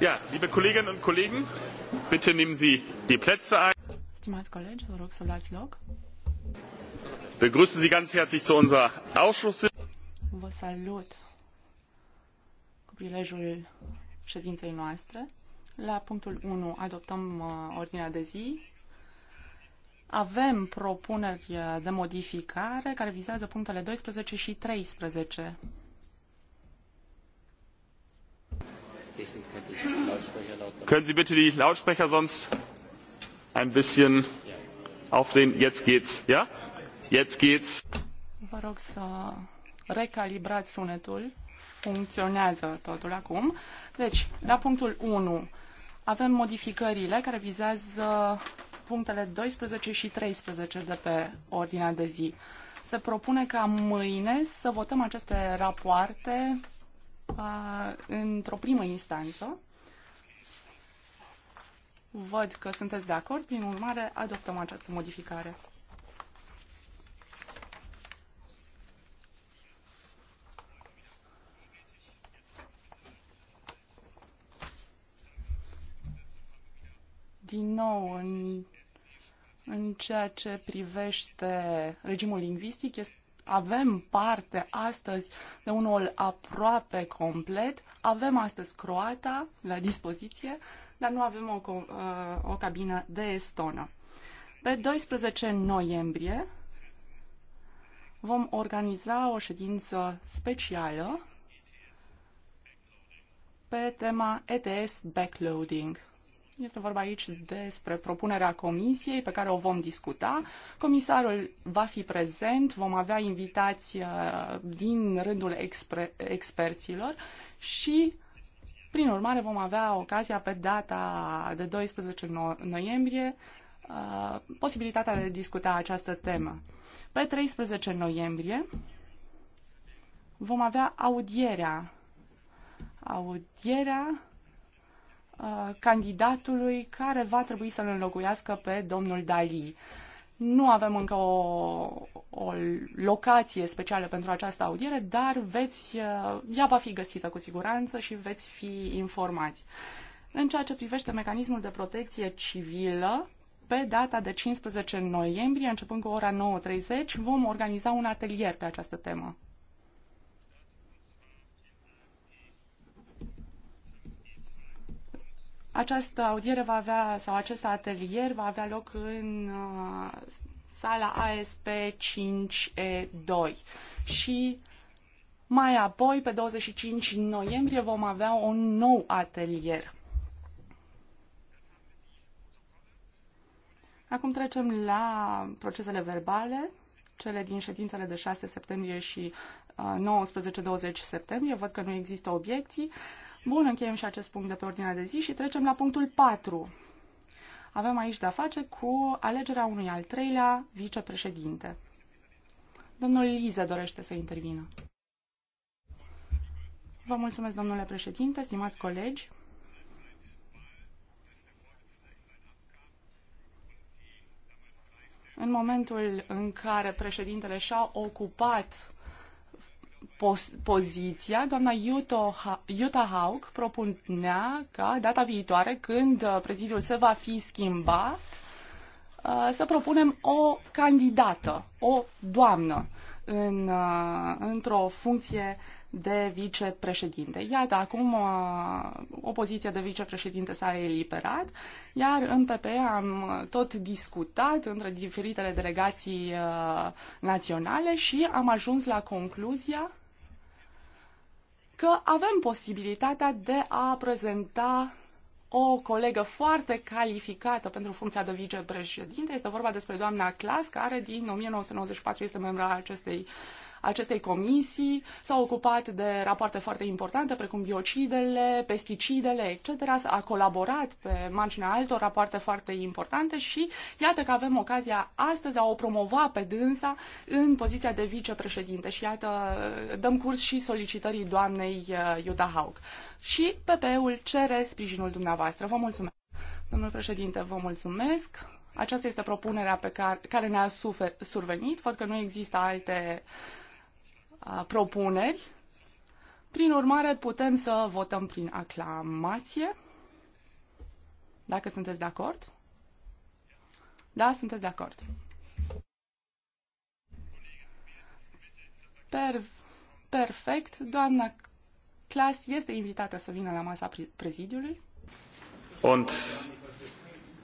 Ja, liebe Kolleginnen und Kollegen, bitte nehmen Sie die Plätze ein. Stimați Begrüße Sie ganz herzlich zu unserer Ausschusssitzung. Uh, Avem propuneri uh, de modificare care vizează punctele 12 și 13. Können Sie bitte die Lautsprecher sonst ein bisschen aufdrehen? Jetzt geht's, ja? Jetzt geht's. Vă rog să recalibrați sunetul. Funcționează totul acum. Deci, la punctul 1 avem modificările care vizează punctele 12 și 13 de pe ordinea de zi. Se propune ca mâine să votăm aceste rapoarte Uh, într-o primă instanță. Văd că sunteți de acord, prin urmare adoptăm această modificare. Din nou, în, în ceea ce privește regimul lingvistic, este avem parte astăzi de unul aproape complet. Avem astăzi croata la dispoziție, dar nu avem o, uh, o cabină de estonă. Pe 12 noiembrie vom organiza o ședință specială pe tema ETS backloading. Este vorba aici despre propunerea comisiei pe care o vom discuta. Comisarul va fi prezent, vom avea invitați uh, din rândul exper- experților și prin urmare vom avea ocazia pe data de 12 noiembrie uh, posibilitatea de a discuta această temă. Pe 13 noiembrie vom avea audierea. Audierea Uh, candidatului care va trebui să-l înlocuiască pe domnul Dali. Nu avem încă o, o locație specială pentru această audiere, dar veți, uh, ea va fi găsită cu siguranță și veți fi informați. În ceea ce privește mecanismul de protecție civilă, pe data de 15 noiembrie, începând cu ora 9.30, vom organiza un atelier pe această temă. Această audiere va avea, sau acest atelier va avea loc în uh, sala ASP 5E2 și mai apoi, pe 25 noiembrie, vom avea un nou atelier. Acum trecem la procesele verbale, cele din ședințele de 6 septembrie și 19-20 uh, septembrie. Văd că nu există obiecții. Uh, Bun, încheiem și acest punct de pe ordinea de zi și trecem la punctul 4. Avem aici de-a face cu alegerea unui al treilea vicepreședinte. Domnul Liza dorește să intervină. Vă mulțumesc, domnule președinte, stimați colegi. În momentul în care președintele și-a ocupat poziția, doamna Jutta Haug propunea ca data viitoare, când uh, prezidiul se va fi schimbat, uh, să propunem o candidată, o doamnă, în, uh, într-o funcție de vicepreședinte. Iată, acum o poziție de vicepreședinte s-a eliberat, iar în PP am tot discutat între diferitele delegații naționale și am ajuns la concluzia că avem posibilitatea de a prezenta o colegă foarte calificată pentru funcția de vicepreședinte. Este vorba despre doamna Clas, care din 1994 este membra acestei uh, acestei comisii s-a ocupat de rapoarte foarte importante, precum biocidele, pesticidele, etc. A colaborat pe marginea altor rapoarte foarte importante și iată că avem ocazia astăzi de a o promova pe dânsa în poziția de vicepreședinte și iată dăm curs și solicitării doamnei uh, Iuda Haug. Și PP-ul cere sprijinul dumneavoastră. Vă mulțumesc. Domnul președinte, vă mulțumesc. Aceasta este propunerea pe care, care ne-a survenit. Văd că nu există alte uh, propuneri. Prin urmare, putem să votăm prin aclamație, dacă sunteți de acord. Da, sunteți de acord. Per perfect, doamna Clas este invitată să vină la masa prezidiului. Und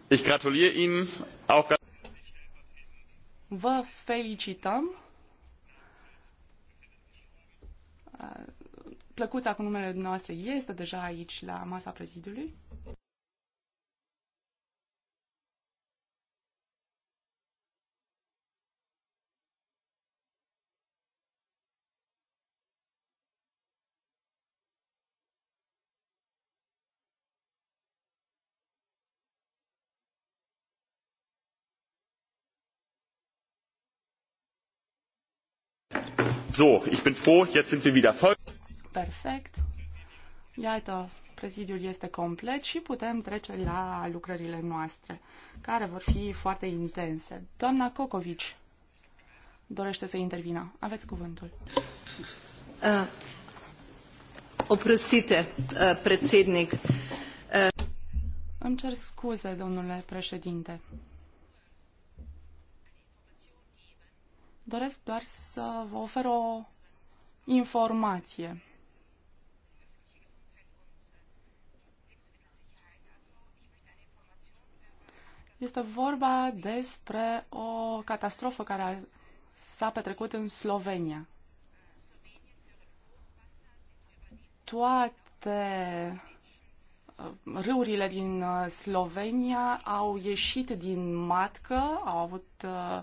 ich gratuliere Ihnen auch Vă felicităm plăcuța cu numele dumneavoastră este deja aici la masa prezidiului. So, ich bin froh, jetzt sind wir wieder voll. Perfect. Iată, prezidiul este complet și putem trece la lucrările noastre, care vor fi foarte intense. Doamna Cocovici dorește să intervină. Aveți cuvântul. Uh, oprostite, uh, predsednic. Uh... Îmi cer scuze, domnule președinte. Doresc doar să vă ofer o informație. Este vorba despre o catastrofă care s-a petrecut în Slovenia. Toate uh, râurile din uh, Slovenia au ieșit din matcă, au avut uh,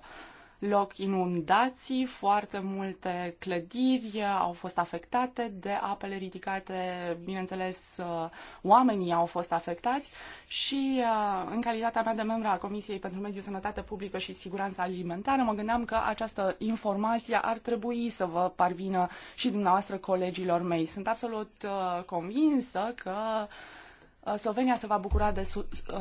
loc inundații, foarte multe clădiri au fost afectate de apele ridicate, bineînțeles, uh, oamenii au fost afectați și uh, în calitatea mea de membra a Comisiei pentru Mediu, Sănătate Publică și Siguranța Alimentară, mă gândeam că această informație ar trebui să vă parvină și dumneavoastră colegilor mei. Sunt absolut uh, convinsă că Uh, Slovenia se va bucura de uh,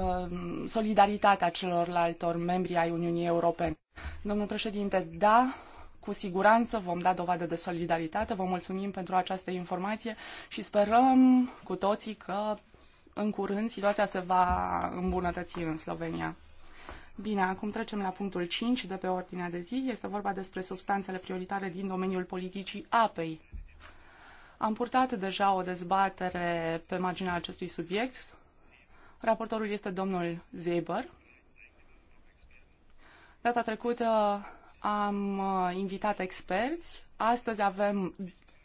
solidaritatea celorlaltor membri ai Uniunii Europene. Domnul președinte, da, cu siguranță vom da dovadă de solidaritate. Vă mulțumim pentru această informație și sperăm cu toții că în curând situația se va îmbunătăți în Slovenia. Bine, acum trecem la punctul 5 de pe ordinea de zi. Este vorba despre substanțele prioritare din domeniul politicii apei. Am purtat deja o dezbatere pe marginea acestui subiect. Raportorul este domnul Zeber. Data trecută am uh, invitat experți. Astăzi avem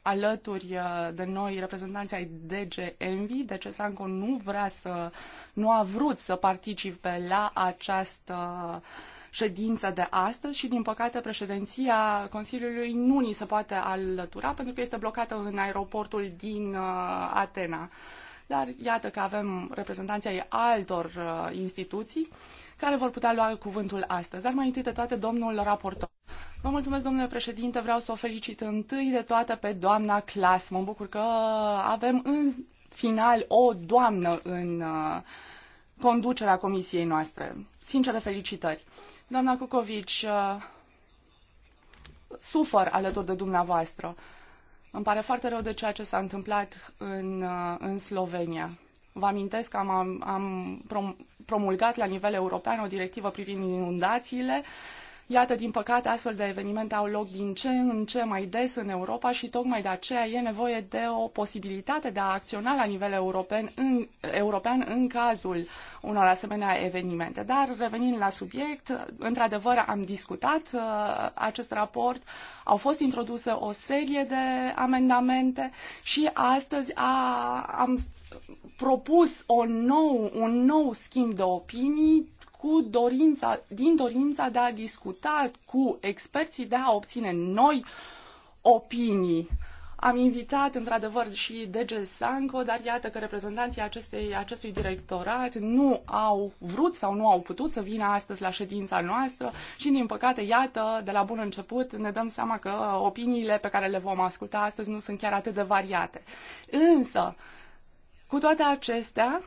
alături uh, de noi reprezentanții ai DG Envy. DG Sanco nu vrea să, nu a vrut să participe la această uh, ședința de astăzi și, din păcate, președinția Consiliului nu ni se poate alătura pentru că este blocată în aeroportul din uh, Atena. Dar iată că avem reprezentanții ai altor uh, instituții care vor putea lua cuvântul astăzi. Dar mai întâi de toate, domnul raportor. Vă mulțumesc, domnule președinte, vreau să o felicit întâi de toate pe doamna Clas. Mă bucur că avem în final o doamnă în uh, conducerea comisiei noastre. Sincere felicitări! Doamna Cucovici, uh, sufăr alături de dumneavoastră. Îmi pare foarte rău de ceea ce s-a întâmplat în, uh, în Slovenia. Vă amintesc că am, am promulgat la nivel european o directivă privind inundațiile uh, Iată, din păcate, astfel de evenimente au loc din ce în ce mai des în Europa și tocmai de aceea e nevoie de o posibilitate de a acționa la nivel european în, european în cazul unor asemenea evenimente. Dar revenind la subiect, într-adevăr am discutat uh, acest raport, au fost introduse o serie de amendamente și astăzi a, am propus o nou, un nou schimb de opinii cu dorința, din dorința de a discuta cu experții, de a obține noi opinii. Am invitat, într-adevăr, și DG Sanco, dar iată că reprezentanții acestei, acestui directorat nu au vrut sau nu au putut să vină astăzi la ședința noastră și, din păcate, iată, de la bun început ne dăm seama că opiniile pe care le vom asculta astăzi nu sunt chiar atât de variate. Însă, cu toate acestea,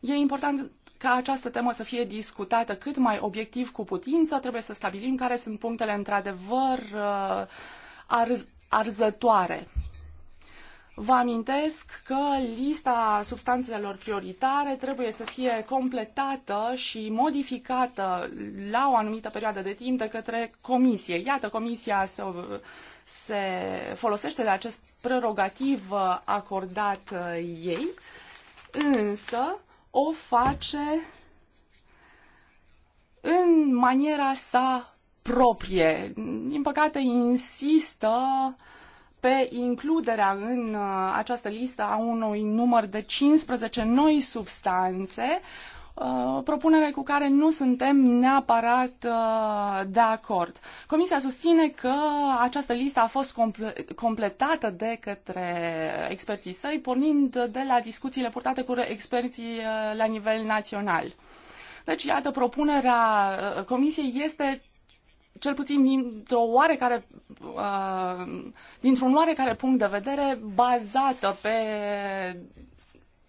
e important ca această temă să fie discutată cât mai obiectiv cu putință, trebuie să stabilim care sunt punctele într-adevăr uh, ar, arzătoare. Vă amintesc că lista substanțelor prioritare trebuie să fie completată și modificată la o anumită perioadă de timp de către comisie. Iată, comisia se se folosește de acest prerogativ uh, acordat uh, ei, însă o face în maniera sa proprie. Din păcate, insistă pe includerea în uh, această listă a unui număr de 15 noi substanțe, o uh, propunere cu care nu suntem neapărat uh, de acord. Comisia susține că această listă a fost completată de către experții săi, pornind de la discuțiile purtate cu experții uh, la nivel național. Deci, iată, propunerea Comisiei este cel puțin dintr-o oarecare, dintr-un oarecare punct de vedere bazată pe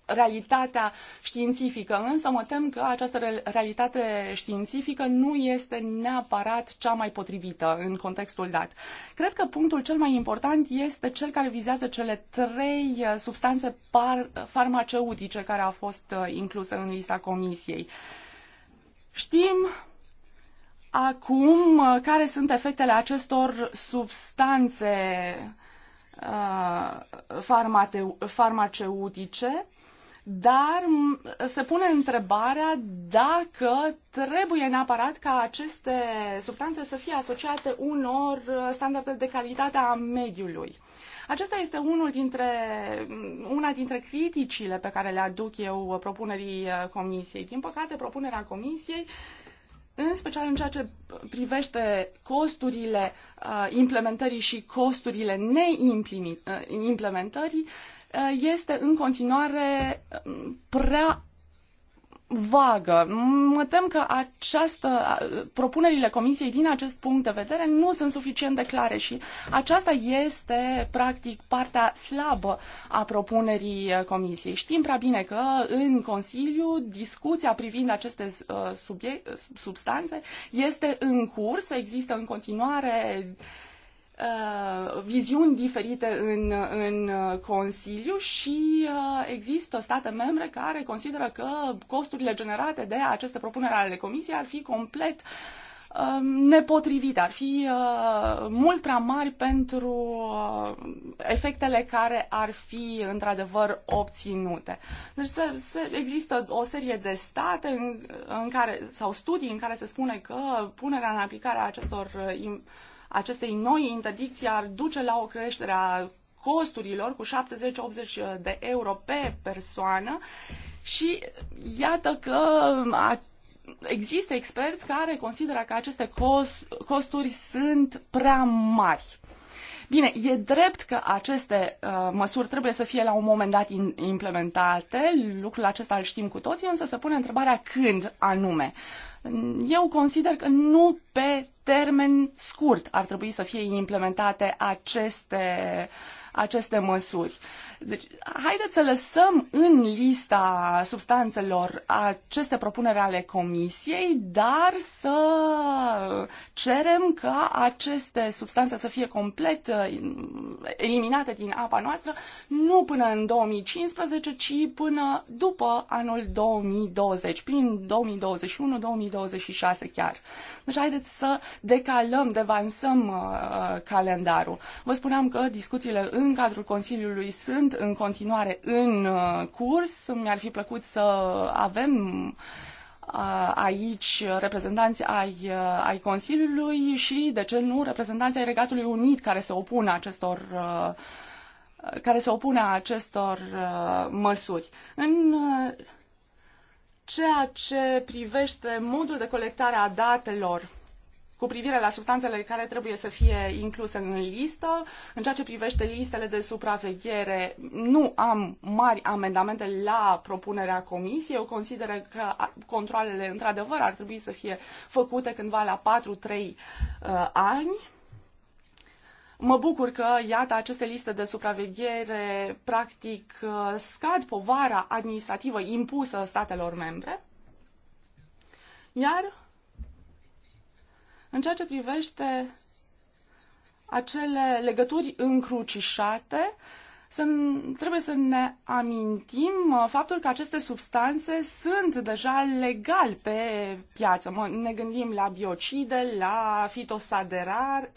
realitatea științifică, însă mă tem că această realitate științifică nu este neapărat cea mai potrivită în contextul dat. Cred că punctul cel mai important este cel care vizează cele trei uh, substanțe farmaceutice care au fost uh, incluse în lista comisiei. Știm acum uh, care sunt efectele acestor substanțe farmaceutice dar se pune întrebarea dacă trebuie neapărat ca aceste substanțe să fie asociate unor standarde de calitate a mediului. Acesta este unul dintre, una dintre criticile pe care le aduc eu propunerii uh, Comisiei. Din păcate, propunerea Comisiei în special în ceea ce privește costurile uh, implementării și costurile neimplementării, Uh, este în continuare um, prea vagă. Mă tem că această, uh, propunerile Comisiei din acest punct de vedere nu sunt suficient de clare și aceasta este, practic, partea slabă a propunerii uh, Comisiei. Știm prea bine că în Consiliu discuția privind aceste substanțe este în curs, există în continuare uh, uh, viziuni diferite în, în uh, Consiliu și uh, există state membre care consideră că costurile generate de aceste propuneri ale Comisiei ar fi complet uh, nepotrivite, ar fi uh, mult prea mari pentru uh, efectele care ar fi într-adevăr obținute. Deci se, se, există o serie de state în, în care, sau studii în care se spune că punerea în aplicare a acestor acestei noi interdicții ar duce la o creștere a costurilor cu 70-80 de euro pe persoană și iată că a, există experți care consideră că aceste cost, costuri sunt prea mari. Bine, e drept că aceste uh, măsuri trebuie să fie la un moment dat in, implementate, lucrul acesta îl știm cu toții, însă se pune întrebarea când anume. Eu consider că nu pe termen scurt ar trebui să fie implementate aceste, aceste măsuri. Uh, deci, haideți să lăsăm în lista substanțelor aceste propuneri ale Comisiei, dar să cerem ca aceste substanțe să fie complet uh, eliminate din apa noastră, nu până în 2015, ci până după anul 2020, prin 2021-2026 chiar. Deci, haideți să decalăm, devansăm uh, calendarul. Vă spuneam că discuțiile în cadrul Consiliului sunt sunt în continuare în uh, curs. Mi-ar fi plăcut să avem uh, aici reprezentanți ai, uh, ai Consiliului și, de ce nu, reprezentanți ai Regatului Unit care se opună acestor care se opune acestor măsuri. În ceea ce privește modul de colectare a datelor cu privire la substanțele care trebuie să fie incluse în listă. În ceea ce privește listele de supraveghere, nu am mari amendamente la propunerea comisiei. Eu consider că controlele, într-adevăr, ar trebui să fie făcute cândva la 4-3 uh, ani. Mă bucur că, iată, aceste liste de supraveghere practic uh, scad povara administrativă impusă statelor membre. Iar în ceea ce privește acele legături încrucișate, uh, să, trebuie să ne amintim uh, faptul că aceste substanțe sunt deja legal pe piață. Mă, ne gândim la biocide, la fitosanitare.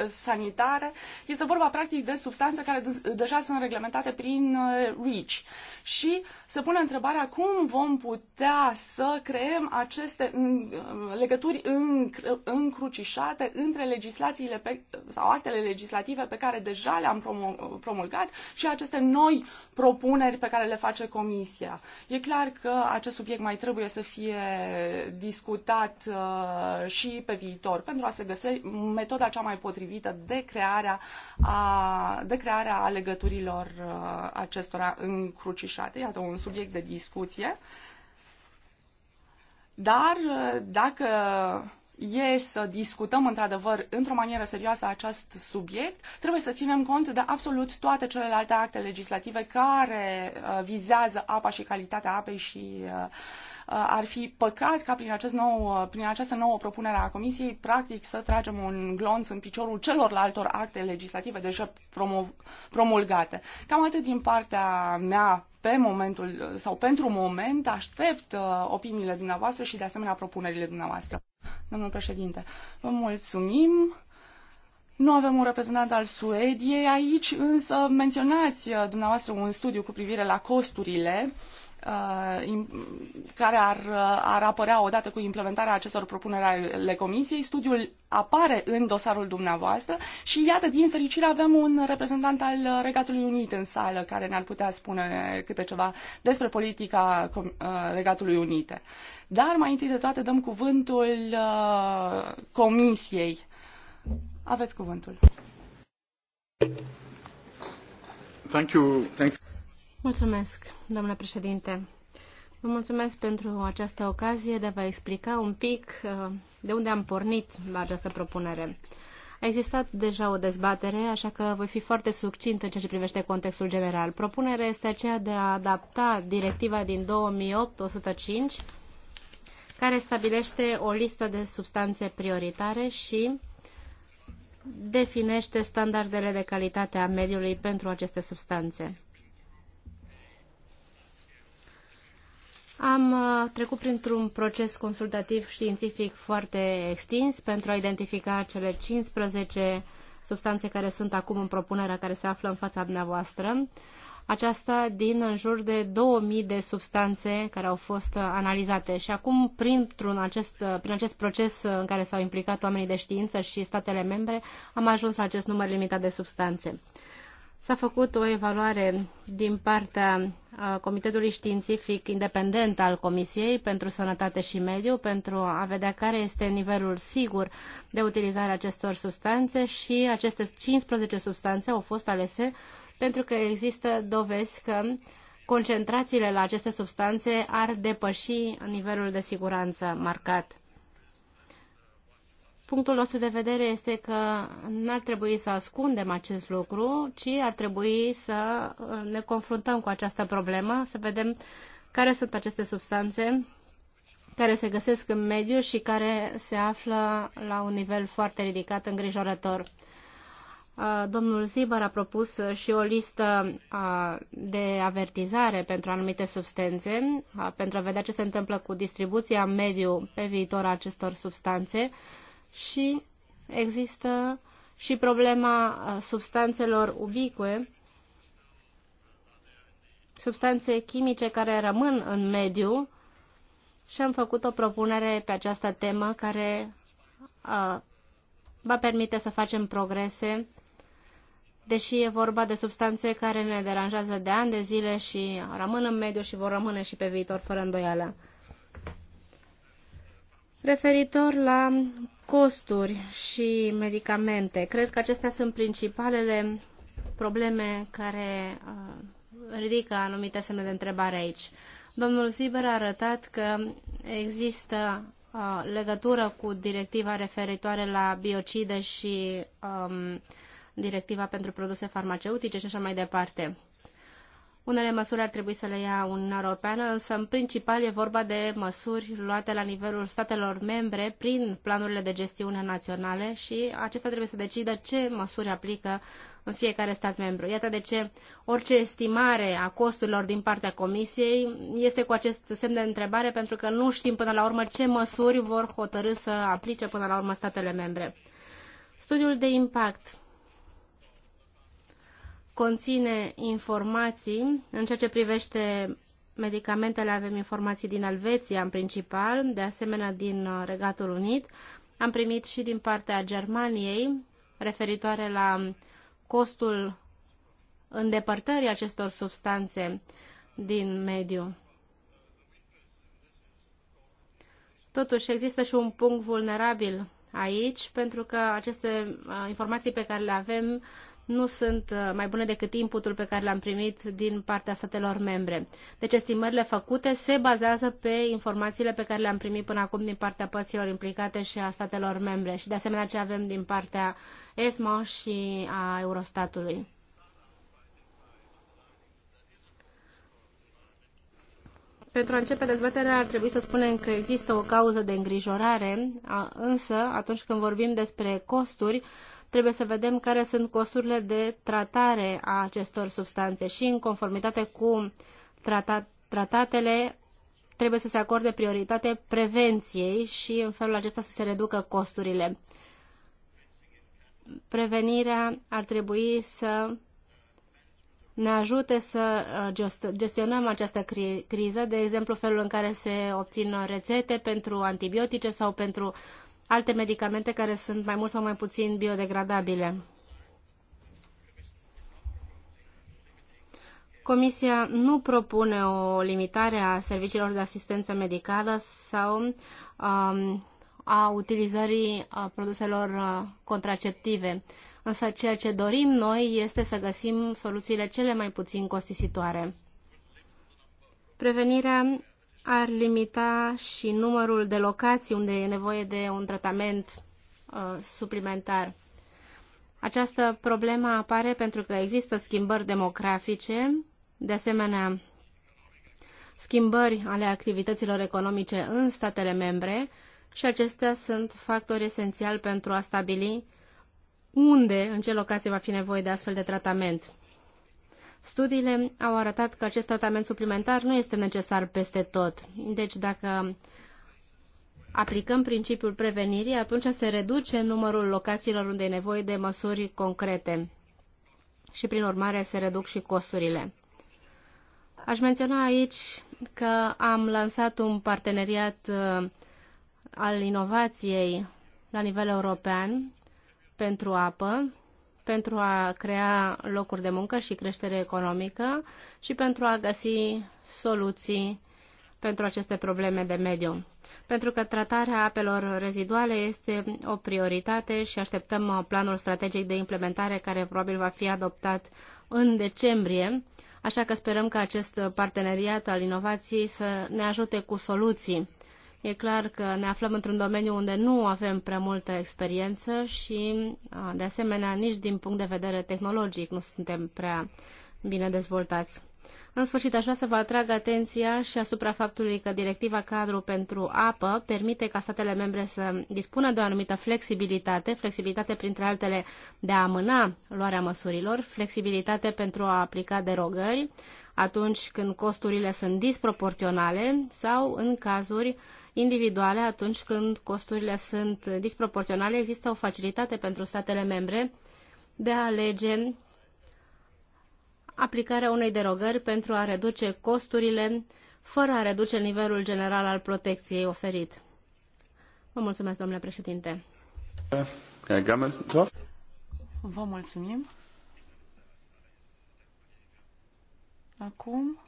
Uh, este vorba practic de substanțe care de, deja sunt reglementate prin REACH. Uh, și se pune întrebarea cum vom putea să creăm aceste în, legături în, încrucișate între legislațiile pe, sau actele legislative pe care deja le-am promulgat și aceste noi propuneri pe care le face Comisia. E clar că acest subiect mai trebuie să fie discutat uh, și pe viitor pentru a se găsi metoda cea mai potrivită de crearea, a, de crearea a legăturilor uh, acestora încrucișate. Iată un subiect de discuție. Dar uh, dacă e să discutăm într-adevăr într-o manieră serioasă acest subiect, trebuie să ținem cont de absolut toate celelalte acte legislative care uh, vizează apa și calitatea apei și uh, Uh, ar fi păcat ca prin, acest nou, uh, prin această nouă propunere a Comisiei, practic, să tragem un glonț în piciorul celorlaltor acte legislative deja promulgate. Cam atât din partea mea pe momentul uh, sau pentru moment aștept opiniile dumneavoastră și de asemenea propunerile dumneavoastră. Domnul președinte, vă mulțumim. Nu avem un reprezentant al Suediei aici, însă menționați dumneavoastră un studiu cu privire la costurile uh, Uh, care ar, uh, ar apărea odată cu implementarea acestor propuneri ale Comisiei. Studiul apare în dosarul dumneavoastră și iată, din fericire avem un reprezentant al Regatului Unit în sală care ne-ar putea spune câte ceva despre politica uh, Regatului Unite. Dar mai întâi de toate dăm cuvântul Comisiei. Aveți cuvântul. Thank you. Thank you. Mulțumesc, domnule președinte. Vă mulțumesc pentru această ocazie de a vă explica un pic uh, de unde am pornit la această propunere. A existat deja o dezbatere, așa că voi fi foarte succint în ceea ce privește contextul general. Propunerea este aceea de a adapta directiva din 2008-105, care stabilește o listă de substanțe prioritare și definește standardele de calitate a mediului pentru aceste substanțe. Am uh, trecut printr-un proces consultativ științific foarte extins pentru a identifica cele 15 substanțe care sunt acum în propunerea care se află în fața dumneavoastră. Aceasta din în jur de 2000 de substanțe care au fost uh, analizate și acum printr-un acest, uh, prin acest proces în care s-au implicat oamenii de știință și statele membre am ajuns la acest număr limitat de substanțe. S-a făcut o evaluare din partea Comitetului Științific Independent al Comisiei pentru Sănătate și Mediu pentru a vedea care este nivelul sigur de utilizare acestor substanțe și aceste 15 substanțe au fost alese pentru că există dovezi că concentrațiile la aceste substanțe ar depăși nivelul de siguranță marcat. Punctul nostru de vedere este că nu ar trebui să ascundem acest lucru, ci ar trebui să uh, ne confruntăm cu această problemă, să vedem care sunt aceste substanțe care se găsesc în mediu și care se află la un nivel foarte ridicat îngrijorător. Uh, domnul Zibar a propus și o listă uh, de avertizare pentru anumite substanțe, pentru a vedea ce se întâmplă cu distribuția în mediu pe viitor a acestor substanțe și există și problema uh, substanțelor ubicue, substanțe chimice care rămân în mediu și am făcut o propunere pe această temă care a, uh, va permite să facem progrese, deși e vorba de substanțe care ne deranjează de ani de zile și rămân în mediu și vor rămâne și pe viitor, fără îndoială. Referitor la costuri și medicamente. Cred că acestea sunt principalele probleme care uh, ridică anumite semne de întrebare aici. Domnul Ziber a arătat că există uh, legătură cu directiva referitoare la biocide și um, directiva pentru produse farmaceutice și așa mai departe. Unele măsuri ar trebui să le ia Uniunea Europeană, însă în principal e vorba de măsuri luate la nivelul statelor membre prin planurile de gestiune naționale și acesta trebuie să decidă ce măsuri aplică în fiecare stat membru. Iată de ce orice estimare a costurilor din partea Comisiei este cu acest semn de întrebare pentru că nu știm până la urmă ce măsuri vor hotărâ să aplice până la urmă statele membre. Studiul de impact conține informații în ceea ce privește medicamentele, avem informații din Elveția în principal, de asemenea din uh, Regatul Unit. Am primit și din partea Germaniei referitoare la costul îndepărtării acestor substanțe din mediu. Totuși, există și un punct vulnerabil aici, pentru că aceste uh, informații pe care le avem nu sunt uh, mai bune decât inputul pe care l-am primit din partea statelor membre. Deci estimările făcute se bazează pe informațiile pe care le-am primit până acum din partea părților implicate și a statelor membre și de asemenea ce avem din partea ESMO și a Eurostatului. Pentru a începe dezbaterea ar trebui să spunem că există o cauză de îngrijorare, însă atunci când vorbim despre costuri, Trebuie să vedem care sunt costurile de tratare a acestor substanțe și în conformitate cu tratat, tratatele trebuie să se acorde prioritate prevenției și în felul acesta să se reducă costurile. Prevenirea ar trebui să ne ajute să uh, gestionăm această cri- criză, de exemplu felul în care se obțin rețete pentru antibiotice sau pentru alte medicamente care sunt mai mult sau mai puțin biodegradabile. Comisia nu propune o limitare a serviciilor de asistență medicală sau um, a utilizării a uh, produselor uh, contraceptive. Însă ceea ce dorim noi este să găsim soluțiile cele mai puțin costisitoare. Prevenirea ar limita și numărul de locații unde e nevoie de un tratament uh, suplimentar. Această problemă apare pentru că există schimbări demografice, de asemenea schimbări ale activităților economice în statele membre și acestea sunt factori esențiali pentru a stabili unde, în ce locație va fi nevoie de astfel de tratament. Studiile au arătat că acest tratament suplimentar nu este necesar peste tot. Deci dacă aplicăm principiul prevenirii, atunci se reduce numărul locațiilor unde e nevoie de măsuri concrete și prin urmare se reduc și costurile. Aș menționa aici că am lansat un parteneriat uh, al inovației la nivel european pentru apă pentru a crea locuri de muncă și creștere economică și pentru a găsi soluții pentru aceste probleme de mediu. Pentru că tratarea apelor reziduale este o prioritate și așteptăm planul strategic de implementare care probabil va fi adoptat în decembrie, așa că sperăm că acest parteneriat al inovației să ne ajute cu soluții E clar că ne aflăm într-un domeniu unde nu avem prea multă experiență și, de asemenea, nici din punct de vedere tehnologic nu suntem prea bine dezvoltați. În sfârșit, aș vrea să vă atrag atenția și asupra faptului că directiva cadru pentru apă permite ca statele membre să dispună de o anumită flexibilitate, flexibilitate printre altele de a amâna luarea măsurilor, flexibilitate pentru a aplica derogări atunci când costurile sunt disproporționale sau în cazuri individuale atunci când costurile sunt disproporționale. Există o facilitate pentru statele membre de a alege aplicarea unei derogări pentru a reduce costurile fără a reduce nivelul general al protecției oferit. Vă mulțumesc, domnule președinte. Da? Vă mulțumim. Acum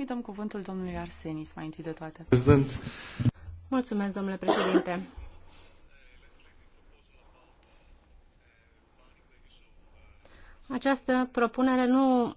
îi dăm cuvântul domnului Arsenis mai întâi de toate. Prezident. Mulțumesc, domnule președinte. Această propunere nu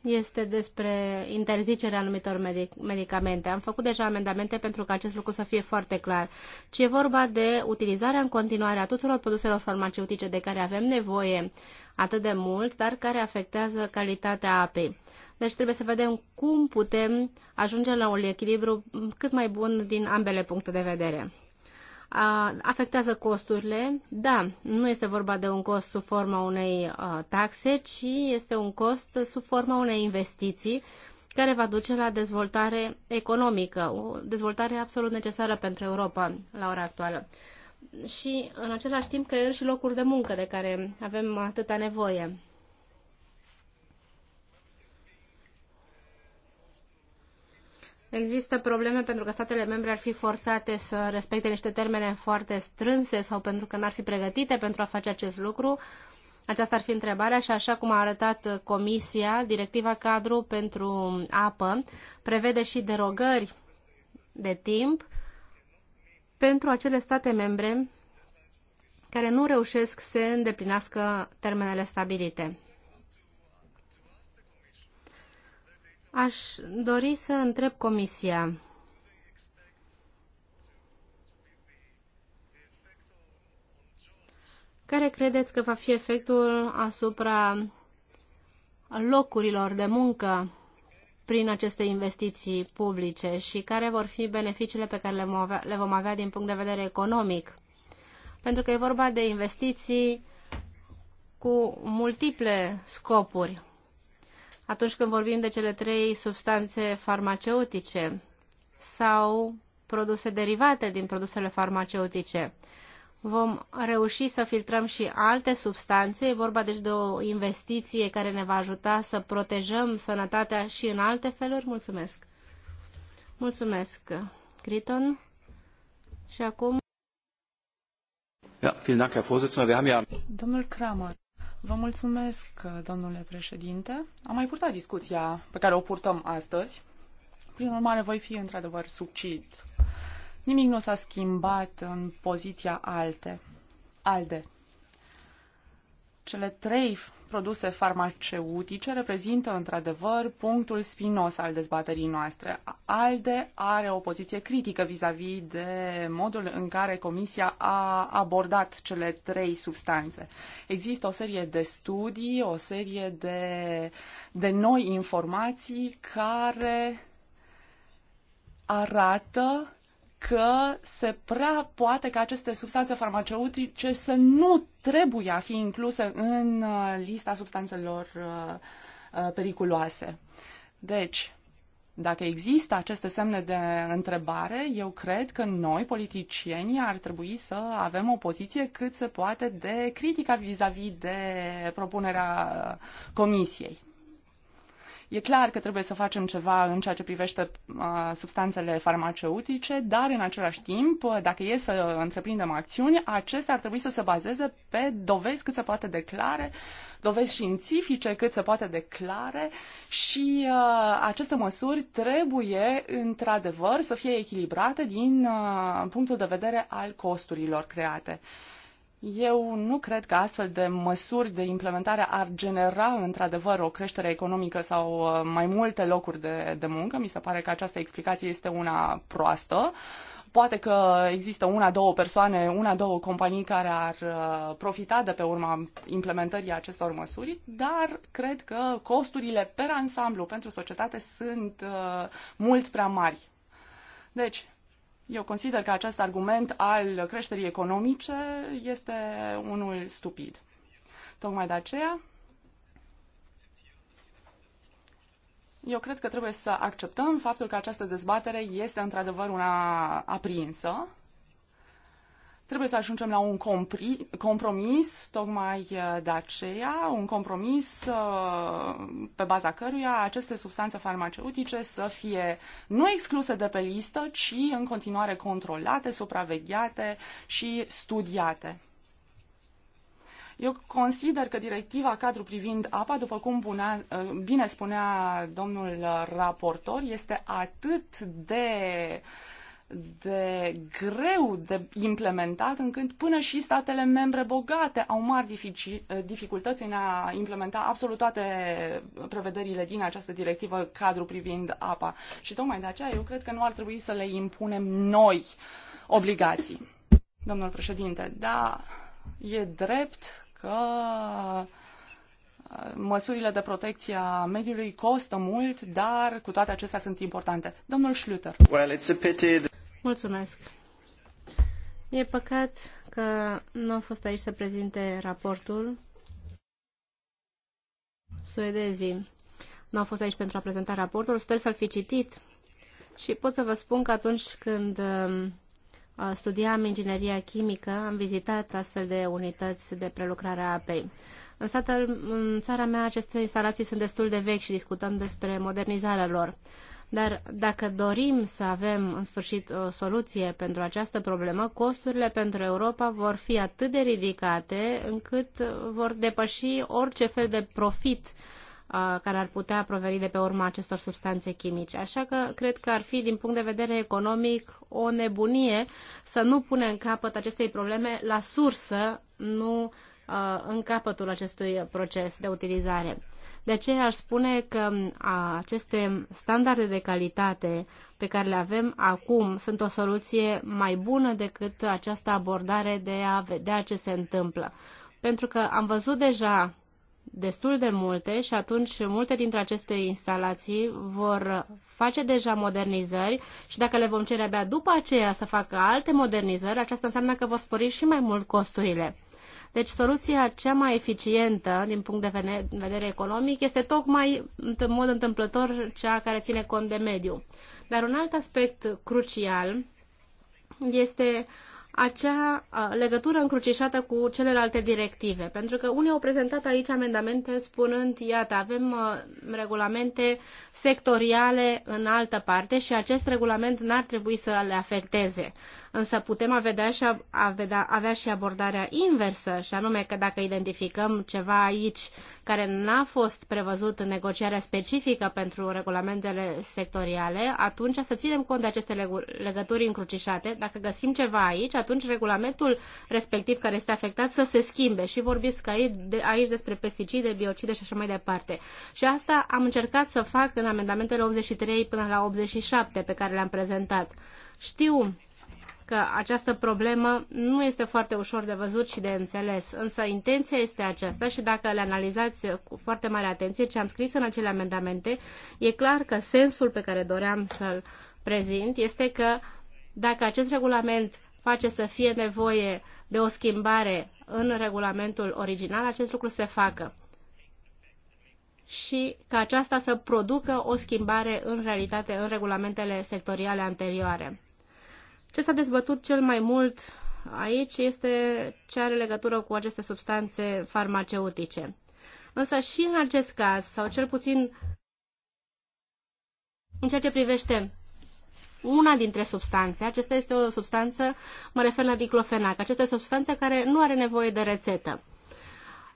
este despre interzicerea anumitor medic- medicamente. Am făcut deja amendamente pentru ca acest lucru să fie foarte clar, ci e vorba de utilizarea în continuare a tuturor produselor farmaceutice de care avem nevoie atât de mult, dar care afectează calitatea apei. Deci trebuie să vedem cum putem ajunge la un echilibru cât mai bun din ambele puncte de vedere. A, afectează costurile. Da, nu este vorba de un cost sub forma unei a, taxe, ci este un cost sub forma unei investiții care va duce la dezvoltare economică, o dezvoltare absolut necesară pentru Europa la ora actuală. Și în același timp creăm și locuri de muncă de care avem atâta nevoie. Există probleme pentru că statele membre ar fi forțate să respecte niște termene foarte strânse sau pentru că n-ar fi pregătite pentru a face acest lucru. Aceasta ar fi întrebarea și așa cum a arătat Comisia, Directiva Cadru pentru Apă prevede și derogări de timp pentru acele state membre care nu reușesc să îndeplinească termenele stabilite. Aș dori să întreb Comisia. Care credeți că va fi efectul asupra locurilor de muncă prin aceste investiții publice și care vor fi beneficiile pe care le vom avea, le vom avea din punct de vedere economic? Pentru că e vorba de investiții cu multiple scopuri atunci când vorbim de cele trei substanțe farmaceutice sau produse derivate din produsele farmaceutice. Vom reuși să filtrăm și alte substanțe. E vorba deci de o investiție care ne va ajuta să protejăm sănătatea și în alte feluri. Mulțumesc! Mulțumesc, Criton. Și acum... Ja, vielen Dank, Herr Vorsitzender. Wir haben ja... Domnul Kramer. Vă mulțumesc, domnule președinte. Am mai purtat discuția pe care o purtăm astăzi. Prin urmare, voi fi într-adevăr succint. Nimic nu s-a schimbat în poziția alte. Alde. Cele trei produse farmaceutice reprezintă într-adevăr punctul spinos al dezbaterii noastre. ALDE are o poziție critică vis-a-vis -vis de modul în care Comisia a abordat cele trei substanțe. Există o serie de studii, o serie de, de noi informații care arată că se prea poate ca aceste substanțe farmaceutice să nu trebuie a fi incluse în uh, lista substanțelor uh, uh, periculoase. Deci, dacă există aceste semne de întrebare, eu cred că noi, politicienii, ar trebui să avem o poziție cât se poate de critică vis-a-vis -vis de propunerea Comisiei. E clar că trebuie să facem ceva în ceea ce privește uh, substanțele farmaceutice, dar în același timp, uh, dacă e să întreprindem acțiuni, acestea ar trebui să se bazeze pe dovezi cât se poate declare, dovezi științifice cât se poate declare și uh, aceste măsuri trebuie într-adevăr să fie echilibrate din uh, punctul de vedere al costurilor create. Uh, eu nu cred că astfel de măsuri de implementare ar genera într-adevăr o creștere economică sau uh, mai multe locuri de, de muncă. Mi se pare că această explicație este una proastă. Poate că există una, două persoane, una, două companii care ar uh, profita de pe urma implementării acestor măsuri, dar cred că costurile per ansamblu pentru societate sunt uh, mult prea mari. Deci, eu consider că acest argument al creșterii economice este unul stupid. Tocmai de aceea, eu cred că trebuie să acceptăm faptul că această dezbatere este într-adevăr una aprinsă, Trebuie să ajungem la un compromis, tocmai uh, de aceea, un compromis uh, pe baza căruia aceste substanțe farmaceutice să fie nu excluse de pe listă, ci în continuare controlate, supravegheate și studiate. Eu consider că directiva cadru privind apa, după cum bunea, uh, bine spunea domnul raportor, este atât de uh, de greu de implementat, încât până și statele membre bogate au mari eh, dificultăți în a implementa absolut toate prevederile din această directivă cadru privind apa. Și tocmai de aceea eu cred că nu ar trebui să le impunem noi obligații. Domnul președinte, da, e drept că eh, măsurile de protecție a mediului costă mult, dar cu toate acestea sunt importante. Domnul Schlüter. Well, it's a pity that... Mulțumesc. E păcat că nu a fost aici să prezinte raportul suedezii. Nu au fost aici pentru a prezenta raportul. Sper să-l fi citit. Și pot să vă spun că atunci când um, studiam ingineria chimică, am vizitat astfel de unități de prelucrare a apei. În, statul, în țara mea aceste instalații sunt destul de vechi și discutăm despre modernizarea lor. Dar dacă dorim să avem în sfârșit o soluție pentru această problemă, costurile pentru Europa vor fi atât de ridicate încât vor depăși orice fel de profit care ar putea proveni de pe urma acestor substanțe chimice. Așa că cred că ar fi, din punct de vedere economic, o nebunie să nu punem capăt acestei probleme la sursă, nu în capătul acestui proces de utilizare. De aceea aș spune că aceste standarde de calitate pe care le avem acum sunt o soluție mai bună decât această abordare de a vedea ce se întâmplă. Pentru că am văzut deja destul de multe și atunci multe dintre aceste instalații vor face deja modernizări și dacă le vom cere abia după aceea să facă alte modernizări, aceasta înseamnă că vor spori și mai mult costurile. Deci soluția cea mai eficientă din punct de vedere economic este tocmai în mod întâmplător cea care ține cont de mediu. Dar un alt aspect crucial este acea legătură încrucișată cu celelalte directive. Pentru că unii au prezentat aici amendamente spunând, iată, avem regulamente sectoriale în altă parte și acest regulament n-ar trebui să le afecteze însă putem avea și, avea, avea și abordarea inversă, și anume că dacă identificăm ceva aici care n-a fost prevăzut în negocierea specifică pentru regulamentele sectoriale, atunci să ținem cont de aceste legături încrucișate. Dacă găsim ceva aici, atunci regulamentul respectiv care este afectat să se schimbe și vorbesc aici, de, aici despre pesticide, biocide și așa mai departe. Și asta am încercat să fac în amendamentele 83 până la 87 pe care le-am prezentat. Știu că această problemă nu este foarte ușor de văzut și de înțeles, însă intenția este aceasta și dacă le analizați cu foarte mare atenție ce am scris în acele amendamente, e clar că sensul pe care doream să-l prezint este că dacă acest regulament face să fie nevoie de o schimbare în regulamentul original, acest lucru se facă și ca aceasta să producă o schimbare în realitate în regulamentele sectoriale anterioare. Ce s-a dezbătut cel mai mult aici este ce are legătură cu aceste substanțe farmaceutice. Însă și în acest caz, sau cel puțin în ceea ce privește una dintre substanțe, acesta este o substanță, mă refer la diclofenac, aceasta este o substanță care nu are nevoie de rețetă.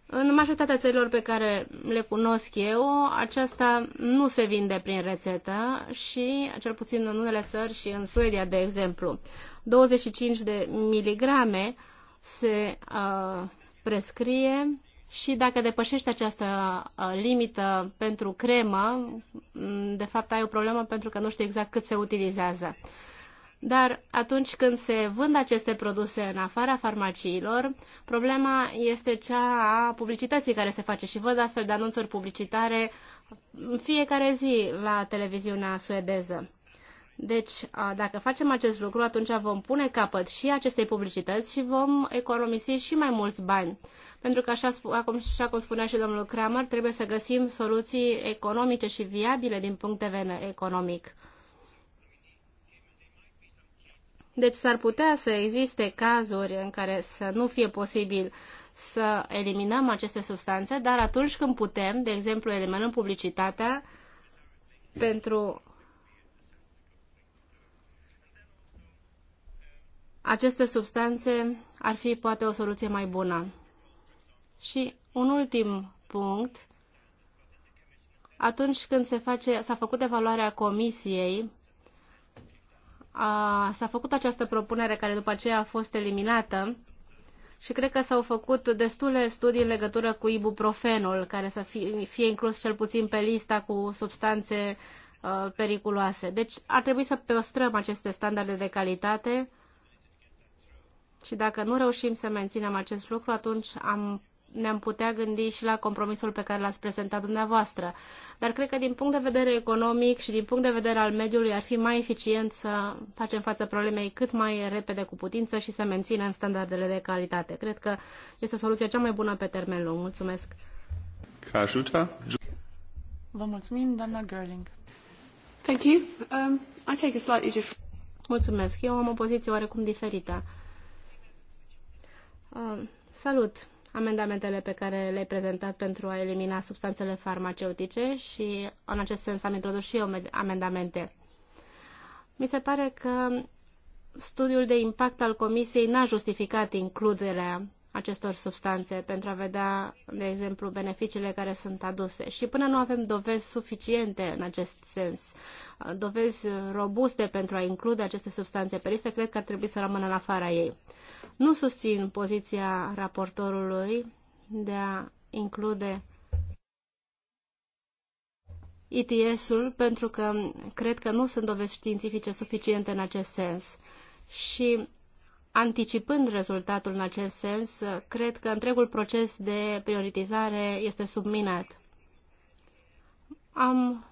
În majoritatea țărilor pe care le cunosc eu, aceasta nu se vinde prin rețetă și, cel puțin în unele țări și în Suedia, de exemplu, 25 de miligrame se uh, prescrie și dacă depășești această limită pentru cremă, de fapt ai o problemă pentru că nu știi exact cât se utilizează. Dar atunci când se vând aceste produse în afara farmaciilor, problema este cea a publicității care se face și văd astfel de anunțuri publicitare în fiecare zi la televiziunea suedeză. Deci, dacă facem acest lucru, atunci vom pune capăt și acestei publicități și vom economisi și mai mulți bani. Pentru că, așa, acum așa cum spunea și domnul Kramer, trebuie să găsim soluții economice și viabile din punct de vedere economic. Deci s-ar putea să existe cazuri în care să nu fie posibil să eliminăm aceste substanțe, dar atunci când putem, de exemplu, eliminăm publicitatea pentru aceste substanțe, ar fi poate o soluție mai bună. Și un ultim punct, atunci când se face, s-a făcut evaluarea comisiei s-a făcut această propunere care după aceea a fost eliminată și cred că s-au făcut destule studii în legătură cu ibuprofenul, care să fie, fie inclus cel puțin pe lista cu substanțe uh, periculoase. Deci ar trebui să păstrăm aceste standarde de calitate și dacă nu reușim să menținem acest lucru, atunci am ne-am putea gândi și la compromisul pe care l-ați prezentat dumneavoastră. Dar cred că din punct de vedere economic și din punct de vedere al mediului ar fi mai eficient să facem față problemei cât mai repede cu putință și să menținem standardele de calitate. Cred că este soluția cea mai bună pe termen lung. Mulțumesc! Ca ajută. Vă mulțumim, doamna Gerling. Thank you. Um, I take a slightly different... Mulțumesc. Eu am o poziție oarecum diferită. Uh, salut amendamentele pe care le-ai prezentat pentru a elimina substanțele farmaceutice și în acest sens am introdus și eu amendamente. Mi se pare că studiul de impact al Comisiei n-a justificat includerea acestor substanțe pentru a vedea, de exemplu, beneficiile care sunt aduse. Și până nu avem dovezi suficiente în acest sens, dovezi robuste pentru a include aceste substanțe pe listă, cred că ar trebui să rămână în afara ei. Nu susțin poziția raportorului de a include its ul pentru că cred că nu sunt dovezi științifice suficiente în acest sens. Și anticipând rezultatul în acest sens, cred că întregul proces de prioritizare este subminat. Am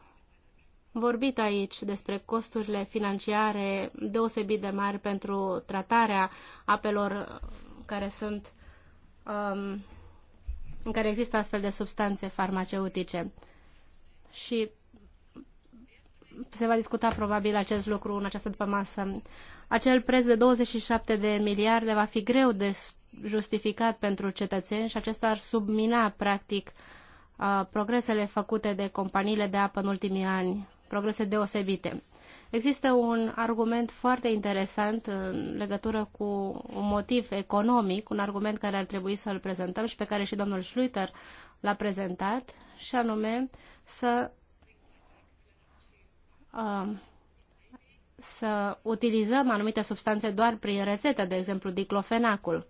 vorbit aici despre costurile financiare deosebit de mari pentru tratarea apelor care sunt um, în care există astfel de substanțe farmaceutice. Și se va discuta probabil acest lucru în această masă. Acel preț de 27 de miliarde va fi greu de justificat pentru cetățeni și acesta ar submina, practic, uh, progresele făcute de companiile de apă în ultimii ani progrese deosebite. Există un argument foarte interesant în legătură cu un motiv economic, un argument care ar trebui să-l prezentăm și pe care și domnul Schluter l-a prezentat, și anume să, um, să utilizăm anumite substanțe doar prin rețetă, de exemplu diclofenacul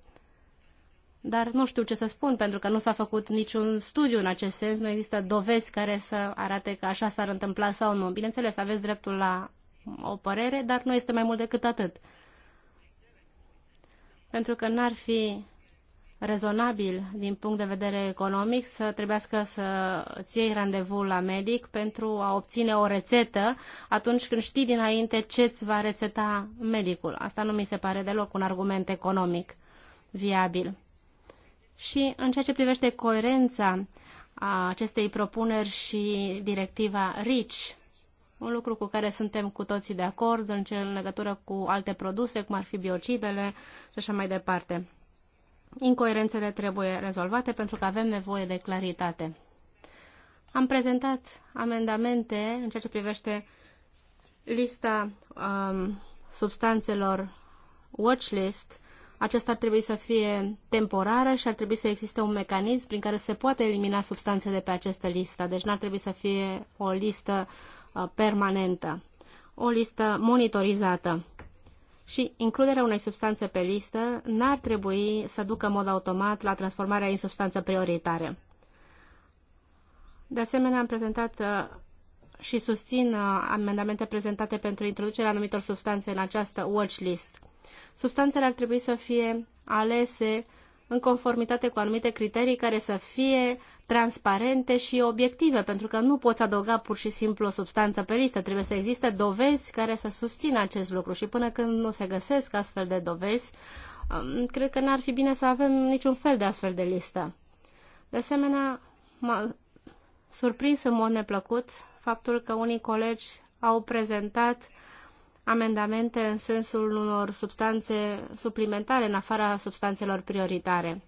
dar nu știu ce să spun, pentru că nu s-a făcut niciun studiu în acest sens, nu există dovezi care să arate că așa s-ar întâmpla sau nu. Bineînțeles, aveți dreptul la o părere, dar nu este mai mult decât atât. Pentru că n-ar fi rezonabil din punct de vedere economic să trebuiască să îți iei randevul la medic pentru a obține o rețetă atunci când știi dinainte ce îți va rețeta medicul. Asta nu mi se pare deloc un argument economic viabil. Și în ceea ce privește coerența a acestei propuneri și directiva RICH, un lucru cu care suntem cu toții de acord în, ce, în legătură cu alte produse, cum ar fi biocidele și așa mai departe. Incoerențele trebuie rezolvate pentru că avem nevoie de claritate. Am prezentat amendamente în ceea ce privește lista um, substanțelor watchlist aceasta ar trebui să fie temporară și ar trebui să existe un mecanism prin care se poate elimina substanțe de pe această listă. Deci nu ar trebui să fie o listă uh, permanentă, o listă monitorizată. Și includerea unei substanțe pe listă n-ar trebui să ducă în mod automat la transformarea în substanță prioritară. De asemenea, am prezentat uh, și susțin uh, amendamente prezentate pentru introducerea anumitor substanțe în această watch list substanțele ar trebui să fie alese în conformitate cu anumite criterii care să fie transparente și obiective, pentru că nu poți adăuga pur și simplu o substanță pe listă. Trebuie să existe dovezi care să susțină acest lucru și până când nu se găsesc astfel de dovezi, um, cred că n-ar fi bine să avem niciun fel de astfel de listă. De asemenea, m-a surprins în mod neplăcut faptul că unii colegi au prezentat amendamente în sensul unor substanțe suplimentare în afara substanțelor prioritare.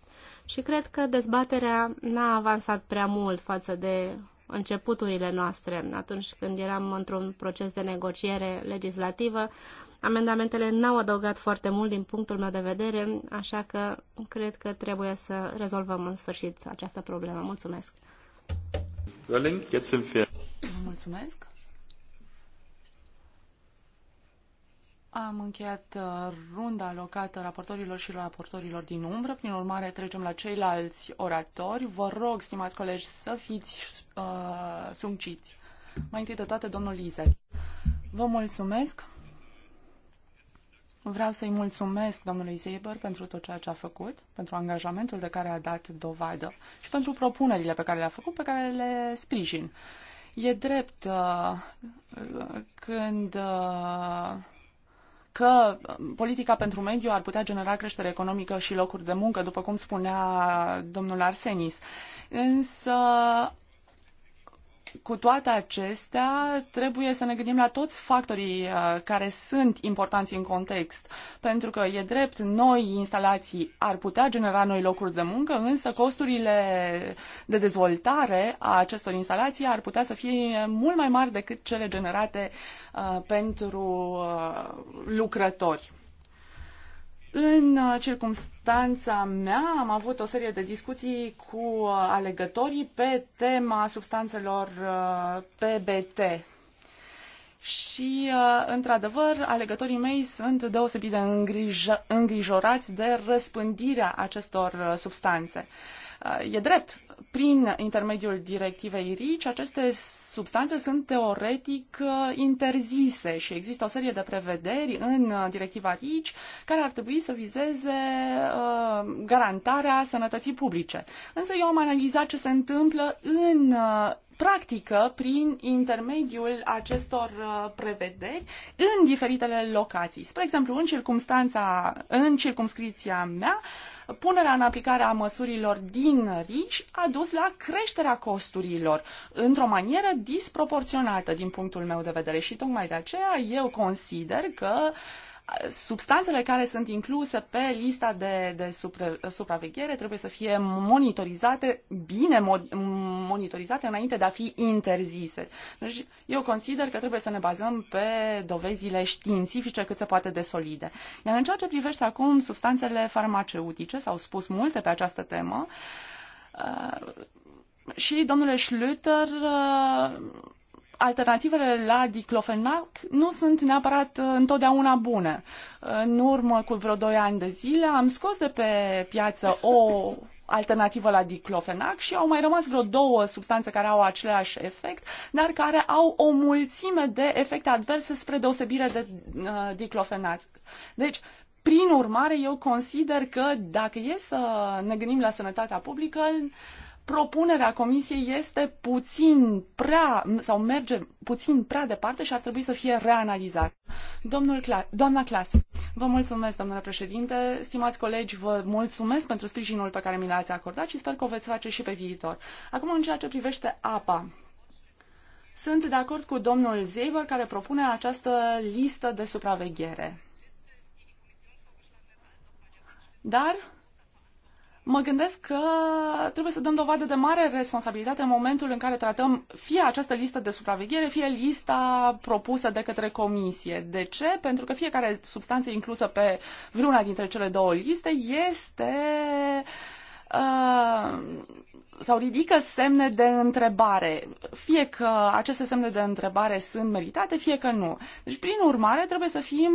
Și cred că dezbaterea n-a avansat prea mult față de începuturile noastre. Atunci când eram într-un proces de negociere legislativă, amendamentele n-au adăugat foarte mult din punctul meu de vedere, așa că cred că trebuie să rezolvăm în sfârșit această problemă. Mulțumesc! Mulțumesc! Am încheiat uh, runda alocată raportorilor și raportorilor din umbră. Prin urmare, trecem la ceilalți oratori. Vă rog, stimați colegi, să fiți uh, sunciți. Mai întâi de toate, domnul Lizel. Vă mulțumesc. Vreau să-i mulțumesc domnului Zeber pentru tot ceea ce a făcut, pentru angajamentul de care a dat dovadă și pentru propunerile pe care le-a făcut, pe care le sprijin. E drept uh, uh când uh, că um, politica pentru mediu ar putea genera creștere economică și locuri de muncă, după cum spunea domnul Arsenis. Însă cu toate acestea, trebuie să ne gândim la toți factorii uh, care sunt importanți în context, pentru că e drept, noi instalații ar putea genera noi locuri de muncă, însă costurile de dezvoltare a acestor instalații ar putea să fie mult mai mari decât cele generate uh, pentru uh, lucrători. În uh, circunstanța mea am avut o serie de discuții cu uh, alegătorii pe tema substanțelor uh, PBT. Și, într-adevăr, alegătorii mei sunt deosebit de îngrijorați de răspândirea acestor substanțe. E drept, prin intermediul directivei RICI, aceste substanțe sunt teoretic uh, interzise și există o serie de prevederi în uh, directiva RICI care ar trebui să vizeze uh, garantarea sănătății publice. Însă eu am analizat ce se întâmplă în uh, practică prin intermediul acestor uh, prevederi în diferitele locații. Spre exemplu, în circumstanța, în circumscripția mea, uh, punerea în aplicare a măsurilor din RICI a dus la creșterea costurilor într-o manieră disproporționată din punctul meu de vedere și tocmai de aceea eu consider că uh, substanțele care sunt incluse pe lista de, de supra, supraveghere trebuie să fie monitorizate, bine mod, monitorizate înainte de a fi interzise. Deci eu consider că trebuie să ne bazăm pe dovezile științifice cât se poate de solide. Iar în ceea ce privește acum substanțele farmaceutice, s-au spus multe pe această temă, uh, și domnule Schlüter uh, alternativele la diclofenac nu sunt neapărat uh, întotdeauna bune. Uh, în urmă cu vreo 2 ani de zile am scos de pe piață o alternativă la diclofenac și au mai rămas vreo două substanțe care au același efect, dar care au o mulțime de efecte adverse spre deosebire de uh, diclofenac. Deci, prin urmare, eu consider că dacă e să ne gândim la sănătatea publică, uh, propunerea comisiei este puțin prea, sau merge puțin prea departe și ar trebui să fie reanalizat. Domnul Cla- doamna Clas, vă mulțumesc, domnule președinte, stimați colegi, vă mulțumesc pentru sprijinul pe care mi l-ați acordat și sper că o veți face și pe viitor. Acum, în ceea ce privește apa, sunt de acord cu domnul Zeiber care propune această listă de supraveghere. Dar mă gândesc că trebuie să dăm dovadă de mare responsabilitate în momentul în care tratăm fie această listă de supraveghere, fie lista propusă de către comisie. De ce? Pentru că fiecare substanță inclusă pe vreuna dintre cele două liste este uh, sau ridică semne de întrebare. Fie că aceste semne de întrebare sunt meritate, fie că nu. Deci, prin urmare, trebuie să fim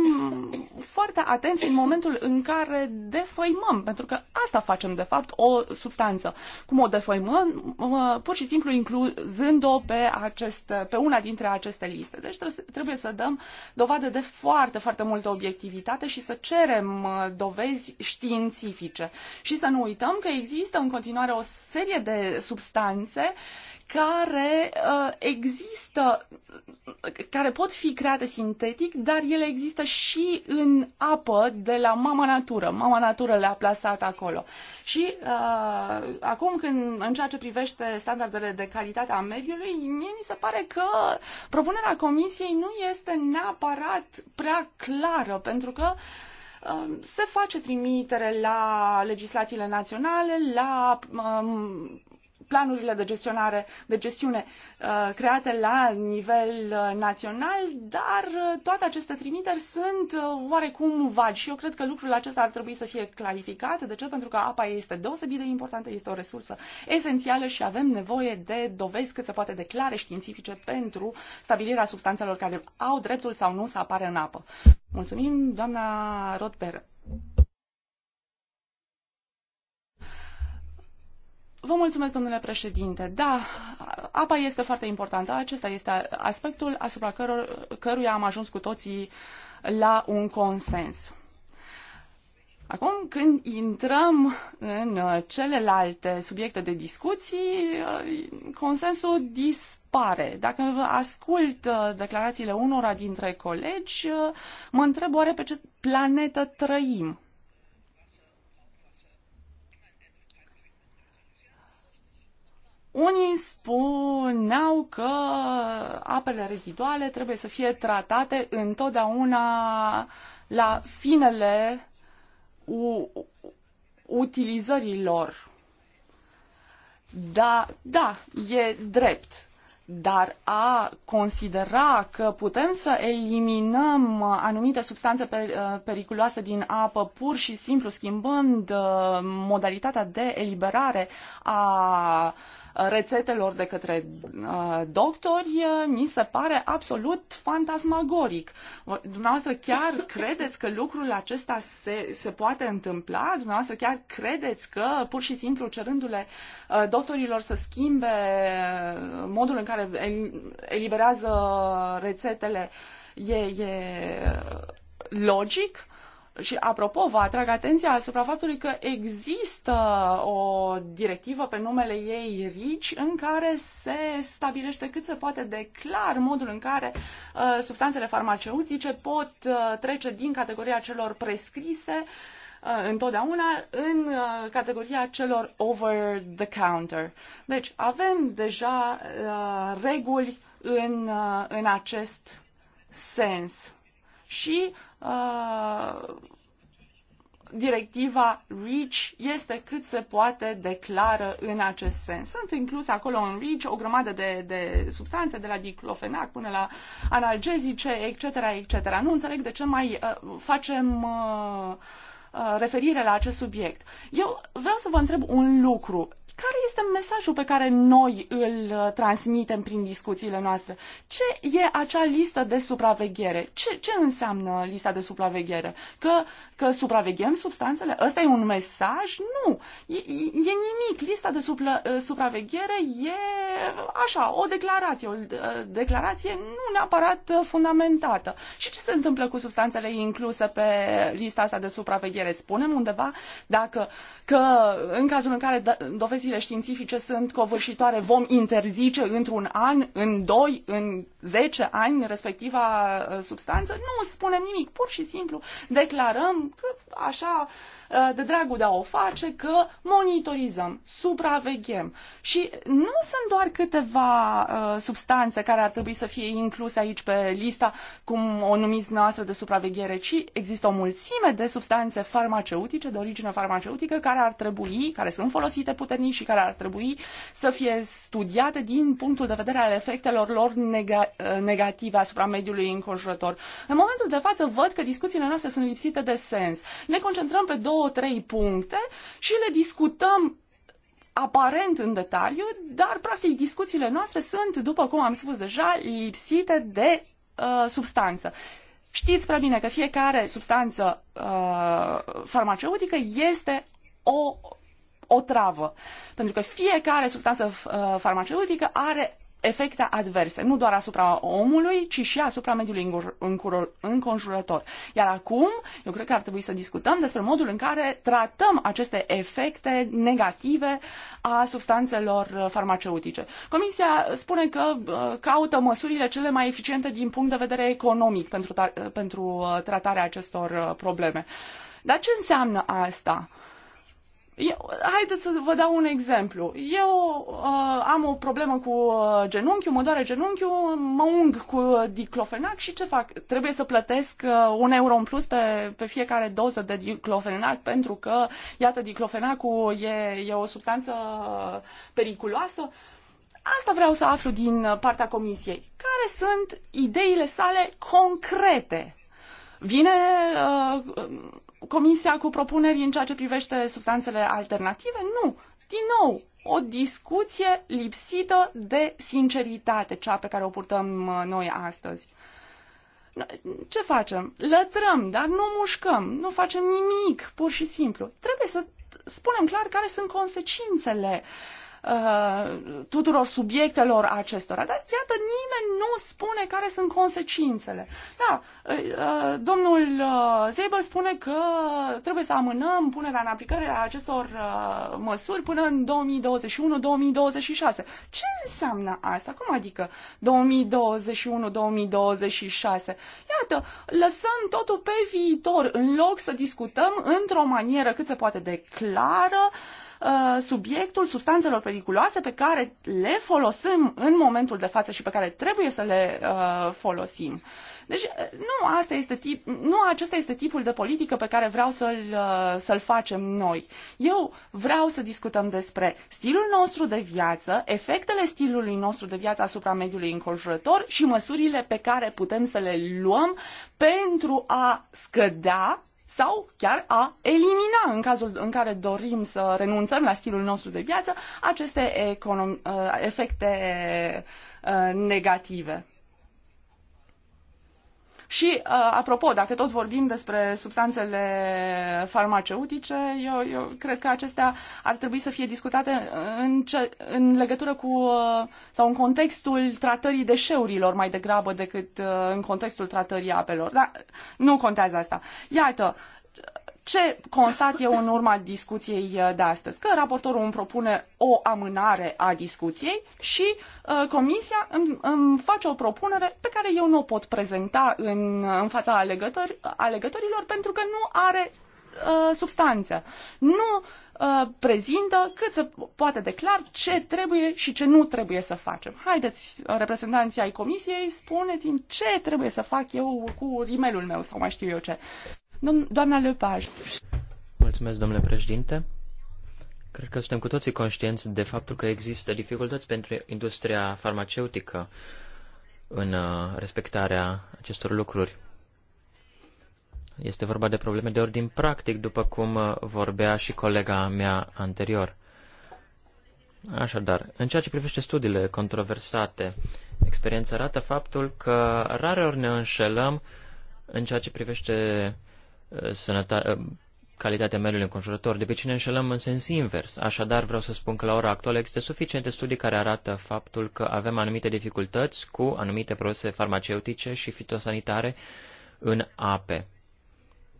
foarte atenți în momentul în care defăimăm, pentru că asta facem, de fapt, o substanță. Cum o defăimăm? Pur și simplu incluzând-o pe, acest, pe una dintre aceste liste. Deci trebuie să dăm dovadă de foarte, foarte multă obiectivitate și să cerem dovezi științifice. Și să nu uităm că există în continuare o serie de de substanțe care uh, există, care pot fi create sintetic, dar ele există și în apă de la mama natură. Mama natură le-a plasat acolo. Și uh, acum, când, în ceea ce privește standardele de calitate a mediului, mie mi se pare că propunerea comisiei nu este neapărat prea clară, pentru că uh, Um, se face trimitere la legislațiile naționale, la um, planurile de gestionare, de gestiune uh, create la nivel uh, național, dar uh, toate aceste trimiteri sunt oarecum vagi și eu cred că lucrul acesta ar trebui să fie clarificat. De ce? Pentru că apa este deosebit de importantă, este o resursă esențială și avem nevoie de dovezi cât se poate de clare științifice pentru stabilirea substanțelor care au dreptul sau nu să apară în apă. Mulțumim, doamna Rodber. Vă mulțumesc, domnule președinte. Da, apa este foarte importantă. Acesta este aspectul asupra căror, căruia am ajuns cu toții la un consens. Acum, când intrăm în uh, celelalte subiecte de discuții, uh, consensul dispare. Dacă ascult uh, declarațiile unora dintre colegi, mă întreb oare pe ce planetă trăim. Unii spuneau că apele reziduale trebuie să fie tratate întotdeauna la finele utilizării lor. Da, da, e drept. Dar a considera că putem să eliminăm anumite substanțe uh, periculoase din apă pur și simplu schimbând uh, modalitatea de eliberare a uh, Uh, rețetelor de către uh, doctori uh, mi se pare absolut fantasmagoric. Dumneavoastră chiar credeți că lucrul acesta se, se poate întâmpla? Dumneavoastră chiar credeți că pur și simplu cerându-le doctorilor să schimbe modul în care eliberează rețetele e, e logic? Și apropo, vă atrag atenția asupra faptului că există o directivă pe numele ei RICI în care se stabilește cât se poate de clar modul în care uh, substanțele farmaceutice pot uh, trece din categoria celor prescrise uh, întotdeauna în uh, categoria celor over the counter. Deci avem deja uh, reguli în, uh, în acest sens. Și uh, Uh, directiva REACH este cât se poate declară în acest sens. Sunt incluse acolo în REACH o grămadă de, de substanțe, de la diclofenac până la analgezice, etc., etc. Nu înțeleg de ce mai uh, facem uh, Uh, referire la acest subiect. Eu vreau să vă întreb un lucru. Care este mesajul pe care noi îl uh, transmitem prin discuțiile noastre? Ce e acea listă de supraveghere? Ce, ce înseamnă lista de supraveghere? Că, că supraveghem substanțele? Ăsta e un mesaj? Nu! E, e nimic. Lista de supla, uh, supraveghere e așa, o declarație. O declarație nu neapărat fundamentată. Și ce se întâmplă cu substanțele incluse pe lista asta de supraveghere? audiere spunem undeva dacă că în cazul în care dovezile științifice sunt covârșitoare vom interzice într-un an, în doi, în zece ani respectiva uh, substanță? Nu spunem nimic, pur și simplu declarăm că așa Uh, de dragul de a o face că monitorizăm, supraveghem. Și nu sunt doar câteva uh, substanțe care ar trebui să fie incluse aici pe lista, cum o numiți noastră, de supraveghere, ci există o mulțime de substanțe farmaceutice, de origine farmaceutică, care ar trebui, care sunt folosite puternic și care ar trebui să fie studiate din punctul de vedere al efectelor lor nega- uh, negative asupra mediului înconjurător. În momentul de față văd că discuțiile noastre sunt lipsite de sens. Ne concentrăm pe două două, trei puncte și le discutăm aparent în detaliu, dar practic discuțiile noastre sunt, după cum am spus deja, lipsite de uh, substanță. Știți prea bine că fiecare substanță uh, farmaceutică este o o travă. Pentru că fiecare substanță uh, farmaceutică are efecte adverse, nu doar asupra omului, ci și asupra mediului înconjurător. Iar acum, eu cred că ar trebui să discutăm despre modul în care tratăm aceste efecte negative a substanțelor farmaceutice. Comisia spune că uh, caută măsurile cele mai eficiente din punct de vedere economic pentru, pentru uh, tratarea acestor uh, probleme. Dar ce înseamnă asta? Eu, haideți să vă dau un exemplu. Eu uh, am o problemă cu uh, genunchiul, mă doare genunchiul, mă ung cu diclofenac și ce fac? Trebuie să plătesc uh, un euro în plus pe, pe fiecare doză de diclofenac pentru că, iată, diclofenacul e, e o substanță periculoasă. Asta vreau să aflu din partea comisiei. Care sunt ideile sale concrete Vine uh, Comisia cu propuneri în ceea ce privește substanțele alternative? Nu. Din nou, o discuție lipsită de sinceritate, cea pe care o purtăm uh, noi astăzi. Ce facem? Lătrăm, dar nu mușcăm, nu facem nimic, pur și simplu. Trebuie să spunem clar care sunt consecințele uh, Uh, tuturor subiectelor acestora. Dar iată, nimeni nu spune care sunt consecințele. Da, uh, uh, domnul Zeber spune că trebuie să amânăm punerea în aplicare a acestor măsuri până în 2021-2026. Ce înseamnă asta? Cum adică 2021-2026? Iată, lăsăm totul pe viitor, în loc să discutăm într-o manieră cât se poate de clară, Uh, subiectul substanțelor periculoase pe care le folosim în momentul de față și pe care trebuie să le uh, folosim. Deci uh, nu, asta este tip, nu acesta este tipul de politică pe care vreau să-l, să-l facem noi. Eu vreau să discutăm despre stilul nostru de viață, efectele stilului nostru de viață asupra mediului înconjurător și măsurile pe care putem să le luăm pentru a scădea sau chiar a elimina, în cazul în care dorim să renunțăm la stilul nostru de viață, aceste econom- uh, efecte uh, negative. Și, uh, apropo, dacă tot vorbim despre substanțele farmaceutice, eu, eu cred că acestea ar trebui să fie discutate în, ce, în legătură cu uh, sau în contextul tratării deșeurilor mai degrabă decât uh, în contextul tratării apelor. Dar nu contează asta. Iată, ce constat eu în urma discuției uh, de astăzi? Că raportorul îmi propune o amânare a discuției și uh, comisia îmi, îmi face o propunere pe care eu nu o pot prezenta în, uh, în fața alegători, alegătorilor pentru că nu are uh, substanță. Nu uh, prezintă cât se poate declar ce trebuie și ce nu trebuie să facem. Haideți, reprezentanții ai comisiei, spuneți-mi ce trebuie să fac eu cu rimelul meu sau mai știu eu ce doamna Mulțumesc, domnule președinte. Cred că suntem cu toții conștienți de faptul că există dificultăți pentru industria farmaceutică în uh, respectarea acestor lucruri. Este vorba de probleme de ordin practic, după cum uh, vorbea și colega mea anterior. Așadar, în ceea ce privește studiile controversate, experiența arată faptul că rareori ne înșelăm în ceea ce privește Uh, sănătate, uh, calitatea mediului înconjurător, de pe cine înșelăm în sens invers. Așadar, vreau să spun că la ora actuală există suficiente studii care arată faptul că avem anumite dificultăți cu anumite produse farmaceutice și fitosanitare în ape.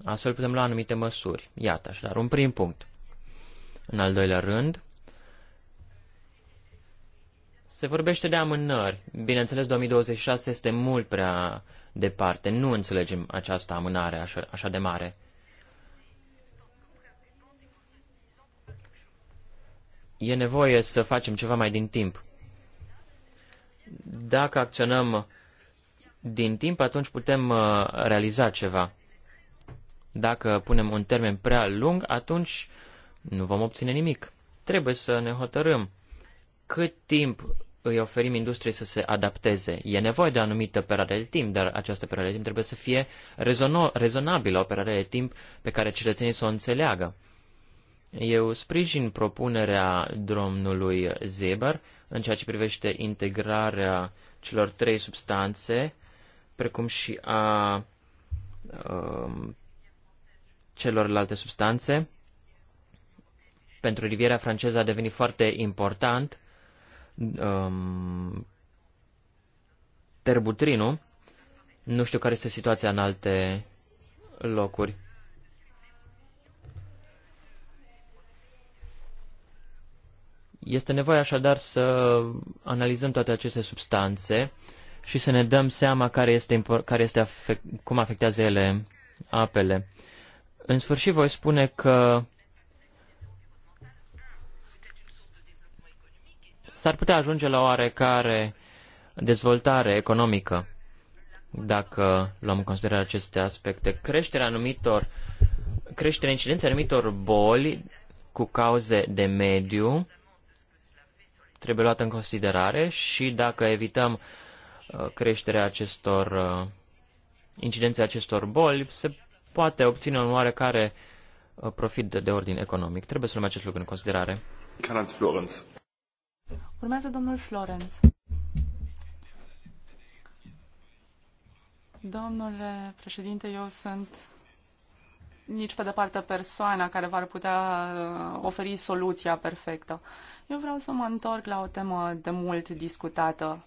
Astfel putem lua anumite măsuri. Iată, așadar, un prim punct. În al doilea rând, se vorbește de amânări. Bineînțeles, 2026 este mult prea departe. Nu înțelegem această amânare așa, așa de mare. E nevoie să facem ceva mai din timp. Dacă acționăm din timp, atunci putem uh, realiza ceva. Dacă punem un termen prea lung, atunci nu vom obține nimic. Trebuie să ne hotărâm cât timp îi oferim industriei să se adapteze. E nevoie de o anumită perioadă de timp, dar această perioadă de timp trebuie să fie rezonabilă, o perioadă de timp pe care cetățenii să o înțeleagă. Eu sprijin propunerea domnului Zeber în ceea ce privește integrarea celor trei substanțe, precum și a um, celorlalte substanțe. Pentru Riviera franceză a devenit foarte important um, Terbutrinu. Nu știu care este situația în alte locuri. Este nevoie așadar să analizăm toate aceste substanțe și să ne dăm seama care este, care este afect, cum afectează ele apele. În sfârșit voi spune că s-ar putea ajunge la oarecare dezvoltare economică dacă luăm în considerare aceste aspecte. Creșterea anumitor, creșterea incidenței anumitor boli cu cauze de mediu trebuie luată în considerare și dacă evităm uh, creșterea acestor uh, incidențe acestor boli, se poate obține un oarecare uh, profit de ordin economic. Trebuie să luăm acest lucru în considerare. karl Urmează domnul Florenț. Domnule președinte, eu sunt nici pe departe persoana care v-ar putea uh, oferi soluția perfectă. Eu vreau să mă întorc la o temă de mult discutată.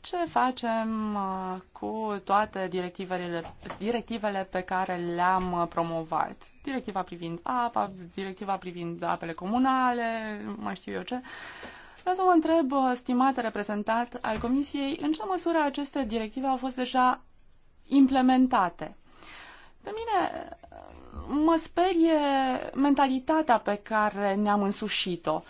Ce facem uh, cu toate directivele, directivele pe care le-am uh, promovat? Directiva privind apa, directiva privind apele comunale, mai știu eu ce. Uh, Vreau să vă întreb, uh, stimate reprezentant al Comisiei, în ce măsură aceste directive au fost deja implementate? Pe mine uh, mă sperie mentalitatea pe care ne-am însușit-o.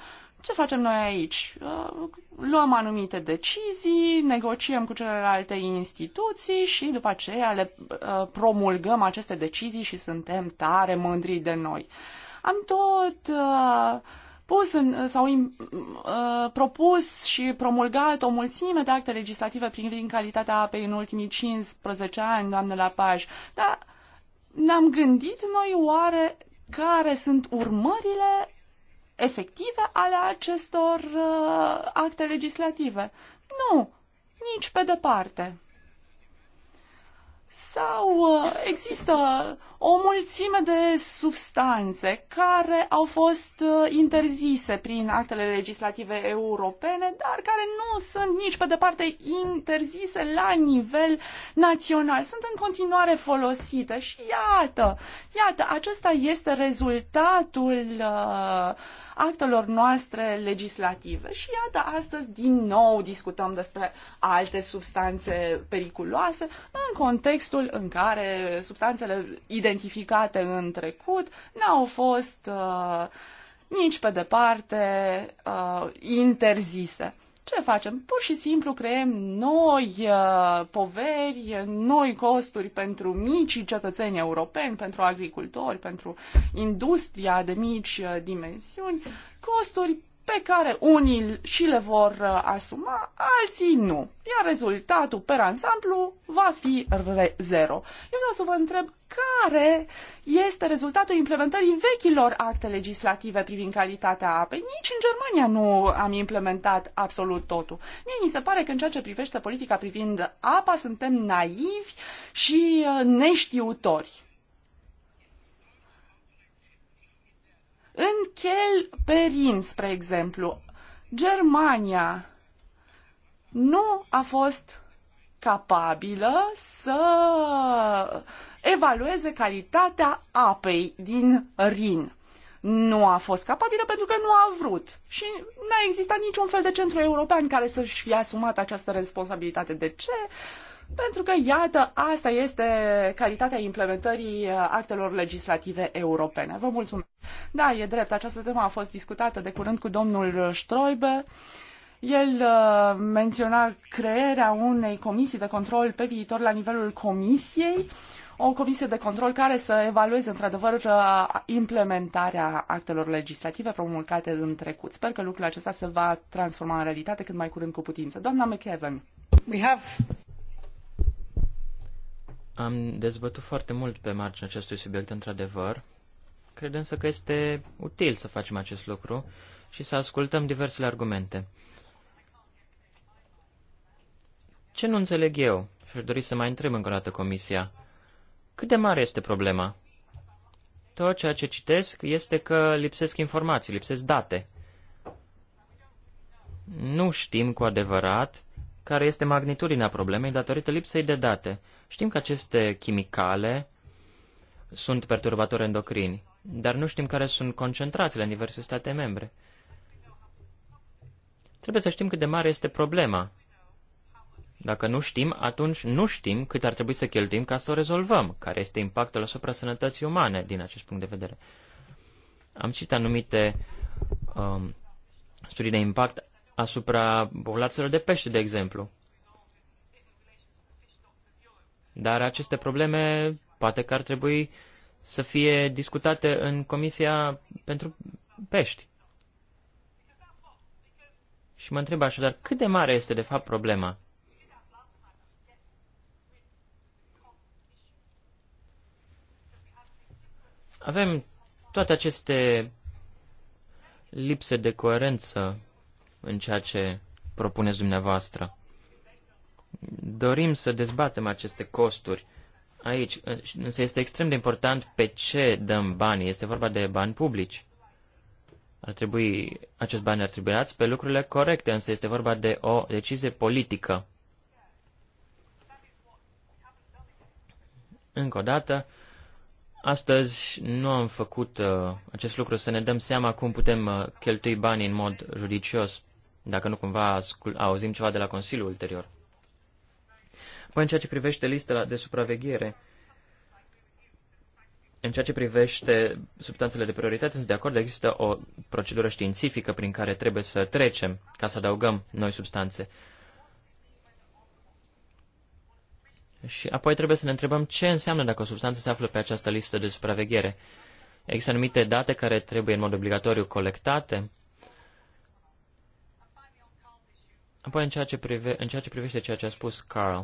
Ce facem noi aici? Uh, luăm anumite decizii, negociem cu celelalte instituții și după aceea le promulgăm aceste decizii și suntem tare mândri de noi. Am tot uh, pus în, sau uh, propus și promulgat o mulțime de acte legislative prin calitatea apei în ultimii 15 ani, la paj. dar ne-am gândit noi oare care sunt urmările efective ale acestor uh, acte legislative? Nu, nici pe departe. Sau uh, există o mulțime de substanțe care au fost uh, interzise prin actele legislative europene, dar care nu sunt nici pe departe interzise la nivel național. Sunt în continuare folosite și iată, iată, acesta este rezultatul uh, actelor noastre legislative. Și iată, astăzi din nou discutăm despre alte substanțe periculoase în contextul în care substanțele identificate identificate în trecut n-au fost uh, nici pe departe uh, interzise. Ce facem? Pur și simplu creăm noi uh, poveri, noi costuri pentru micii cetățeni europeni, pentru agricultori, pentru industria de mici uh, dimensiuni, costuri pe care unii și le vor uh, asuma, alții nu. Iar rezultatul per ansamblu va fi zero. Eu vreau să vă întreb care este rezultatul implementării vechilor acte legislative privind calitatea apei. Nici în Germania nu am implementat absolut totul. Mie mi se pare că în ceea ce privește politica privind apa suntem naivi și uh, neștiutori. În Chel Perin, spre exemplu, Germania nu a fost capabilă să evalueze calitatea apei din Rin. Nu a fost capabilă pentru că nu a vrut și n-a existat niciun fel de centru european care să-și fie asumat această responsabilitate. De ce? Pentru că, iată, asta este calitatea implementării uh, actelor legislative europene. Vă mulțumesc. Da, e drept, această temă a fost discutată de curând cu domnul Stroibe. El uh, menționa crearea unei comisii de control pe viitor la nivelul comisiei, o comisie de control care să evalueze într-adevăr uh, implementarea actelor legislative promulgate în trecut. Sper că lucrul acesta se va transforma în realitate cât mai curând cu putință. Doamna McKeven. We have am dezbătut foarte mult pe marginea acestui subiect, într-adevăr. Cred însă că este util să facem acest lucru și să ascultăm diversele argumente. Ce nu înțeleg eu? Și-aș dori să mai întreb încă o dată comisia. Cât de mare este problema? Tot ceea ce citesc este că lipsesc informații, lipsesc date. Nu știm cu adevărat care este magnitudinea problemei datorită lipsei de date. Știm că aceste chimicale sunt perturbatori endocrini, dar nu știm care sunt concentrațiile în diverse state membre. Trebuie să știm cât de mare este problema. Dacă nu știm, atunci nu știm cât ar trebui să cheltuim ca să o rezolvăm, care este impactul asupra sănătății umane din acest punct de vedere. Am citit anumite um, studii de impact asupra populațiilor de pește, de exemplu. Dar aceste probleme poate că ar trebui să fie discutate în Comisia pentru Pești. Și mă întreb așadar, cât de mare este de fapt problema? Avem toate aceste lipse de coerență în ceea ce propuneți dumneavoastră. Dorim să dezbatem aceste costuri aici, însă este extrem de important pe ce dăm bani. Este vorba de bani publici. Ar trebui, acest bani ar trebui dați pe lucrurile corecte, însă este vorba de o decizie politică. Încă o dată, astăzi nu am făcut uh, acest lucru să ne dăm seama cum putem uh, cheltui banii în mod judicios dacă nu cumva auzim ceva de la Consiliul ulterior. Păi în ceea ce privește lista de supraveghere, în ceea ce privește substanțele de prioritate, sunt de acord, există o procedură științifică prin care trebuie să trecem ca să adăugăm noi substanțe. Și apoi trebuie să ne întrebăm ce înseamnă dacă o substanță se află pe această listă de supraveghere. Există anumite date care trebuie în mod obligatoriu colectate Apoi, în ceea, ce prive, în ceea ce privește ceea ce a spus Carl,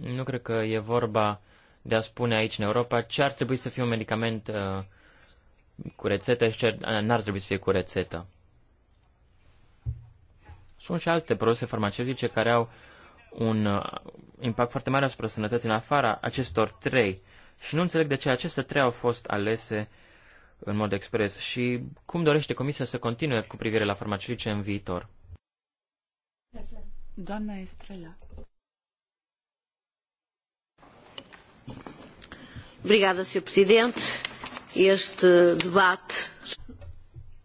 nu cred că e vorba de a spune aici în Europa ce ar trebui să fie un medicament uh, cu rețetă și ce n-ar trebui să fie cu rețetă. Sunt și alte produse farmaceutice care au un uh, impact foarte mare asupra sănătății în afara acestor trei. Și nu înțeleg de ce aceste trei au fost alese uh, în mod expres și cum dorește Comisia să continue cu privire la farmaceutice în viitor? Doamna Estrela. Obrigada, Sr. Presidente. Este debate.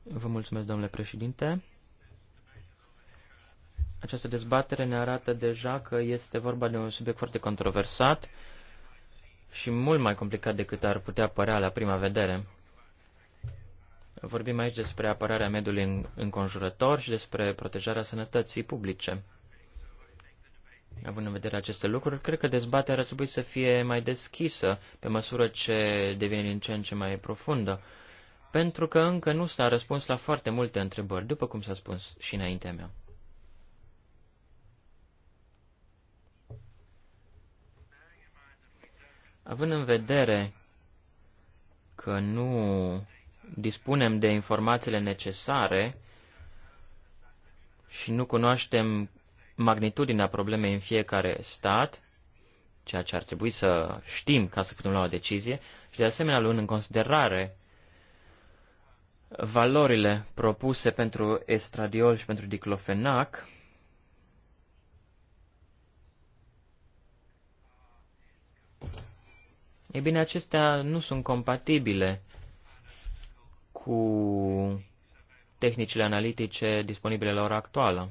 Vă mulțumesc, domnule președinte. Această dezbatere ne arată deja că este vorba de un subiect foarte controversat și mult mai complicat decât ar putea părea la prima vedere. Vorbim aici despre apărarea mediului înconjurător și despre protejarea sănătății publice. Având în vedere aceste lucruri, cred că dezbaterea ar trebui să fie mai deschisă pe măsură ce devine din ce în ce mai profundă, pentru că încă nu s-a răspuns la foarte multe întrebări, după cum s-a spus și înaintea mea. Având în vedere că nu dispunem de informațiile necesare și nu cunoaștem magnitudinea problemei în fiecare stat, ceea ce ar trebui să știm ca să putem lua o decizie, și de asemenea luând în considerare valorile propuse pentru estradiol și pentru diclofenac, e bine, acestea nu sunt compatibile cu tehnicile analitice disponibile la ora actuală.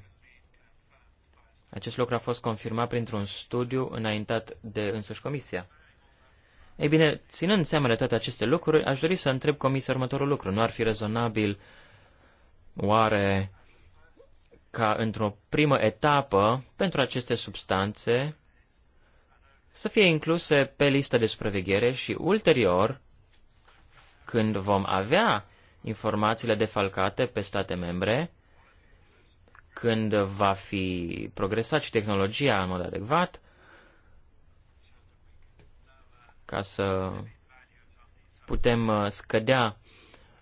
Acest lucru a fost confirmat printr-un studiu înaintat de însăși Comisia. Ei bine, ținând seama de toate aceste lucruri, aș dori să întreb Comisia următorul lucru. Nu ar fi rezonabil, oare, ca într-o primă etapă, pentru aceste substanțe, să fie incluse pe lista de supraveghere și ulterior, când vom avea informațiile defalcate pe state membre, când va fi progresat și tehnologia în mod adecvat, ca să putem uh, scădea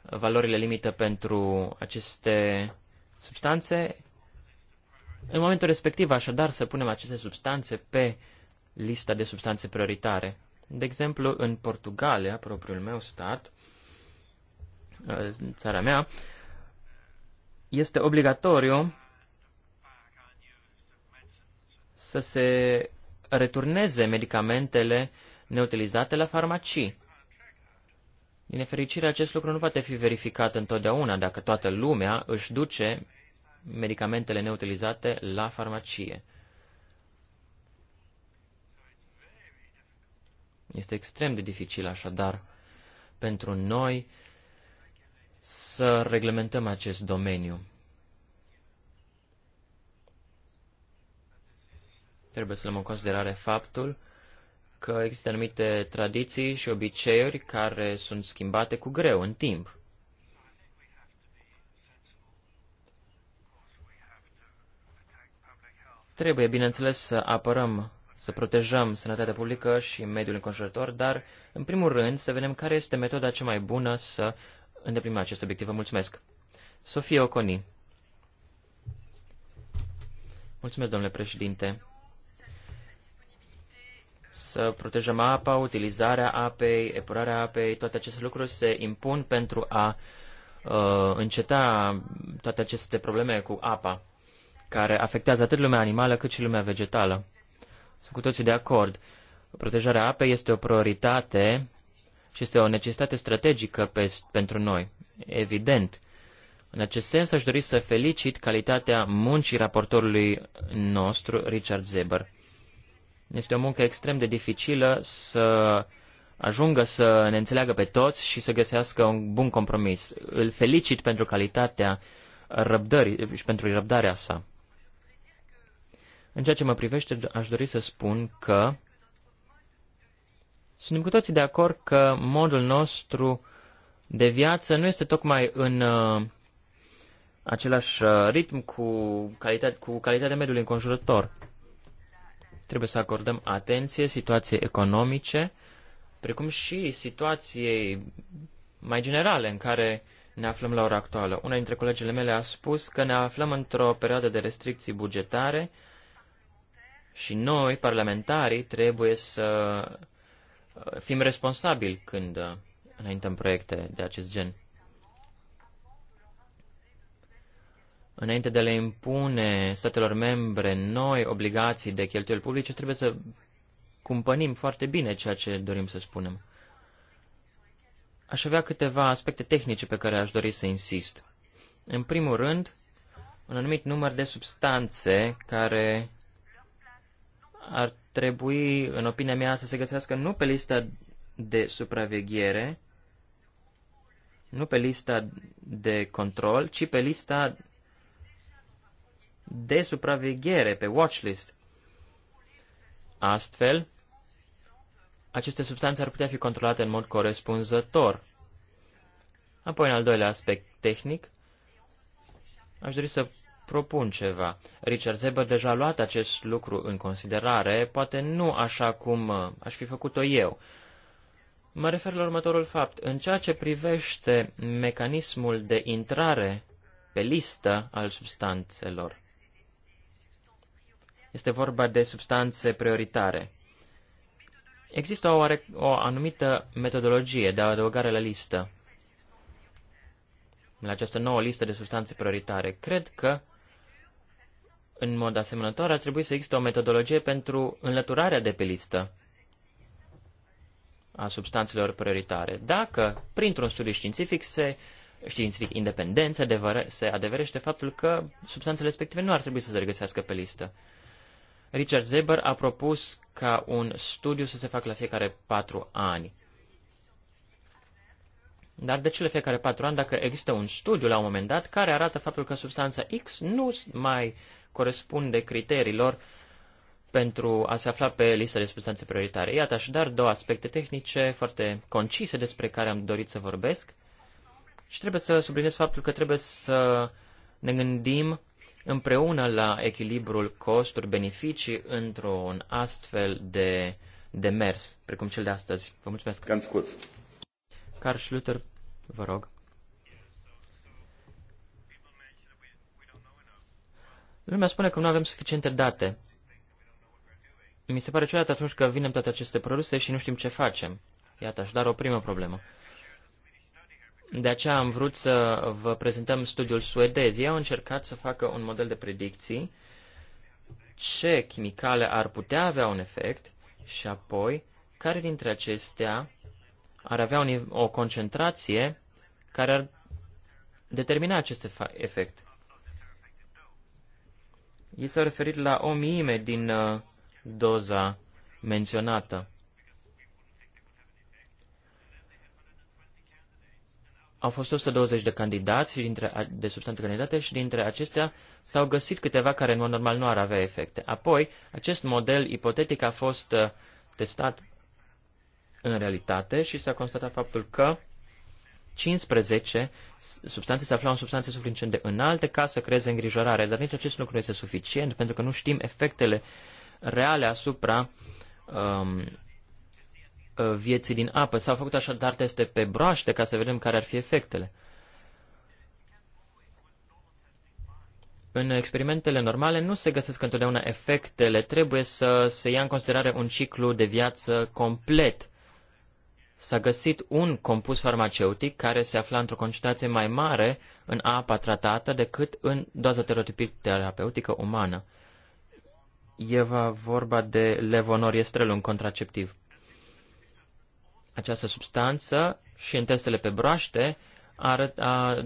valorile limită pentru aceste substanțe. În momentul respectiv, așadar, să punem aceste substanțe pe lista de substanțe prioritare. De exemplu, în Portugalia, propriul meu stat, în țara mea, este obligatoriu să se returneze medicamentele neutilizate la farmacii. Din nefericire, acest lucru nu poate fi verificat întotdeauna dacă toată lumea își duce medicamentele neutilizate la farmacie. Este extrem de dificil așadar pentru noi să reglementăm acest domeniu. Trebuie să luăm în considerare faptul că există anumite tradiții și obiceiuri care sunt schimbate cu greu în timp. Trebuie, bineînțeles, să apărăm, să protejăm sănătatea publică și mediul înconjurător, dar, în primul rând, să vedem care este metoda cea mai bună să îndeplinim acest obiectiv. Vă mulțumesc. Sofia Oconi. Mulțumesc, domnule președinte. Să protejăm apa, utilizarea apei, epurarea apei, toate aceste lucruri se impun pentru a uh, înceta toate aceste probleme cu apa, care afectează atât lumea animală cât și lumea vegetală. Sunt cu toții de acord. Protejarea apei este o prioritate și este o necesitate strategică pe, pentru noi, evident. În acest sens aș dori să felicit calitatea muncii raportorului nostru, Richard Zeber. Este o muncă extrem de dificilă să ajungă să ne înțeleagă pe toți și să găsească un bun compromis. Îl felicit pentru calitatea răbdării și pentru răbdarea sa. În ceea ce mă privește, aș dori să spun că suntem cu toții de acord că modul nostru de viață nu este tocmai în uh, același uh, ritm cu, calitate, cu calitatea mediului înconjurător. Trebuie să acordăm atenție situației economice, precum și situației mai generale în care ne aflăm la ora actuală. Una dintre colegele mele a spus că ne aflăm într-o perioadă de restricții bugetare și noi, parlamentarii, trebuie să Uh, fim responsabili când uh, înaintăm proiecte de acest gen. Înainte de a le impune statelor membre noi obligații de cheltuieli publice, trebuie să cumpănim foarte bine ceea ce dorim să spunem. Aș avea câteva aspecte tehnice pe care aș dori să insist. În primul rând, un anumit număr de substanțe care ar trebui, în opinia mea, să se găsească nu pe lista de supraveghere, nu pe lista de control, ci pe lista de supraveghere, pe watchlist. Astfel, aceste substanțe ar putea fi controlate în mod corespunzător. Apoi, în al doilea aspect tehnic, aș dori să propun ceva. Richard Zeber deja a luat acest lucru în considerare, poate nu așa cum uh, aș fi făcut-o eu. Mă refer la următorul fapt. În ceea ce privește mecanismul de intrare pe listă al substanțelor, este vorba de substanțe prioritare. Există o, are, o anumită metodologie de adăugare la listă, la această nouă listă de substanțe prioritare. Cred că în mod asemănător, ar trebui să existe o metodologie pentru înlăturarea de pe listă a substanțelor prioritare. Dacă, printr-un studiu științific, se științific independent, se, adevăre, se adeverește faptul că substanțele respective nu ar trebui să se regăsească pe listă. Richard Zeber a propus ca un studiu să se facă la fiecare patru ani. Dar de ce la fiecare patru ani dacă există un studiu la un moment dat care arată faptul că substanța X nu mai corespunde criteriilor pentru a se afla pe lista de substanțe prioritare. Iată așadar două aspecte tehnice foarte concise despre care am dorit să vorbesc și trebuie să subliniez faptul că trebuie să ne gândim împreună la echilibrul costuri-beneficii într-un astfel de demers, precum cel de astăzi. Vă mulțumesc. Carl Schlüter, vă rog. Lumea spune că nu avem suficiente date. Mi se pare ciudat atunci că vinem toate aceste produse și nu știm ce facem. Iată, și dar o primă problemă. De aceea am vrut să vă prezentăm studiul suedez. Ei au încercat să facă un model de predicții ce chimicale ar putea avea un efect și apoi care dintre acestea ar avea un, o concentrație care ar determina acest efect. Ei s-au referit la o miime din uh, doza menționată. Au fost 120 de candidați dintre, de substanțe candidate și dintre acestea s-au găsit câteva care în mod normal nu ar avea efecte. Apoi, acest model ipotetic a fost uh, testat în realitate și s-a constatat faptul că 15 substanțe se aflau în substanțe suficiente în alte ca să creeze îngrijorare, dar nici acest lucru nu este suficient pentru că nu știm efectele reale asupra um, uh, vieții din apă. S-au făcut așadar teste pe broaște ca să vedem care ar fi efectele. În experimentele normale nu se găsesc întotdeauna efectele, trebuie să se ia în considerare un ciclu de viață complet s-a găsit un compus farmaceutic care se afla într-o concentrație mai mare în apa tratată decât în doza terapeutică umană. E vorba de levonoriestrel, un contraceptiv. Această substanță și în testele pe broaște arăt, a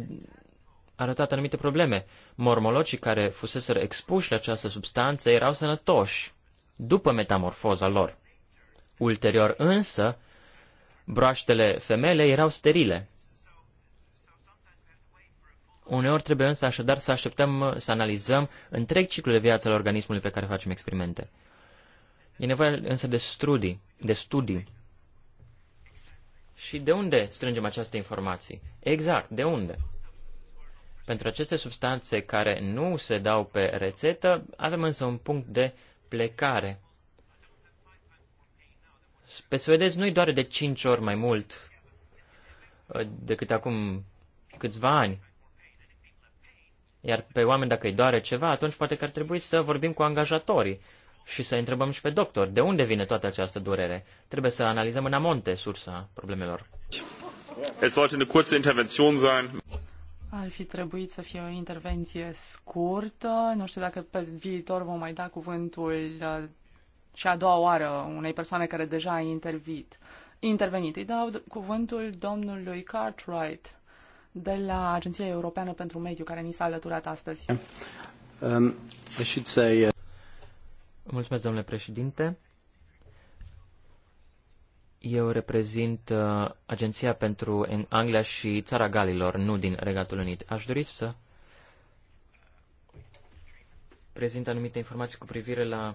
arătat anumite probleme. Mormologii care fusese expuși la această substanță erau sănătoși după metamorfoza lor. Ulterior însă, broaștele femele erau sterile. Uneori trebuie însă așadar să așteptăm să analizăm întreg ciclul de viață al organismului pe care facem experimente. E nevoie însă de studii, de studii. Și de unde strângem aceste informații? Exact, de unde? Pentru aceste substanțe care nu se dau pe rețetă, avem însă un punct de plecare pe suedezi nu-i doare de 5 ori mai mult uh, decât acum câțiva ani. Iar pe oameni, dacă îi doare ceva, atunci poate că ar trebui să vorbim cu angajatorii și să întrebăm și pe doctor de unde vine toată această durere. Trebuie să analizăm în amonte sursa problemelor. Ar fi trebuit să fie o intervenție scurtă. Nu știu dacă pe viitor vom mai da cuvântul uh, și a doua oară unei persoane care deja a intervit, intervenit. Îi dau cuvântul domnului Cartwright de la Agenția Europeană pentru Mediu, care ni s-a alăturat astăzi. Um, I should say, uh, Mulțumesc, domnule președinte. Eu reprezint uh, Agenția pentru în Anglia și Țara Galilor, nu din Regatul Unit. Aș dori să prezint anumite informații cu privire la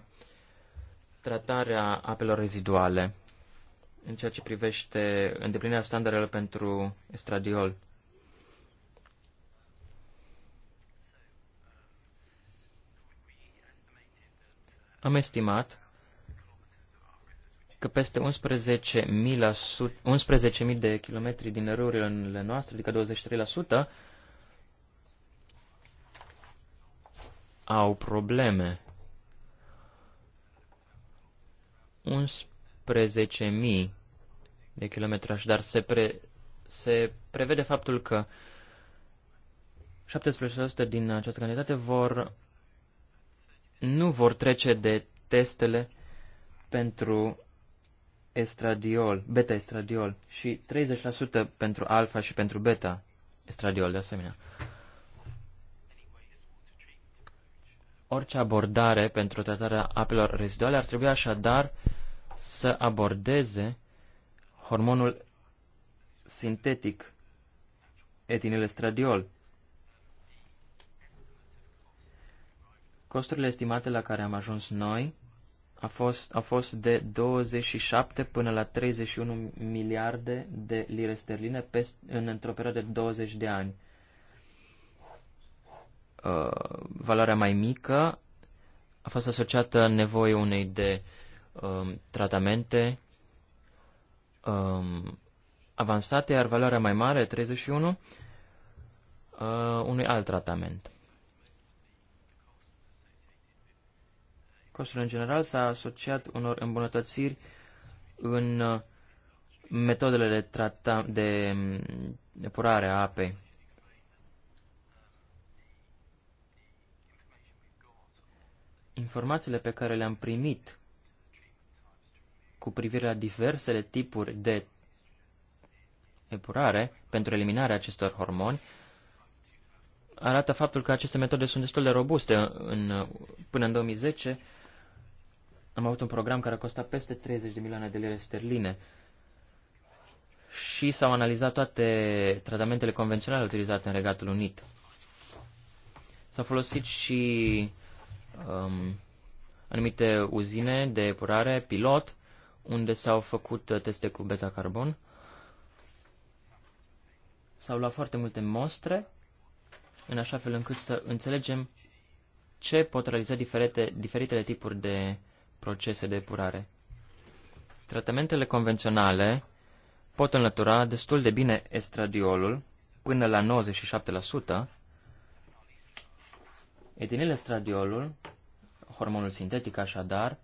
tratarea apelor reziduale în ceea ce privește îndeplinirea standardelor pentru estradiol. Am estimat că peste 11.000 11 de kilometri din râurile noastre, adică 23%, au probleme 11.000 de kilometraj, dar se, pre, se prevede faptul că 17% din această cantitate vor, nu vor trece de testele pentru estradiol, beta-estradiol și 30% pentru alfa și pentru beta-estradiol de asemenea. Orice abordare pentru tratarea apelor reziduale ar trebui așadar uh, să abordeze hormonul sintetic, etinilestradiol. Costurile estimate la care am ajuns noi a fost, a fost de 27 până la 31 miliarde de lire sterline peste, în, într-o perioadă de 20 de ani. Uh, valoarea mai mică a fost asociată nevoie unei de uh, um, tratamente um, avansate, iar valoarea mai mare, 31, uh, unui alt tratament. Costul în general s-a asociat unor îmbunătățiri în uh, metodele de, trata- de um, depurare a apei. Informațiile pe care le-am primit cu privire la diversele tipuri de epurare pentru eliminarea acestor hormoni arată faptul că aceste metode sunt destul de robuste. În, până în 2010 am avut un program care a costat peste 30 de milioane de lire sterline și s-au analizat toate tratamentele convenționale utilizate în Regatul Unit. S-au folosit și um, anumite uzine de epurare pilot unde s-au făcut uh, teste cu beta-carbon. S-au luat foarte multe mostre, în așa fel încât să înțelegem ce pot realiza diferite, diferitele tipuri de procese de epurare. Tratamentele convenționale pot înlătura destul de bine estradiolul, până la 97%, etinilestradiolul, hormonul sintetic așadar,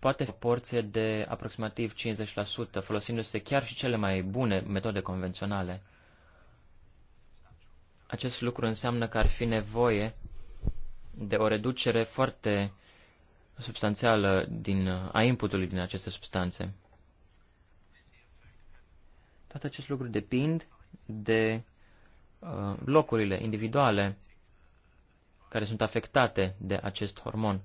poate fi o porție de aproximativ 50%, folosindu-se chiar și cele mai bune metode convenționale. Acest lucru înseamnă că ar fi nevoie de o reducere foarte substanțială din, a inputului din aceste substanțe. Toate acest lucru depind de uh, locurile individuale care sunt afectate de acest hormon.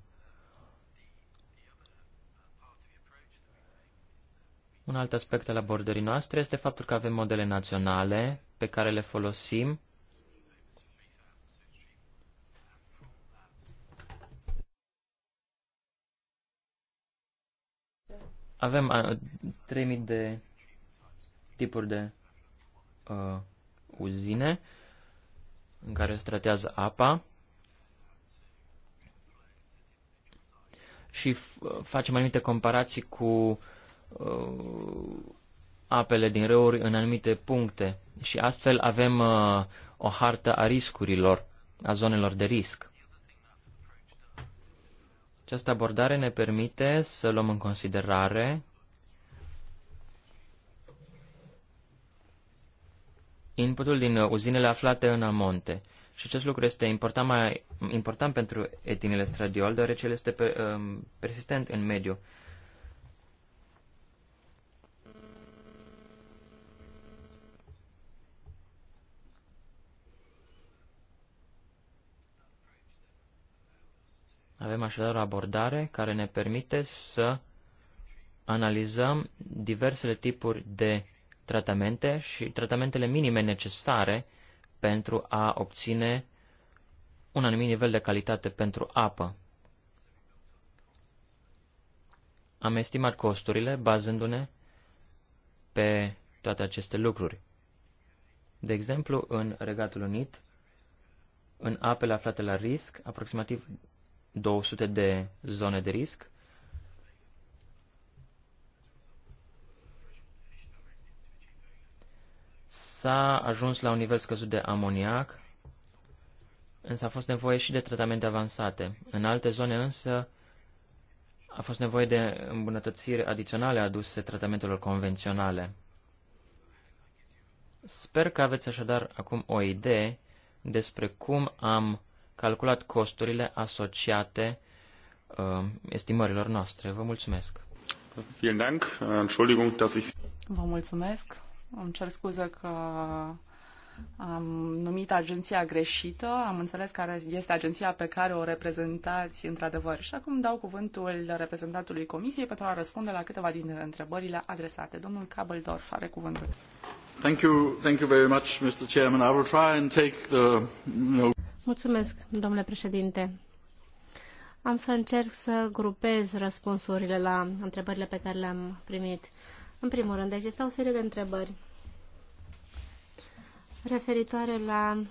Un alt aspect al abordării noastre este faptul că avem modele naționale pe care le folosim Avem a, 3000 de tipuri de uh, uzine în care se tratează apa și facem anumite comparații cu uh, apele din râuri în anumite puncte și astfel avem uh, o hartă a riscurilor, a zonelor de risc. Această abordare ne permite să luăm în considerare inputul din uzinele aflate în amonte. Și acest lucru este important, mai important pentru etinile stradiol, deoarece el este pe, um, persistent în mediu. Avem așadar o abordare care ne permite să analizăm diversele tipuri de tratamente și tratamentele minime necesare pentru a obține un anumit nivel de calitate pentru apă. Am estimat costurile bazându-ne pe toate aceste lucruri. De exemplu, în Regatul Unit, în apele aflate la risc, aproximativ 200 de zone de risc. S-a ajuns la un nivel scăzut de amoniac, însă a fost nevoie și de tratamente avansate. În alte zone însă a fost nevoie de îmbunătățiri adiționale aduse tratamentelor convenționale. Sper că aveți așadar acum o idee despre cum am calculat costurile asociate uh, estimărilor noastre. Vă mulțumesc. Vă mulțumesc. Îmi cer scuze că am numit agenția greșită. Am înțeles care este agenția pe care o reprezentați într-adevăr. Și acum dau cuvântul reprezentantului Comisiei pentru a răspunde la câteva dintre întrebările adresate. Domnul Kabeldorf are cuvântul. Thank you, thank you very much, Mr. Chairman. I will try and take the, you know, Mulțumesc, domnule președinte. Am să încerc să grupez răspunsurile la întrebările pe care le-am primit. În primul rând, deci este o serie de întrebări referitoare la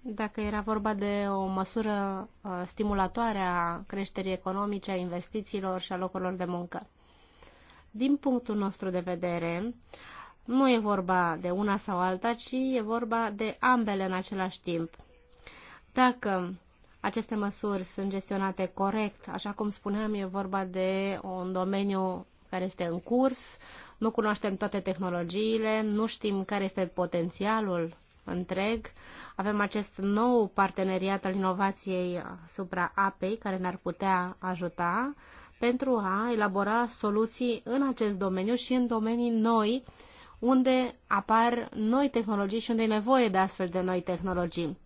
dacă era vorba de o măsură uh, stimulatoare a creșterii economice, a investițiilor și a locurilor de muncă. Din punctul nostru de vedere, nu e vorba de una sau alta, ci e vorba de ambele în același timp. Dacă aceste măsuri sunt gestionate corect, așa cum spuneam, e vorba de un domeniu care este în curs, nu cunoaștem toate tehnologiile, nu știm care este potențialul întreg. Avem acest nou parteneriat al inovației supra apei care ne-ar putea ajuta pentru a elabora soluții în acest domeniu și în domenii noi unde apar noi tehnologii și unde e nevoie de astfel de noi tehnologii.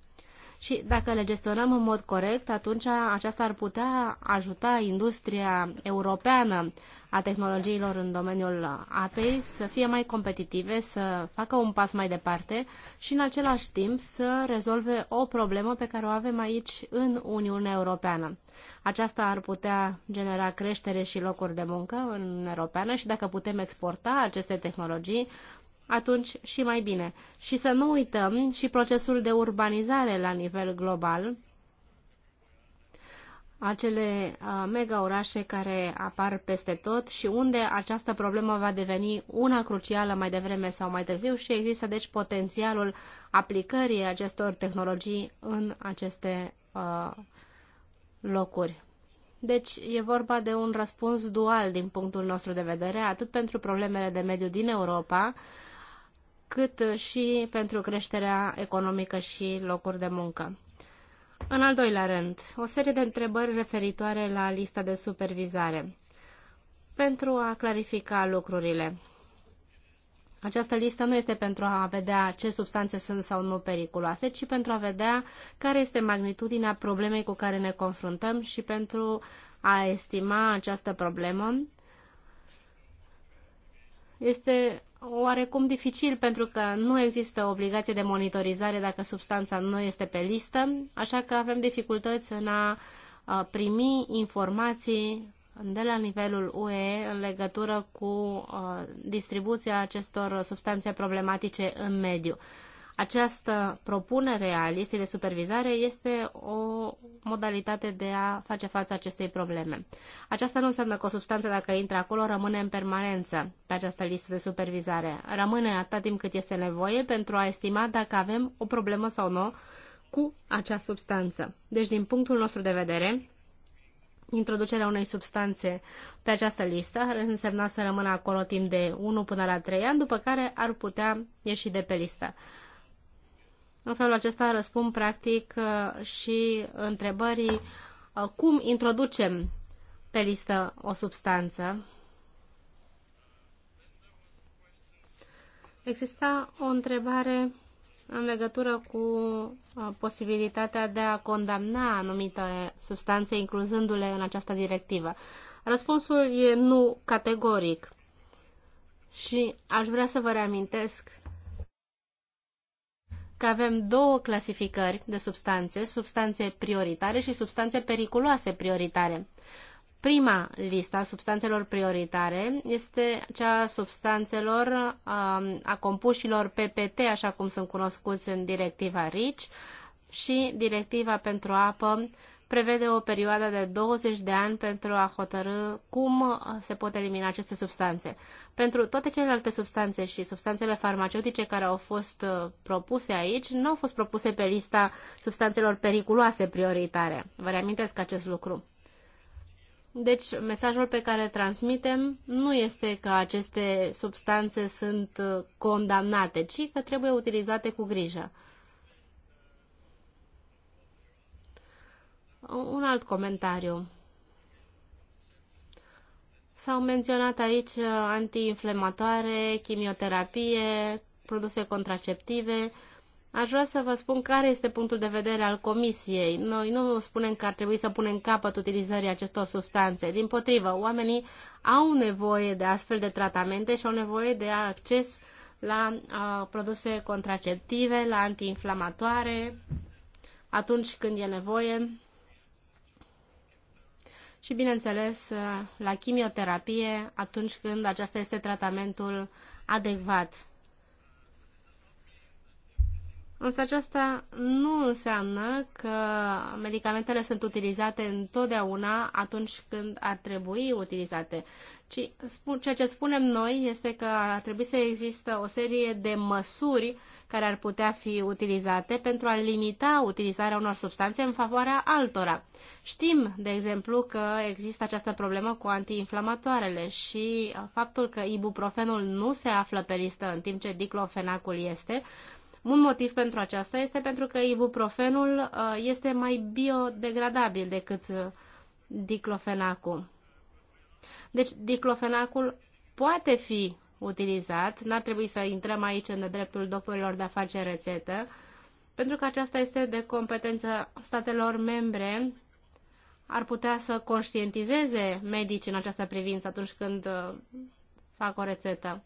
Și dacă le gestionăm în mod corect, atunci aceasta ar putea ajuta industria europeană a tehnologiilor în domeniul apei să fie mai competitive, să facă un pas mai departe și în același timp să rezolve o problemă pe care o avem aici în Uniunea Europeană. Aceasta ar putea genera creștere și locuri de muncă în Europeană și dacă putem exporta aceste tehnologii, atunci și mai bine. Și să nu uităm și procesul de urbanizare la nivel global, acele uh, mega orașe care apar peste tot și unde această problemă va deveni una crucială mai devreme sau mai târziu și există deci potențialul aplicării acestor tehnologii în aceste uh, locuri. Deci e vorba de un răspuns dual din punctul nostru de vedere, atât pentru problemele de mediu din Europa, cât și pentru creșterea economică și locuri de muncă. În al doilea rând, o serie de întrebări referitoare la lista de supervizare. Pentru a clarifica lucrurile, această listă nu este pentru a vedea ce substanțe sunt sau nu periculoase, ci pentru a vedea care este magnitudinea problemei cu care ne confruntăm și pentru a estima această problemă. Este oarecum dificil pentru că nu există obligație de monitorizare dacă substanța nu este pe listă, așa că avem dificultăți în a primi informații de la nivelul UE în legătură cu distribuția acestor substanțe problematice în mediu. Această propunere a listei de supervizare este o modalitate de a face față acestei probleme. Aceasta nu înseamnă că o substanță, dacă intră acolo, rămâne în permanență pe această listă de supervizare. Rămâne atât timp cât este nevoie pentru a estima dacă avem o problemă sau nu cu acea substanță. Deci, din punctul nostru de vedere, introducerea unei substanțe pe această listă ar însemna să rămână acolo timp de 1 până la 3 ani, după care ar putea ieși de pe listă. În felul acesta răspund practic uh, și întrebării uh, cum introducem pe listă o substanță. Exista o întrebare în legătură cu uh, posibilitatea de a condamna anumite substanțe, incluzându-le în această directivă. Răspunsul e nu categoric. Și aș vrea să vă reamintesc că avem două clasificări de substanțe, substanțe prioritare și substanțe periculoase prioritare. Prima lista substanțelor prioritare este cea a substanțelor a, um, a compușilor PPT, așa cum sunt cunoscuți în directiva Rich și directiva pentru apă prevede o perioadă de 20 de ani pentru a hotărâ cum se pot elimina aceste substanțe. Pentru toate celelalte substanțe și substanțele farmaceutice care au fost uh, propuse aici, nu au fost propuse pe lista substanțelor periculoase prioritare. Vă reamintesc acest lucru. Deci, mesajul pe care îl transmitem nu este că aceste substanțe sunt uh, condamnate, ci că trebuie utilizate cu grijă. Un alt comentariu. S-au menționat aici uh, antiinflamatoare, chimioterapie, produse contraceptive. Aș vrea să vă spun care este punctul de vedere al Comisiei. Noi nu spunem că ar trebui să punem capăt utilizării acestor substanțe. Din potrivă, oamenii au nevoie de astfel de tratamente și au nevoie de acces la uh, produse contraceptive, la antiinflamatoare, atunci când e nevoie și, bineînțeles, la chimioterapie atunci când aceasta este tratamentul adecvat. Însă aceasta nu înseamnă că medicamentele sunt utilizate întotdeauna atunci când ar trebui utilizate, ci ceea ce spunem noi este că ar trebui să există o serie de măsuri care ar putea fi utilizate pentru a limita utilizarea unor substanțe în favoarea altora. Știm, de exemplu, că există această problemă cu antiinflamatoarele și uh, faptul că ibuprofenul nu se află pe listă în timp ce diclofenacul este, un motiv pentru aceasta este pentru că ibuprofenul uh, este mai biodegradabil decât uh, diclofenacul. Deci diclofenacul poate fi utilizat. N-ar trebui să intrăm aici în dreptul doctorilor de a face rețetă, pentru că aceasta este de competență statelor membre ar putea să conștientizeze medicii în această privință atunci când uh, fac o rețetă.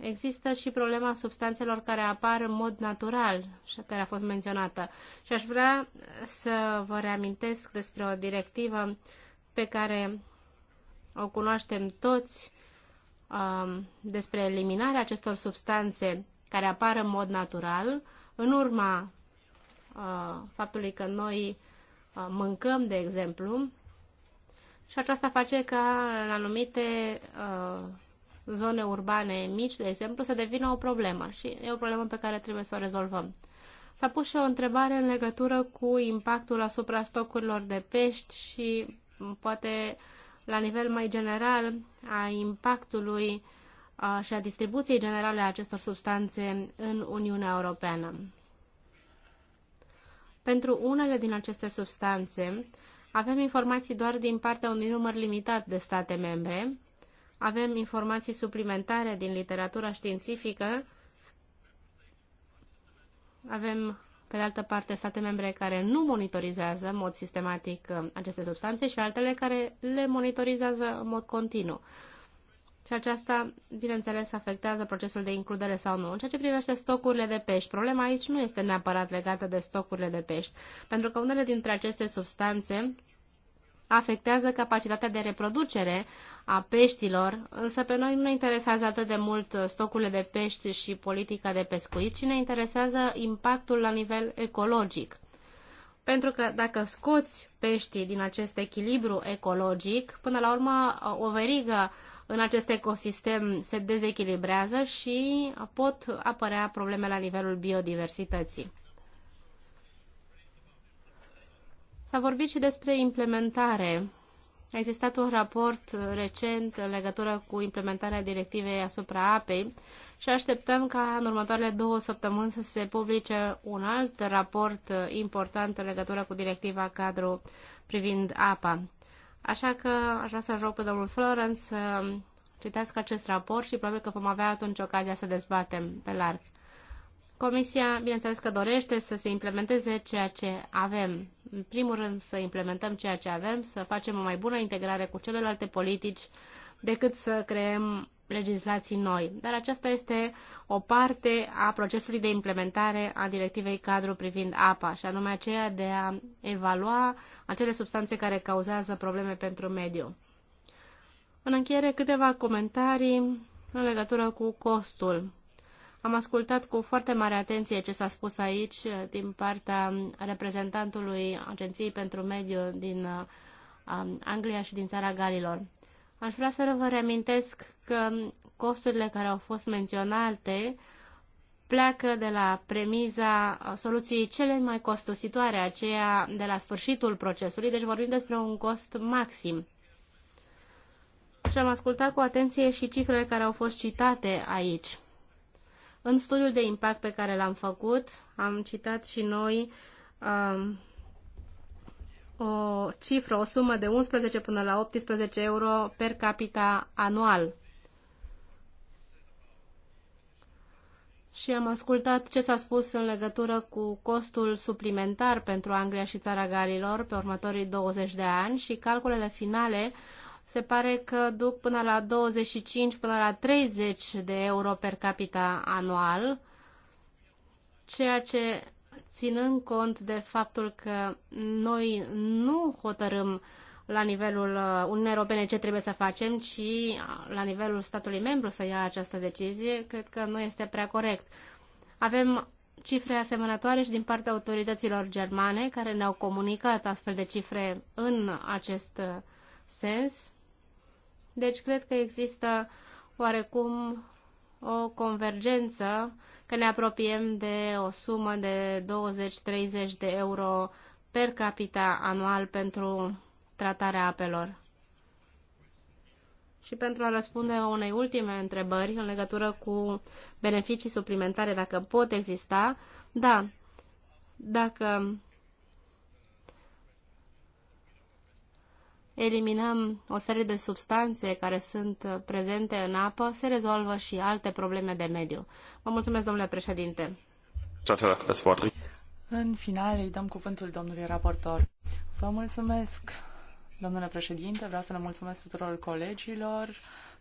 Există și problema substanțelor care apar în mod natural și care a fost menționată. Și aș vrea să vă reamintesc despre o directivă pe care o cunoaștem toți Um, despre eliminarea acestor substanțe care apar în mod natural, în urma uh, faptului că noi uh, mâncăm, de exemplu, și aceasta face ca în anumite uh, zone urbane mici, de exemplu, să devină o problemă și e o problemă pe care trebuie să o rezolvăm. S-a pus și o întrebare în legătură cu impactul asupra stocurilor de pești și poate uh, la nivel mai general a impactului și a distribuției generale a acestor substanțe în Uniunea Europeană. Pentru unele din aceste substanțe, avem informații doar din partea unui număr limitat de state membre, avem informații suplimentare din literatura științifică, avem pe de altă parte, state membre care nu monitorizează în mod sistematic uh, aceste substanțe și altele care le monitorizează în mod continuu. Și aceasta, bineînțeles, afectează procesul de includere sau nu. În ceea ce privește stocurile de pești, problema aici nu este neapărat legată de stocurile de pești, pentru că unele dintre aceste substanțe afectează capacitatea de reproducere a peștilor, însă pe noi nu ne interesează atât de mult stocurile de pești și politica de pescuit, ci ne interesează impactul la nivel ecologic. Pentru că dacă scoți peștii din acest echilibru ecologic, până la urmă o verigă în acest ecosistem se dezechilibrează și pot apărea probleme la nivelul biodiversității. S-a vorbit și despre implementare a existat un raport recent în legătură cu implementarea directivei asupra apei și așteptăm ca în următoarele două săptămâni să se publice un alt raport important în legătură cu directiva cadru privind apa. Așa că aș vrea să rog pe domnul Florence să citească acest raport și probabil că vom avea atunci ocazia să dezbatem pe larg. Comisia, bineînțeles că dorește să se implementeze ceea ce avem. În primul rând să implementăm ceea ce avem, să facem o mai bună integrare cu celelalte politici decât să creăm legislații noi. Dar aceasta este o parte a procesului de implementare a directivei cadru privind apa, și anume aceea de a evalua acele substanțe care cauzează probleme pentru mediu. În încheiere, câteva comentarii în legătură cu costul am ascultat cu foarte mare atenție ce s-a spus aici eh, din partea reprezentantului Agenției pentru Mediu din eh, Anglia și din țara Galilor. Aș vrea să vă reamintesc că costurile care au fost menționate pleacă de la premiza eh, soluției cele mai costositoare, aceea de la sfârșitul procesului, deci vorbim despre un cost maxim. Și am ascultat cu atenție și cifrele care au fost citate aici. În studiul de impact pe care l-am făcut, am citat și noi um, o cifră, o sumă de 11 până la 18 euro per capita anual. Și am ascultat ce s-a spus în legătură cu costul suplimentar pentru Anglia și Țara Galilor pe următorii 20 de ani și calculele finale uh, se pare că duc până la 25 până la 30 de euro per capita anual, ceea ce ținând cont de faptul că noi nu hotărâm la nivelul uh, Uniunii Europene ce trebuie să facem, ci uh, la nivelul statului membru să ia această decizie, cred că nu este prea corect. Avem cifre asemănătoare și din partea autorităților germane care ne-au comunicat astfel de cifre în acest uh, sens. Deci cred că există oarecum o convergență, că ne apropiem de o sumă de 20-30 de euro per capita anual pentru tratarea apelor. Și pentru a răspunde unei ultime întrebări în legătură cu beneficii suplimentare, dacă pot exista, da, dacă eliminăm o serie de substanțe care sunt uh, prezente în apă, se rezolvă și alte probleme de mediu. Vă mulțumesc, domnule președinte. În final îi dăm cuvântul domnului raportor. Vă mulțumesc, domnule președinte, vreau să le mulțumesc tuturor colegilor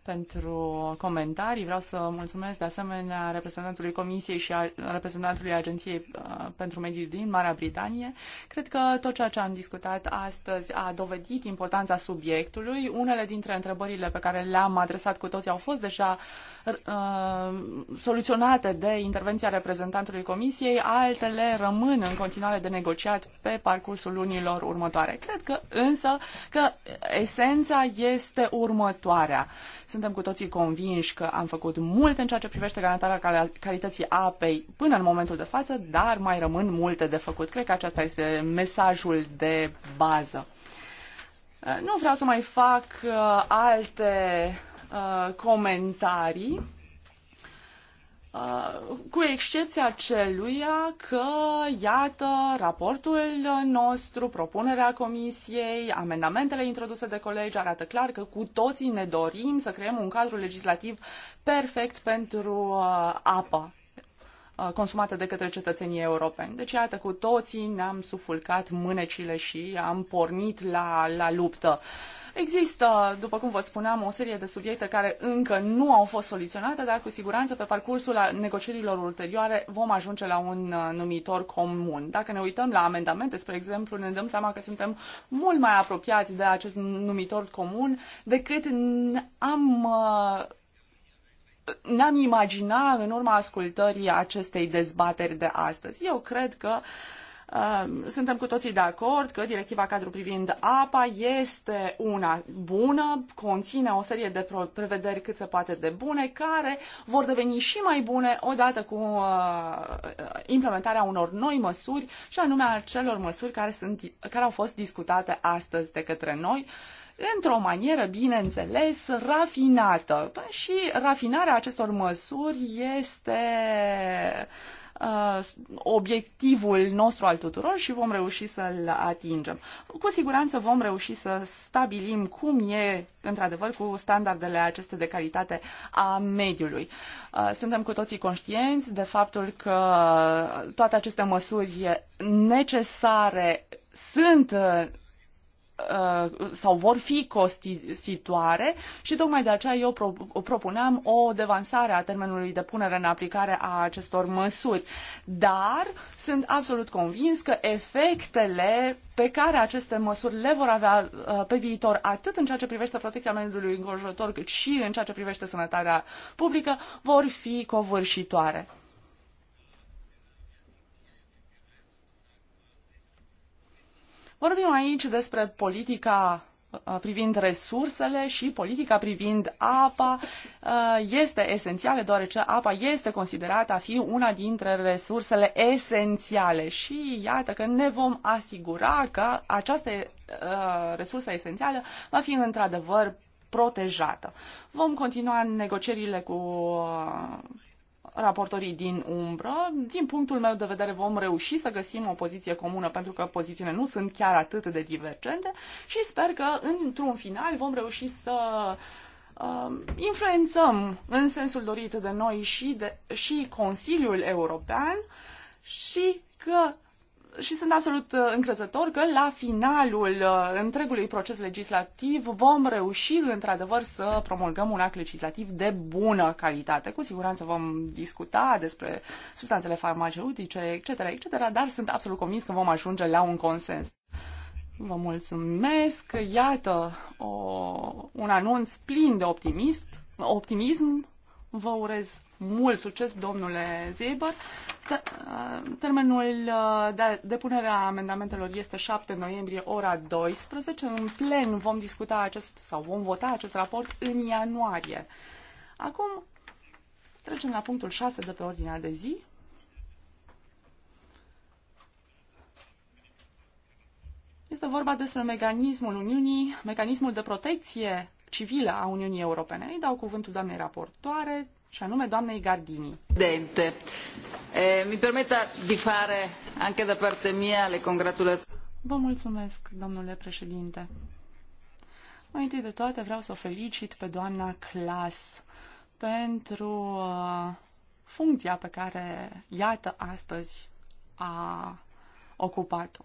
pentru comentarii. Vreau să mulțumesc de asemenea reprezentantului Comisiei și a, reprezentantului Agenției uh, pentru Mediul din Marea Britanie. Cred că tot ceea ce am discutat astăzi a dovedit importanța subiectului. Unele dintre întrebările pe care le-am adresat cu toții au fost deja uh, soluționate de intervenția reprezentantului Comisiei, altele rămân în continuare de negociat pe parcursul lunilor următoare. Cred că însă că esența este următoarea suntem cu toții convinși că am făcut mult în ceea ce privește garantarea cal calității apei până în momentul de față, dar mai rămân multe de făcut. Cred că acesta este mesajul de bază. Uh, nu vreau să mai fac uh, alte uh, comentarii Uh, cu excepția celuia că, iată, raportul nostru, propunerea comisiei, amendamentele introduse de colegi arată clar că cu toții ne dorim să creăm un cadru legislativ perfect pentru uh, apă. Uh, consumate de către cetățenii europeni. Deci, iată, cu toții ne-am sufulcat mânecile și am pornit la, la luptă. Există, după cum vă spuneam, o serie de subiecte care încă nu au fost soluționate, dar cu siguranță pe parcursul negocierilor ulterioare vom ajunge la un uh, numitor comun. Dacă ne uităm la amendamente, spre exemplu, ne dăm seama că suntem mult mai apropiați de acest numitor comun decât am uh, ne-am imagina în urma ascultării acestei dezbateri de astăzi. Eu cred că um, suntem cu toții de acord că directiva cadru privind apa este una bună, conține o serie de prevederi cât se poate de bune, care vor deveni și mai bune odată cu uh, implementarea unor noi măsuri și anume a celor măsuri care, sunt, care au fost discutate astăzi de către noi într-o manieră, bineînțeles, rafinată. Și rafinarea acestor măsuri este uh, obiectivul nostru al tuturor și vom reuși să-l atingem. Cu siguranță vom reuși să stabilim cum e, într-adevăr, cu standardele acestea de calitate a mediului. Uh, suntem cu toții conștienți de faptul că toate aceste măsuri necesare sunt uh, Uh, sau vor fi costisitoare și tocmai de aceea eu propuneam o devansare a termenului de punere în aplicare a acestor măsuri. Dar sunt absolut convins că efectele pe care aceste măsuri le vor avea uh, pe viitor, atât în ceea ce privește protecția mediului înconjurător, cât și în ceea ce privește sănătatea publică, vor fi covârșitoare. Vorbim aici despre politica uh, privind resursele și politica privind apa uh, este esențială, deoarece apa este considerată a fi una dintre resursele esențiale și iată că ne vom asigura că această uh, resursă esențială va fi într-adevăr protejată. Vom continua negocierile cu raportorii din umbră. Din punctul meu de vedere vom reuși să găsim o poziție comună pentru că pozițiile nu sunt chiar atât de divergente și sper că într-un final vom reuși să uh, influențăm în sensul dorit de noi și, de, și Consiliul European și că și sunt absolut uh, încrezător că la finalul uh, întregului proces legislativ vom reuși într-adevăr să promulgăm un act legislativ de bună calitate. Cu siguranță vom discuta despre substanțele farmaceutice, etc., etc., dar sunt absolut convins că vom ajunge la un consens. Vă mulțumesc. Iată o, un anunț plin de optimist, optimism. Vă urez mult succes, domnule Zeber. Uh, termenul uh, de depunere a amendamentelor este 7 noiembrie, ora 12. În plen vom discuta acest, sau vom vota acest raport în ianuarie. Acum trecem la punctul 6 de pe ordinea de zi. Este vorba despre mecanismul Uniunii, mecanismul de protecție civilă a Uniunii Europene. Îi dau cuvântul doamnei raportoare, și anume doamnei Gardini. Dente. E, mi permetta di fare anche da parte mia le congratulazioni. Vă mulțumesc, domnule președinte. Mai întâi de toate vreau să o felicit pe doamna Clas pentru uh, funcția pe care, iată, astăzi a ocupat-o.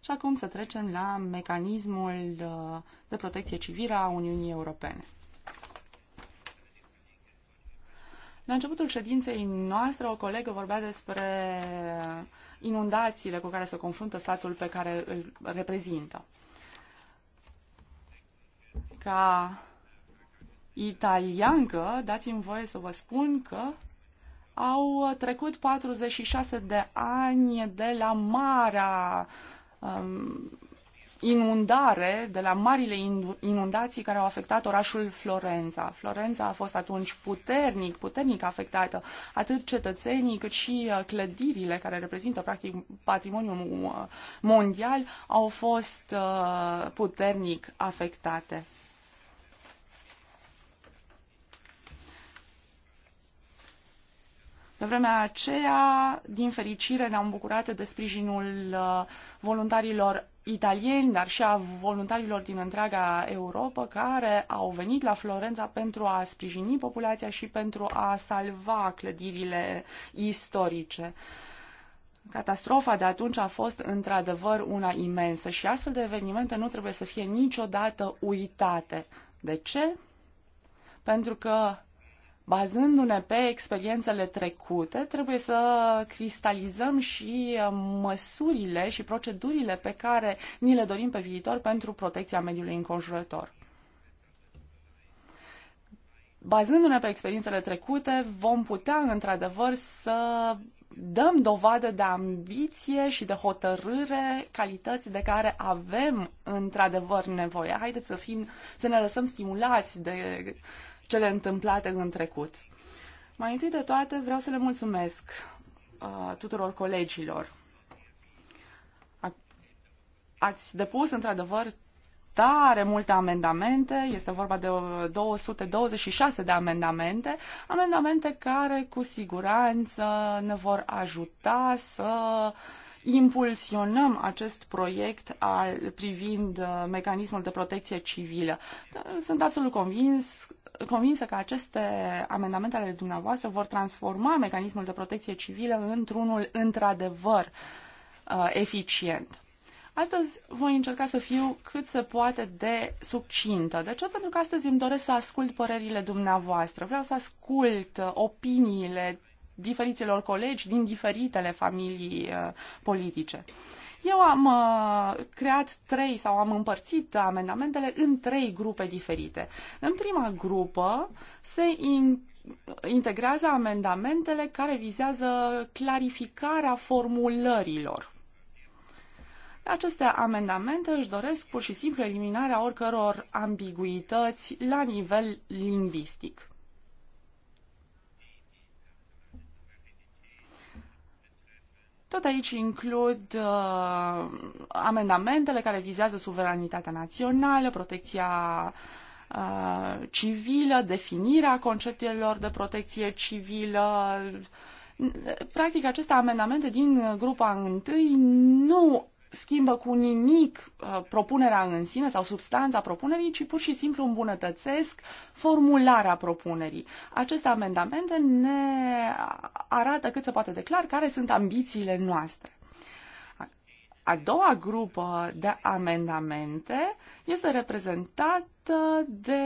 Și acum să trecem la mecanismul uh, de protecție civilă a Uniunii Europene. La începutul ședinței noastre, o colegă vorbea despre inundațiile cu care se confruntă statul pe care îl reprezintă. Ca italiancă, dați-mi voie să vă spun că au trecut 46 de ani de la marea um, inundare, de la marile inundații care au afectat orașul Florența. Florența a fost atunci puternic, puternic afectată, atât cetățenii cât și uh, clădirile care reprezintă practic patrimoniul uh, mondial au fost uh, puternic afectate. Pe vremea aceea, din fericire, ne-am bucurat de sprijinul voluntarilor italieni, dar și a voluntarilor din întreaga Europa care au venit la Florența pentru a sprijini populația și pentru a salva clădirile istorice. Catastrofa de atunci a fost într-adevăr una imensă și astfel de evenimente nu trebuie să fie niciodată uitate. De ce? Pentru că Bazându-ne pe experiențele trecute, trebuie să cristalizăm și uh, măsurile și procedurile pe care ni le dorim pe viitor pentru protecția mediului înconjurător. Bazându-ne pe experiențele trecute, vom putea, într-adevăr, să dăm dovadă de ambiție și de hotărâre, calități de care avem într-adevăr nevoie. Haideți să fim, să ne lăsăm stimulați de cele întâmplate în trecut. Mai întâi de toate vreau să le mulțumesc uh, tuturor colegilor. A- ați depus într-adevăr tare multe amendamente, este vorba de 226 de amendamente, amendamente care cu siguranță ne vor ajuta să impulsionăm acest proiect al, privind uh, mecanismul de protecție civilă. Sunt absolut convins convinsă că aceste amendamente ale dumneavoastră vor transforma mecanismul de protecție civilă într-unul într-adevăr uh, eficient. Astăzi voi încerca să fiu cât se poate de succintă. De ce? Pentru că astăzi îmi doresc să ascult părerile dumneavoastră. Vreau să ascult uh, opiniile diferiților colegi din diferitele familii uh, politice. Uh, eu am uh, creat trei sau am împărțit amendamentele în trei grupe diferite. În prima grupă se in, integrează amendamentele care vizează clarificarea formulărilor. Aceste amendamente își doresc pur și simplu eliminarea oricăror ambiguități la nivel lingvistic. Tot aici includ uh, amendamentele care vizează suveranitatea națională, protecția uh, civilă, definirea conceptelor de protecție civilă. Practic, aceste amendamente din grupa întâi nu schimbă cu nimic uh, propunerea în sine sau substanța propunerii, ci pur și simplu îmbunătățesc formularea propunerii. Aceste amendamente ne arată cât se poate de clar care sunt ambițiile noastre. A doua grupă de amendamente este reprezentată de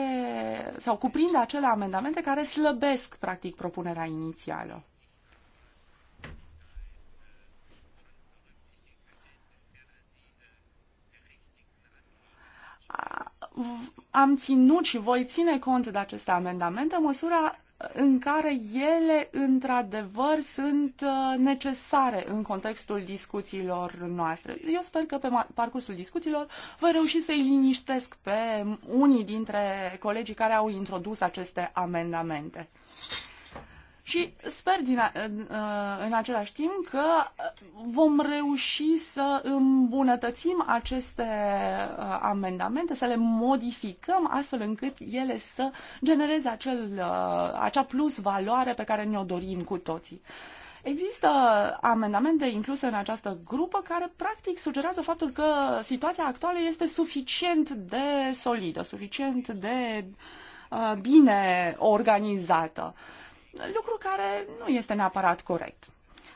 sau cuprinde acele amendamente care slăbesc practic propunerea inițială. am ținut și voi ține cont de aceste amendamente în măsura în care ele, într-adevăr, sunt uh, necesare în contextul discuțiilor noastre. Eu sper că pe parcursul discuțiilor voi reuși să-i liniștesc pe unii dintre colegii care au introdus aceste amendamente. Și sper din a, în uh, același timp că uh, vom reuși să îmbunătățim aceste uh, amendamente, să le modificăm astfel încât ele să genereze acel, acea plus valoare pe care ne-o dorim cu toții. Există amendamente incluse în această grupă care practic sugerează faptul că situația actuală este suficient de solidă, suficient de uh, bine organizată. Uh, lucru care nu este neapărat corect.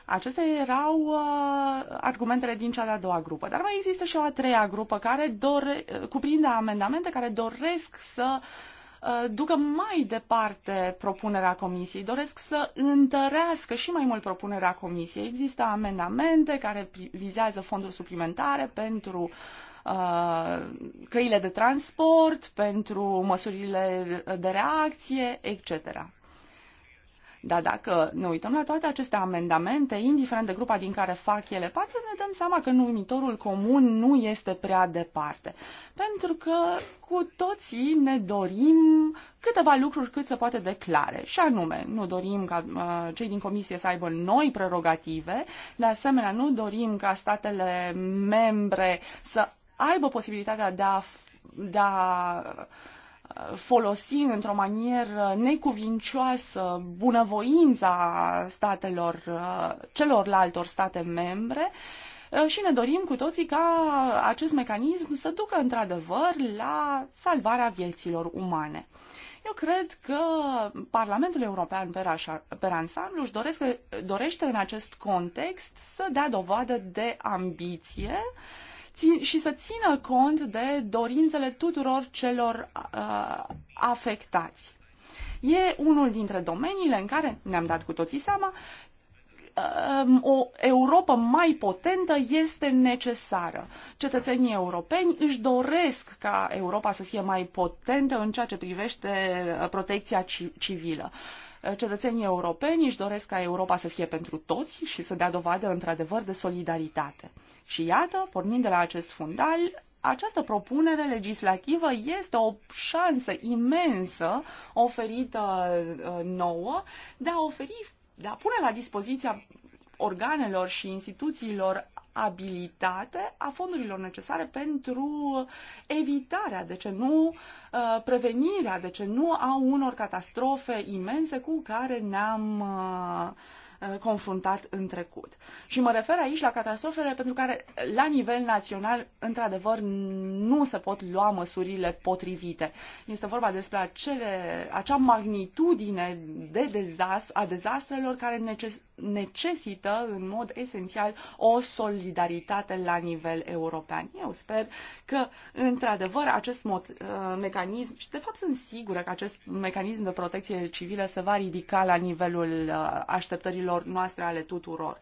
Acestea erau uh, argumentele din cea de-a doua grupă. Dar mai există și o a treia grupă care dore, uh, cuprinde amendamente care doresc să uh, ducă mai departe propunerea comisiei, doresc să întărească și mai mult propunerea comisiei. Există amendamente care vizează fonduri suplimentare pentru uh, căile de transport, pentru măsurile de reacție, etc. Dar dacă ne uităm la toate aceste amendamente, indiferent de grupa din care fac ele parte, ne dăm seama că numitorul comun nu este prea departe. Pentru că cu toții ne dorim câteva lucruri cât se poate declare. Și anume, nu dorim ca uh, cei din comisie să aibă noi prerogative, de asemenea, nu dorim ca statele membre să aibă posibilitatea de a, de a folosi într-o manieră necuvincioasă bunăvoința statelor, celorlaltor state membre uh, și ne dorim cu toții ca acest mecanism să ducă într-adevăr la salvarea vieților umane. Eu cred că Parlamentul European per, așa, per ansamblu își doresc, dorește în acest context să dea dovadă de ambiție uh, și să țină cont de dorințele tuturor celor uh, afectați. E unul dintre domeniile în care ne-am dat cu toții seama um, o Europa mai potentă este necesară. Cetățenii europeni își doresc ca Europa să fie mai potentă în ceea ce privește uh, protecția civilă cetățenii europeni își doresc ca Europa să fie pentru toți și să dea dovadă într-adevăr de solidaritate. Și iată, pornind de la acest fundal, această propunere legislativă este o șansă imensă oferită uh, nouă de a oferi, de a pune la dispoziția organelor și instituțiilor abilitate a fondurilor necesare pentru evitarea, de ce nu, uh, prevenirea, de ce nu, a unor catastrofe imense cu care ne-am uh, uh, confruntat în trecut. Și mă refer aici la catastrofele pentru care, la nivel național, într-adevăr, nu se pot lua măsurile potrivite. Este vorba despre acele, acea magnitudine de dezastru, a dezastrelor care necesită necesită în mod esențial o solidaritate la nivel european. Eu sper că, într-adevăr, acest mod, uh, mecanism, și de fapt sunt sigură că acest mecanism de protecție civilă se va ridica la nivelul uh, așteptărilor noastre ale tuturor.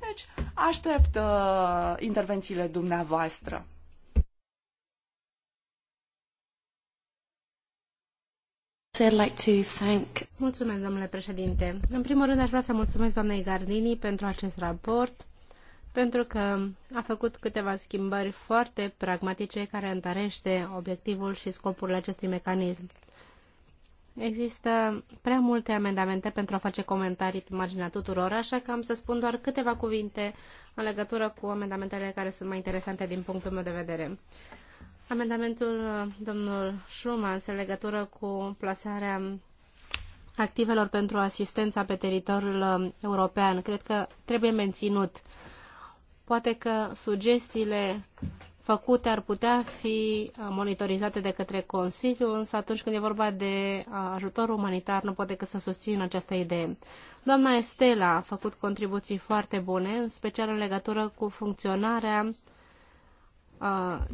Deci, aștept uh, intervențiile dumneavoastră. Mulțumesc, domnule președinte. În primul rând, aș vrea să mulțumesc doamnei Gardini pentru acest raport, pentru că a făcut câteva schimbări foarte pragmatice care întărește obiectivul și scopurile acestui mecanism. Există prea multe amendamente pentru a face comentarii pe marginea tuturor, așa că am să spun doar câteva cuvinte în legătură cu amendamentele care sunt mai interesante din punctul meu de vedere. Amendamentul uh, domnul Schumann în legătură cu plasarea activelor pentru asistența pe teritoriul uh, european. Cred că trebuie menținut. Poate că sugestiile făcute ar putea fi uh, monitorizate de către Consiliu, însă atunci când e vorba de ajutor umanitar nu poate că să susțin această idee. Doamna Estela a făcut contribuții foarte bune, în special în legătură cu funcționarea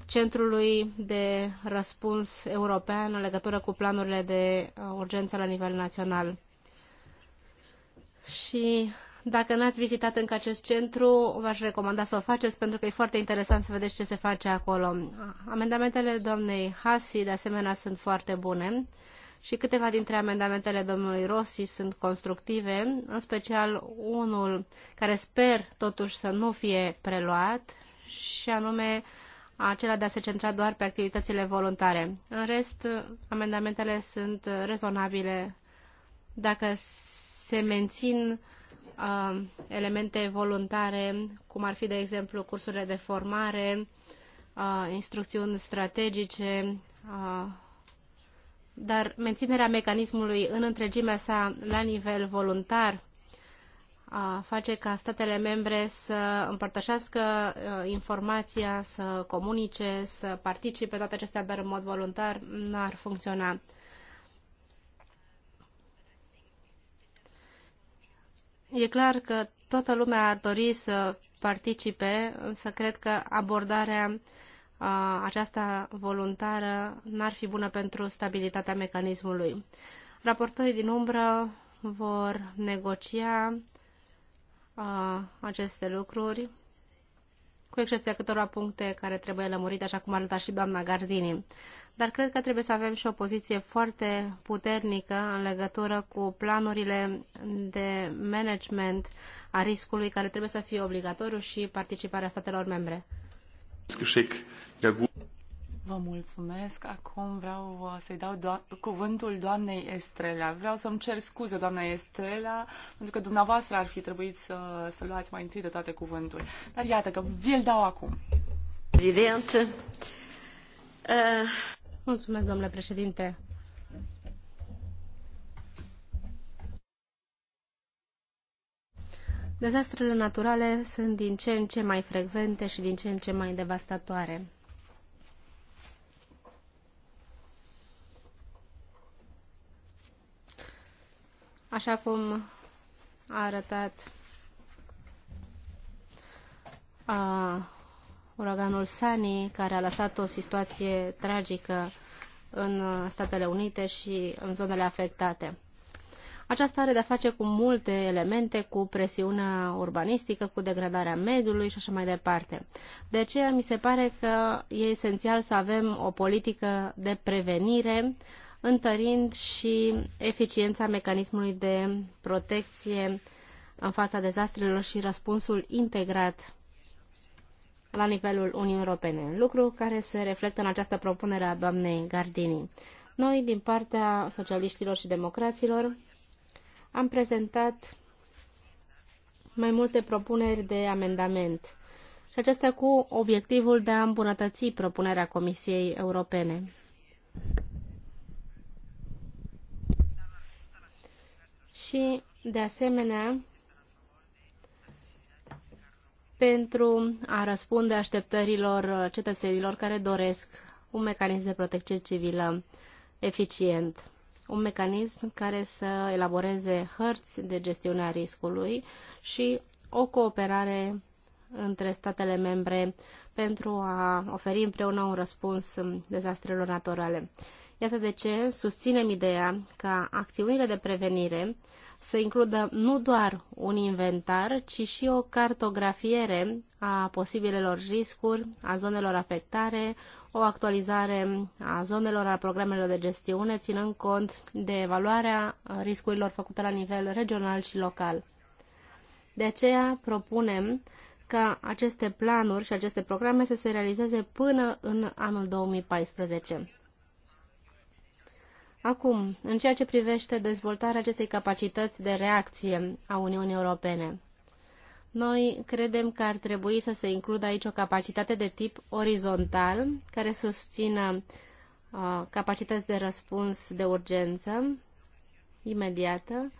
Centrului de Răspuns European în legătură cu planurile de urgență la nivel național. Și dacă n-ați vizitat încă acest centru, v-aș recomanda să o faceți pentru că e foarte interesant să vedeți ce se face acolo. Amendamentele doamnei Hasi, de asemenea, sunt foarte bune și câteva dintre amendamentele domnului Rossi sunt constructive, în special unul care sper totuși să nu fie preluat și anume uh, acela de a se centra doar pe activitățile voluntare. În rest, amendamentele sunt rezonabile dacă se mențin uh, elemente voluntare, cum ar fi, de exemplu, cursurile de formare, uh, instrucțiuni strategice, uh, dar menținerea mecanismului în întregimea sa la nivel voluntar a face ca statele membre să împărtășească uh, informația, să comunice, să participe, toate acestea, dar în mod voluntar n-ar funcționa. E clar că toată lumea ar dori să participe, însă cred că abordarea uh, aceasta voluntară n-ar fi bună pentru stabilitatea mecanismului. Raportorii din umbră vor negocia a, aceste lucruri, cu excepția câtorva puncte care trebuie lămurite, așa cum arăta și doamna Gardini. Dar cred că trebuie să avem și o poziție foarte puternică în legătură cu planurile de management a riscului, care trebuie să fie obligatoriu și participarea statelor membre. Vă mulțumesc. Acum vreau uh, să-i dau do- cuvântul doamnei Estrela. Vreau să-mi cer scuze, doamna Estrela, pentru că dumneavoastră ar fi trebuit să, să luați mai întâi de toate cuvântul. Dar iată că vi-l dau acum. Prezident. Uh... Mulțumesc, domnule președinte. Dezastrele naturale sunt din ce în ce mai frecvente și din ce în ce mai devastatoare. Așa cum a arătat a, uraganul Sani, care a lăsat o situație tragică în Statele Unite și în zonele afectate. Aceasta are de-a face cu multe elemente, cu presiunea urbanistică, cu degradarea mediului și așa mai departe. De aceea mi se pare că e esențial să avem o politică de prevenire uh, întărind și eficiența mecanismului de protecție în fața dezastrelor și răspunsul integrat la nivelul Uniunii Europene, lucru care se reflectă în această propunere a doamnei Gardini. Noi, din partea socialiștilor și democraților, am prezentat mai multe propuneri de amendament și acestea cu obiectivul de a îmbunătăți propunerea Comisiei Europene. și, de asemenea, pentru a răspunde așteptărilor cetățenilor care doresc un mecanism de protecție civilă eficient. Un mecanism care să elaboreze hărți de gestiune a riscului și o cooperare între statele membre pentru a oferi împreună un răspuns dezastrelor naturale. Iată de ce susținem ideea ca acțiunile de prevenire să includă nu doar un inventar, ci și o cartografiere a posibilelor riscuri, a zonelor afectare, o actualizare a zonelor, a programelor de gestiune, ținând cont de evaluarea riscurilor făcute la nivel regional și local. De aceea propunem ca aceste planuri și aceste programe să se realizeze până în anul 2014. Acum, în ceea ce privește dezvoltarea acestei capacități de reacție a Uniunii Europene, noi credem că ar trebui să se includă aici o capacitate de tip orizontal care susțină uh, capacități de răspuns de urgență imediată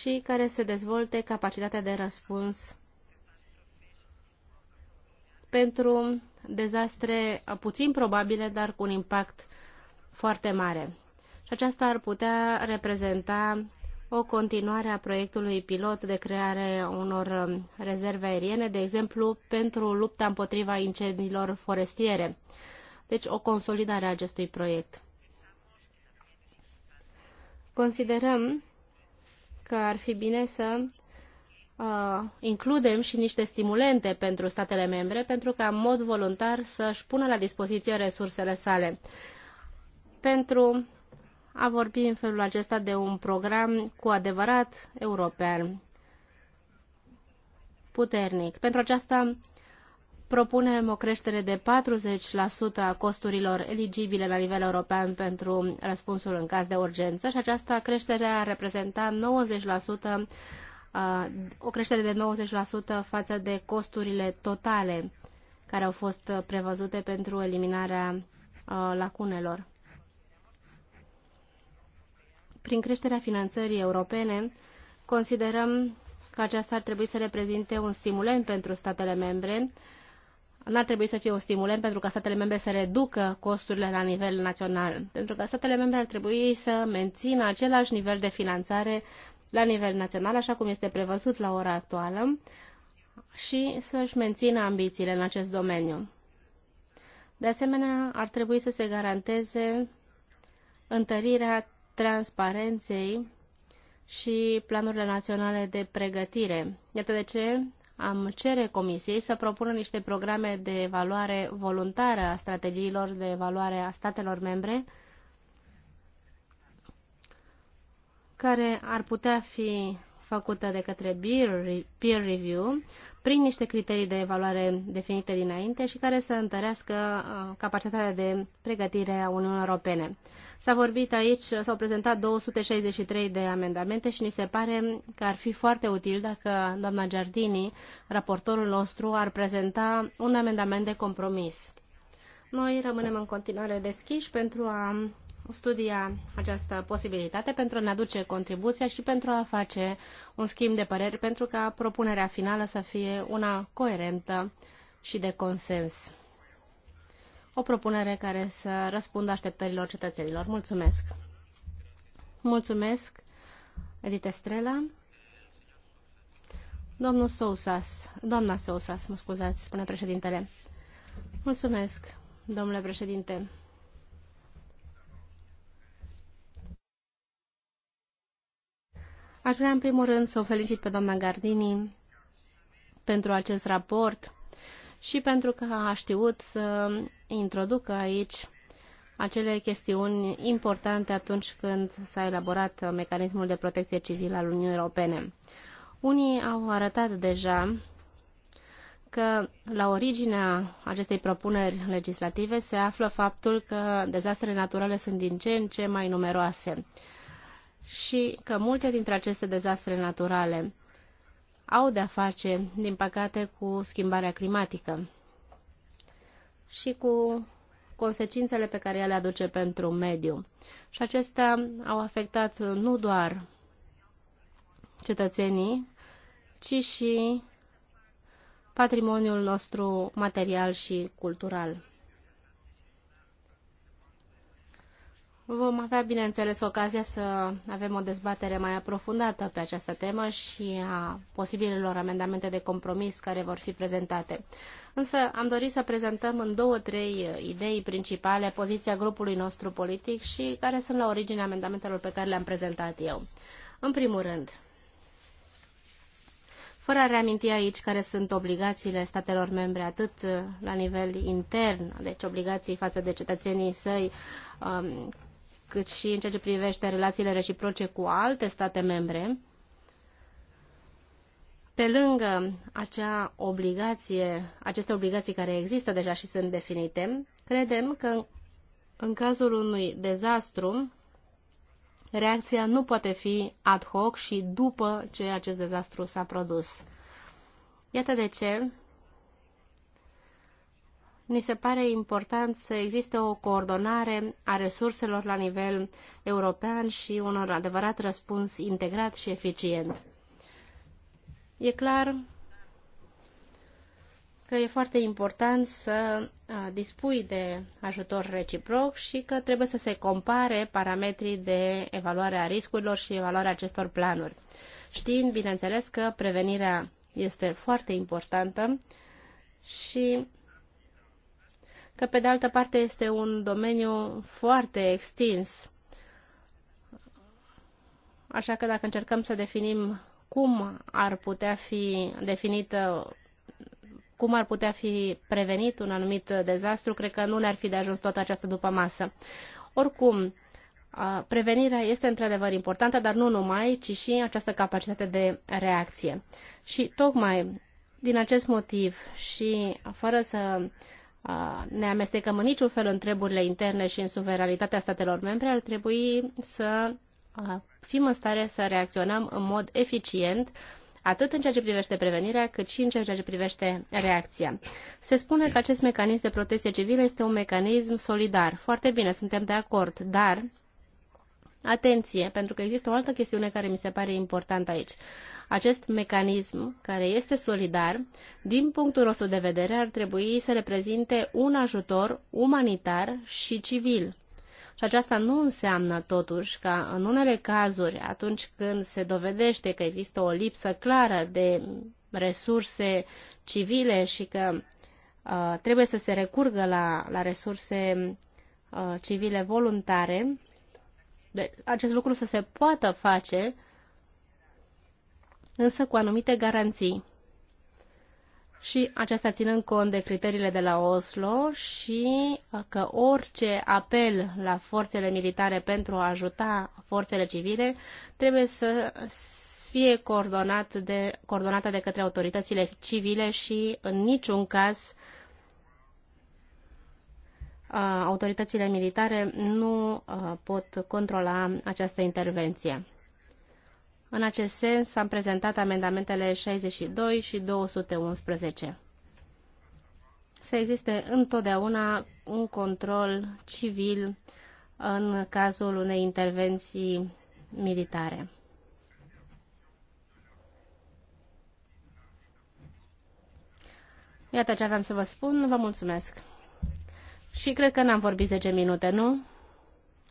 și care se dezvolte capacitatea de răspuns pentru dezastre puțin probabile, dar cu un impact foarte mare și aceasta ar putea reprezenta o continuare a proiectului pilot de creare unor um, rezerve aeriene, de exemplu, pentru lupta împotriva incendiilor forestiere. Deci o consolidare a acestui proiect. Considerăm că ar fi bine să uh, includem și niște stimulente pentru statele membre pentru ca în mod voluntar să-și pună la dispoziție resursele sale pentru a vorbi în felul acesta de un program cu adevărat european, puternic. Pentru aceasta propunem o creștere de 40% a costurilor eligibile la nivel european pentru răspunsul în caz de urgență și această creștere a reprezenta 90% o creștere de 90% față de costurile totale care au fost prevăzute pentru eliminarea lacunelor. Prin creșterea finanțării europene, considerăm că aceasta ar trebui să reprezinte un stimulent pentru statele membre. Nu ar trebui să fie un stimulent pentru ca statele membre să reducă costurile la nivel național, pentru că statele membre ar trebui să mențină același nivel de finanțare la nivel național, așa cum este prevăzut la ora actuală, și să-și mențină ambițiile în acest domeniu. De asemenea, ar trebui să se garanteze întărirea transparenței și planurile naționale de pregătire. Iată de ce am cere Comisiei să propună niște programe de evaluare voluntară a strategiilor de evaluare a statelor membre care ar putea fi făcută de către peer review prin niște criterii de evaluare definite dinainte și care să întărească uh, capacitatea de pregătire a Uniunii Europene. S-a vorbit aici, s-au prezentat 263 de amendamente și ni se pare că ar fi foarte util dacă doamna Giardini, raportorul nostru, ar prezenta un amendament de compromis. Noi rămânem în continuare deschiși pentru a studia această posibilitate pentru a ne aduce contribuția și pentru a face un schimb de păreri pentru ca propunerea finală să fie una coerentă și de consens. O propunere care să răspundă așteptărilor cetățenilor. Mulțumesc! Mulțumesc, Edith Estrela. Domnul Sousas, doamna Sousas, mă scuzați, spune președintele. Mulțumesc, domnule președinte. Aș vrea în primul rând să o felicit pe doamna Gardini pentru acest raport și pentru că a știut să introducă aici acele chestiuni importante atunci când s-a elaborat mecanismul de protecție civilă al Uniunii Europene. Unii au arătat deja că la originea acestei propuneri legislative se află faptul că dezastrele naturale sunt din ce în ce mai numeroase și că multe dintre aceste dezastre naturale au de-a face, din păcate, cu schimbarea climatică și cu consecințele pe care ea le aduce pentru mediu. Și acestea au afectat nu doar cetățenii, ci și patrimoniul nostru material și cultural. Vom avea, bineînțeles, ocazia să avem o dezbatere mai aprofundată pe această temă și a posibilelor amendamente de compromis care vor fi prezentate. Însă am dorit să prezentăm în două, trei idei principale poziția grupului nostru politic și care sunt la originea amendamentelor pe care le-am prezentat eu. În primul rând, fără a reaminti aici care sunt obligațiile statelor membre, atât la nivel intern, deci obligații față de cetățenii săi, um, cât și în ceea ce privește relațiile reciproce cu alte state membre, pe lângă acea obligație, aceste obligații care există deja și sunt definite, credem că în cazul unui dezastru, reacția nu poate fi ad hoc și după ce acest dezastru s-a produs. Iată de ce ni se pare important să existe o coordonare a resurselor la nivel european și un adevărat răspuns integrat și eficient. E clar că e foarte important să dispui de ajutor reciproc și că trebuie să se compare parametrii de evaluare a riscurilor și evaluarea acestor planuri. Știind, bineînțeles, că prevenirea este foarte importantă și că pe de altă parte este un domeniu foarte extins. Așa că dacă încercăm să definim cum ar putea fi definită cum ar putea fi prevenit un anumit dezastru, cred că nu ne-ar fi de ajuns toată această după masă. Oricum, prevenirea este într-adevăr importantă, dar nu numai, ci și această capacitate de reacție. Și tocmai din acest motiv și fără să ne amestecăm în niciun fel în treburile interne și în suveranitatea statelor membre, ar trebui să fim în stare să reacționăm în mod eficient atât în ceea ce privește prevenirea, cât și în ceea ce privește reacția. Se spune că acest mecanism de protecție civilă este un mecanism solidar. Foarte bine, suntem de acord, dar Atenție, pentru că există o altă chestiune care mi se pare importantă aici. Acest mecanism, care este solidar, din punctul nostru de vedere, ar trebui să reprezinte un ajutor umanitar și civil. Și aceasta nu înseamnă totuși că în unele cazuri, atunci când se dovedește că există o lipsă clară de resurse civile și că uh, trebuie să se recurgă la, la resurse uh, civile voluntare, de, acest lucru să se poată face, însă cu anumite garanții. Și aceasta ținând cont de criteriile de la Oslo și că orice apel la forțele militare pentru a ajuta forțele civile trebuie să fie coordonat de, coordonată de către autoritățile civile și în niciun caz autoritățile militare nu pot controla această intervenție. În acest sens am prezentat amendamentele 62 și 211. Să existe întotdeauna un control civil în cazul unei intervenții militare. Iată ce aveam să vă spun. Vă mulțumesc! Și cred că n-am vorbit 10 minute, nu?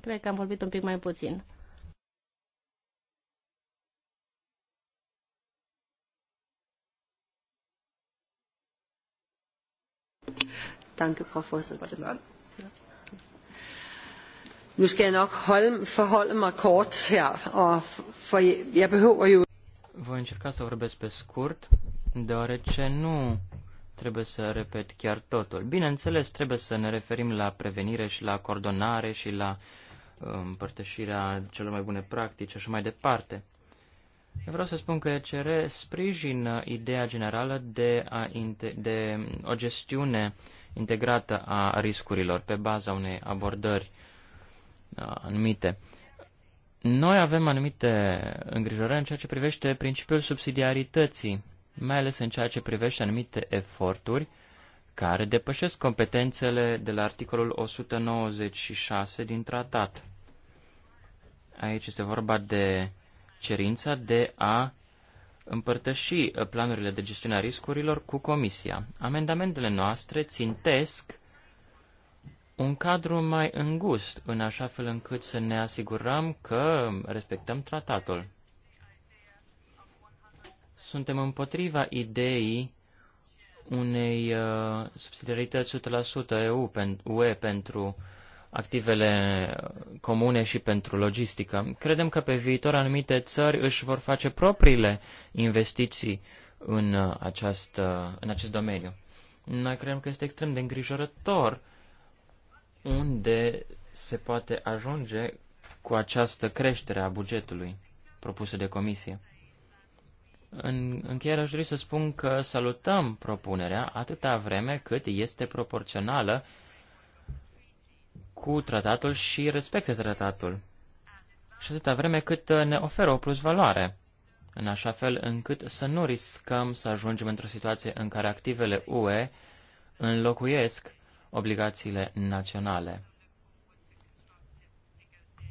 Cred că am vorbit un pic mai puțin. Danke, Frau Vorsitzende. Nu skal jeg nok holde, forholde mig kort her, og for jeg, jeg behøver jo... Voi încerca să vorbesc pe scurt, deoarece nu trebuie să repet chiar totul. Bineînțeles, trebuie să ne referim la prevenire și la coordonare și la uh, împărtășirea celor mai bune practici și așa mai departe. Eu vreau să spun că ECR sprijină ideea generală de, a de um, o gestiune integrată a riscurilor pe baza unei abordări uh, anumite. Noi avem anumite îngrijorări în ceea ce privește principiul subsidiarității mai ales în ceea ce privește anumite eforturi care depășesc competențele de la articolul 196 din tratat. Aici este vorba de cerința de a împărtăși planurile de gestiune a riscurilor cu Comisia. Amendamentele noastre țintesc un cadru mai îngust, în așa fel încât să ne asigurăm că respectăm tratatul. Suntem împotriva ideii unei uh, subsidiarități 100% EU, pen, UE pentru activele comune și pentru logistică. Credem că pe viitor anumite țări își vor face propriile investiții în, uh, aceast, uh, în acest domeniu. Noi credem că este extrem de îngrijorător unde se poate ajunge cu această creștere a bugetului propusă de comisie. În încheiere aș dori să spun că salutăm propunerea atâta vreme cât este proporțională cu tratatul și respectă tratatul. Și atâta vreme cât uh, ne oferă o plusvaloare, în așa fel încât să nu riscăm să ajungem într-o situație în care activele UE înlocuiesc obligațiile naționale.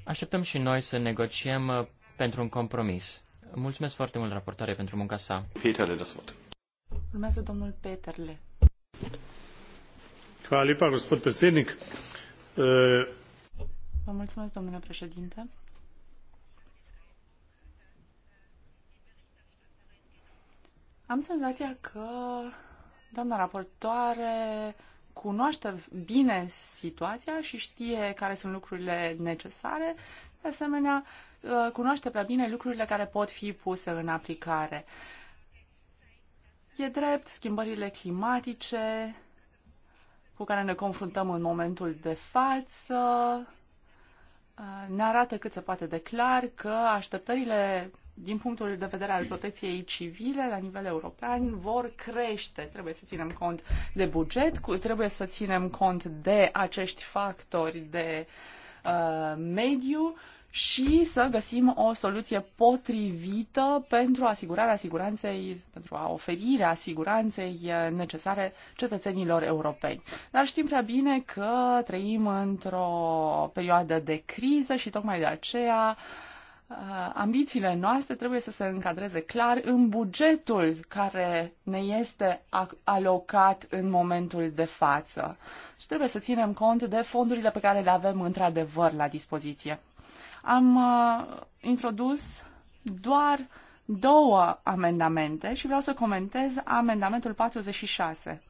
Așteptăm și noi să negociem uh, pentru un compromis. Mulțumesc foarte mult, raportare, pentru munca sa. Peterle, das Wort. Urmează domnul Peterle. Hvala lepa, gospod predsednik. Vă mulțumesc, domnule președinte. Am senzația că doamna raportoare cunoaște bine situația și știe care sunt lucrurile necesare de asemenea, uh, cunoaște prea bine lucrurile care pot fi puse în aplicare. E drept, schimbările climatice cu care ne confruntăm în momentul de față uh, ne arată cât se poate de clar că așteptările din punctul de vedere al protecției civile la nivel european vor crește. Trebuie să ținem cont de buget, trebuie să ținem cont de acești factori de uh, Uh, mediu și să găsim o soluție potrivită pentru asigurarea siguranței, pentru a oferirea siguranței necesare cetățenilor europeni. Dar știm prea bine că trăim într-o perioadă de criză și tocmai de aceea uh, Uh, ambițiile noastre trebuie să se încadreze clar în bugetul care ne este alocat în momentul de față. Și trebuie să ținem cont de fondurile pe care le avem într-adevăr la dispoziție. Am uh, introdus doar două amendamente și vreau să comentez amendamentul 46.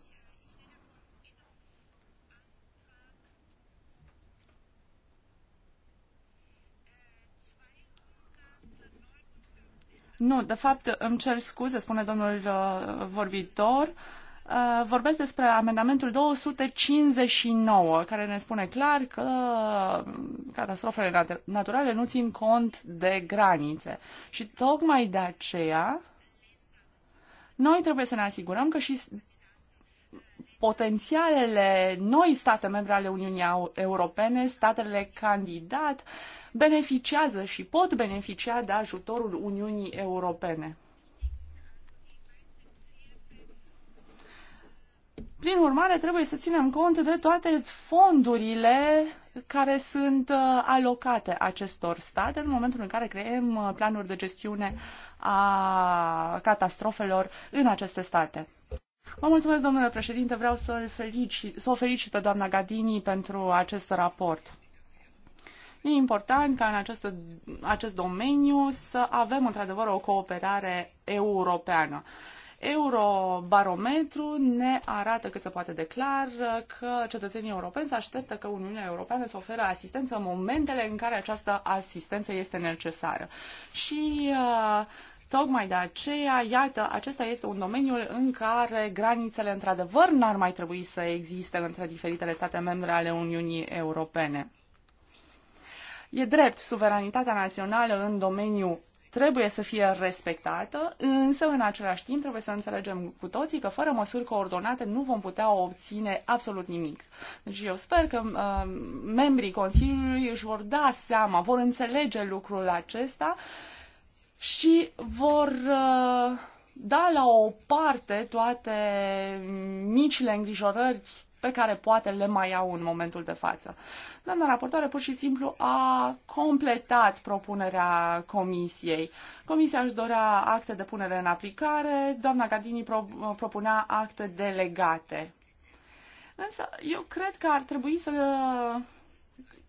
Nu, de fapt îmi cer scuze, spune domnul uh, vorbitor. Uh, vorbesc despre amendamentul 259, care ne spune clar că uh, catastrofele naturale nu țin cont de granițe. Și tocmai de aceea noi trebuie să ne asigurăm că și potențialele noi state membre ale Uniunii Europene, statele candidat, beneficiază și pot beneficia de ajutorul Uniunii Europene. Prin urmare, trebuie să ținem cont de toate fondurile care sunt uh, alocate acestor state în momentul în care creăm uh, planuri de gestiune a catastrofelor în aceste state. Vă mulțumesc, domnule președinte. Vreau să, să o felicit pe doamna Gadini pentru acest raport. E important ca în acest, acest domeniu să avem într-adevăr o cooperare europeană. Eurobarometru ne arată cât se poate de clar că cetățenii europeni se așteptă că Uniunea Europeană să oferă asistență în momentele în care această asistență este necesară. Și uh, Tocmai de aceea, iată, acesta este un domeniu în care granițele, într-adevăr, n-ar mai trebui să existe între diferitele state membre ale Uniunii Europene. E drept, suveranitatea națională în domeniu trebuie să fie respectată, însă în același timp trebuie să înțelegem cu toții că fără măsuri coordonate nu vom putea obține absolut nimic. Deci eu sper că uh, membrii Consiliului își vor da seama, vor înțelege lucrul acesta și vor uh, da la o parte toate micile îngrijorări pe care poate le mai au în momentul de față. Doamna raportoare pur și simplu a completat propunerea comisiei. Comisia își dorea acte de punere în aplicare, doamna Gadini pro- propunea acte delegate. Însă eu cred că ar trebui să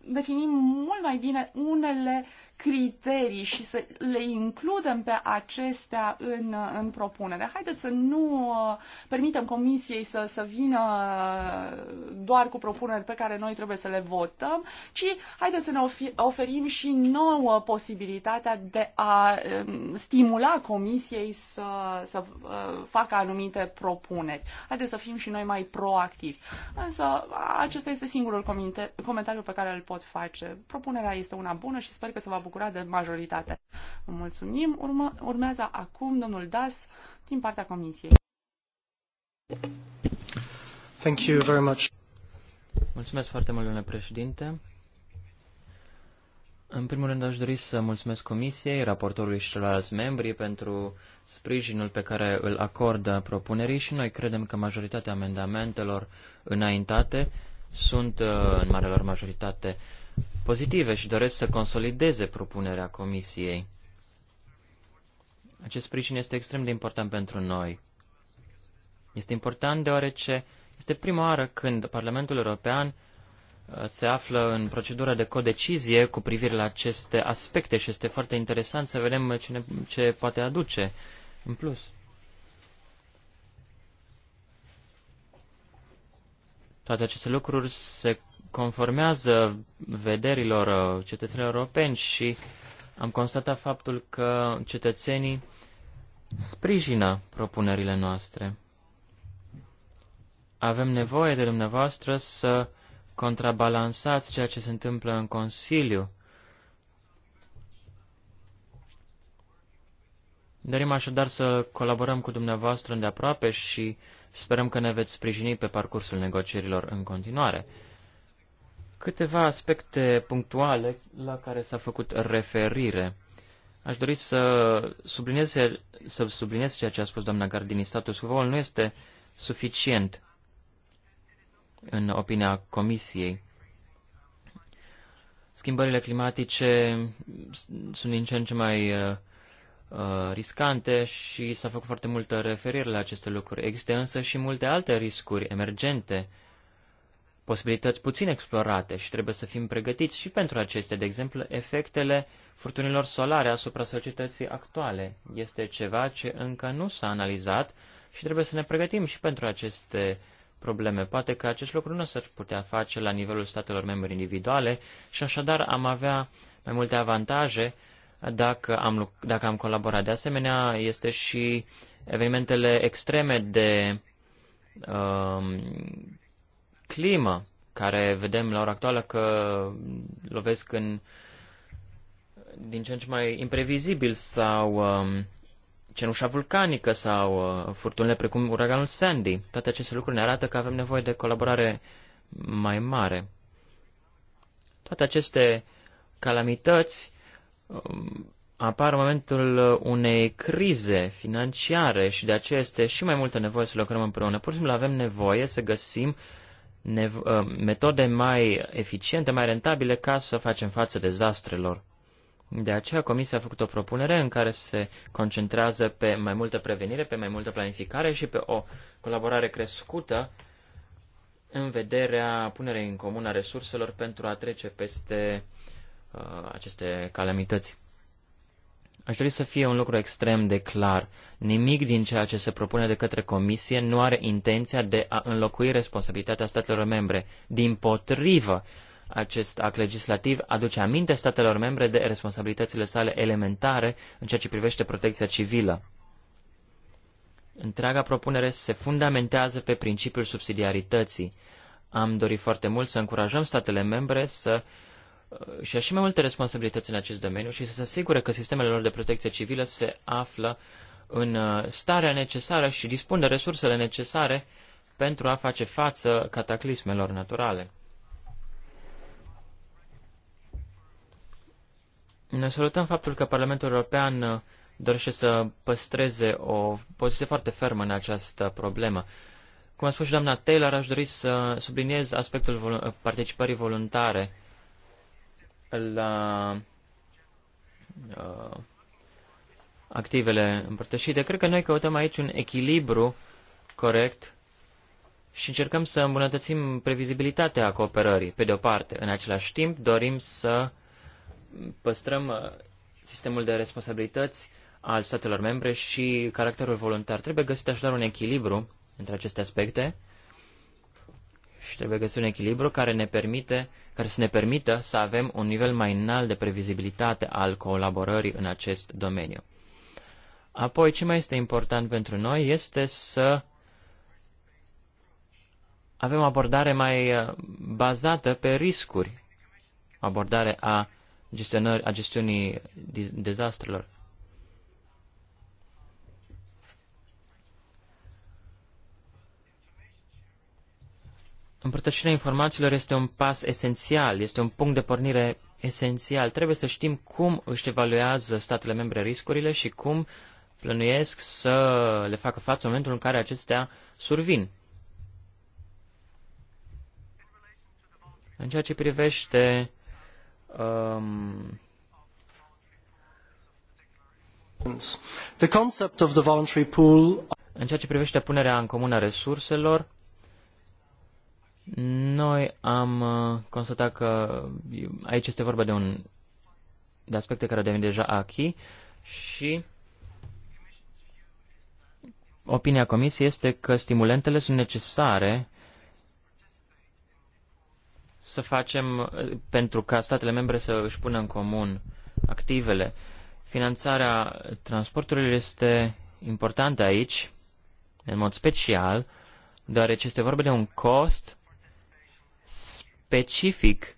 definim mult mai bine unele criterii și să le includem pe acestea în, în propunere. Haideți să nu uh, permitem comisiei să, să vină uh, doar cu propuneri pe care noi trebuie să le votăm, ci haideți să ne oferim și nouă posibilitatea de a um, stimula comisiei să, să uh, facă anumite propuneri. Haideți să fim și noi mai proactivi. Însă acesta este singurul comentariu pe care îl pot face. Propunerea este una bună și sper că se va bucurat de majoritate. Vă mulțumim. Urma, urmează acum domnul Das din partea Comisiei. Thank you very much. Mulțumesc foarte mult, domnule președinte. În primul rând aș dori să mulțumesc Comisiei, raportorului și celorlalți membri pentru sprijinul pe care îl acordă propunerii și noi credem că majoritatea amendamentelor înaintate sunt uh, în mare lor majoritate pozitive și doresc să consolideze propunerea Comisiei. Acest sprijin este extrem de important pentru noi. Este important deoarece este prima oară când Parlamentul European uh, se află în procedura de codecizie cu privire la aceste aspecte și este foarte interesant să vedem ce, ne, ce poate aduce în plus. Toate aceste lucruri se conformează vederilor uh, cetățenilor europeni și am constatat faptul că cetățenii sprijină propunerile noastre. Avem nevoie de dumneavoastră să contrabalansați ceea ce se întâmplă în Consiliu. Dorim așadar să colaborăm cu dumneavoastră îndeaproape și sperăm că ne veți sprijini pe parcursul negocierilor în continuare. Câteva aspecte punctuale la care s-a făcut referire. Aș dori să subliniez, să subliniez ceea ce a spus doamna Gardini. Status quo nu este suficient în opinia Comisiei. Schimbările climatice sunt din ce în ce mai uh, uh, riscante și s-a făcut foarte multă referire la aceste lucruri. Există însă și multe alte riscuri emergente uh, posibilități puțin explorate și trebuie să fim pregătiți și pentru acestea. De exemplu, efectele furtunilor solare asupra societății actuale este ceva ce încă nu s-a analizat și trebuie să ne pregătim și pentru aceste probleme. Poate că acest lucru nu s-ar putea face la nivelul statelor membre individuale și așadar am avea mai multe avantaje dacă am, dacă am colaborat. De asemenea, este și evenimentele extreme de um, climă, care vedem la ora actuală că lovesc în din ce în ce mai imprevizibil sau um, cenușa vulcanică sau uh, furtunile precum uraganul Sandy. Toate aceste lucruri ne arată că avem nevoie de colaborare mai mare. Toate aceste calamități um, apar în momentul unei crize financiare și de aceea este și mai multă nevoie să lucrăm împreună. Pur și simplu avem nevoie să găsim uh, Uh, metode mai eficiente, mai rentabile ca să facem față dezastrelor. De aceea, Comisia a făcut o propunere în care se concentrează pe mai multă prevenire, pe mai multă planificare și pe o colaborare crescută în vederea punerii în comun a resurselor pentru a trece peste uh, aceste calamități. Aș dori să fie un lucru extrem de clar. Nimic din ceea ce se propune de către Comisie nu are intenția de a înlocui responsabilitatea statelor membre. Din potrivă, acest act legislativ aduce aminte statelor membre de responsabilitățile sale elementare în ceea ce privește protecția civilă. Întreaga propunere se fundamentează pe principiul subsidiarității. Am dorit foarte mult să încurajăm statele membre să uh, și și mai multe responsabilități în acest domeniu și să se asigure că sistemele lor de protecție civilă se află în uh, starea necesară și dispun de resursele necesare pentru a face față cataclismelor naturale. Ne salutăm faptul că Parlamentul European uh, dorește să păstreze o poziție foarte fermă în această problemă. Cum a spus și doamna Taylor, aș dori să subliniez aspectul participării voluntare la uh, activele împărtășite. Cred că noi căutăm aici un echilibru corect și încercăm să îmbunătățim previzibilitatea cooperării, pe de-o parte. În același timp, dorim să păstrăm uh, sistemul de responsabilități al statelor membre și caracterul voluntar. Trebuie găsit așadar un echilibru între aceste aspecte și trebuie găsit un echilibru care, ne permite, care să ne permită să avem un nivel mai înalt de previzibilitate al colaborării în acest domeniu. Apoi, ce mai este important pentru noi este să avem o abordare mai uh, bazată pe riscuri, abordare a, gestionării, a gestiunii dezastrelor. Împărtășirea informațiilor este un pas esențial, este un punct de pornire esențial. Trebuie să știm cum își evaluează statele membre riscurile și cum plănuiesc să le facă față în momentul în care acestea survin. În ceea ce privește um, The concept of the voluntary pool în ceea ce privește punerea în comună a resurselor, noi am uh, constatat că aici este vorba de un de aspecte care devin deja achi și opinia comisiei este că stimulentele sunt necesare să facem uh, pentru ca statele membre să își pună în comun activele. Finanțarea transporturilor este importantă aici, în mod special, deoarece este vorba de un cost specific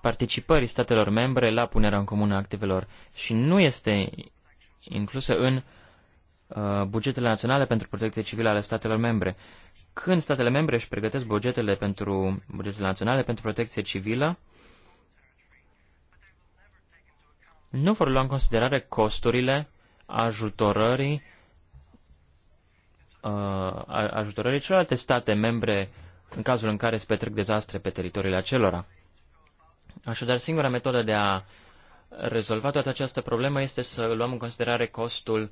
participării statelor membre la punerea în comună a activelor și nu este inclusă în uh, bugetele naționale pentru protecție civilă ale statelor membre. Când statele membre își pregătesc bugetele pentru bugetele naționale pentru protecție civilă, nu vor lua în considerare costurile ajutorării uh, ajutorării celorlalte state membre uh, în cazul în care se petrec dezastre pe teritoriile acelora. Așadar, singura metodă de a rezolva toată această problemă este să luăm în considerare costul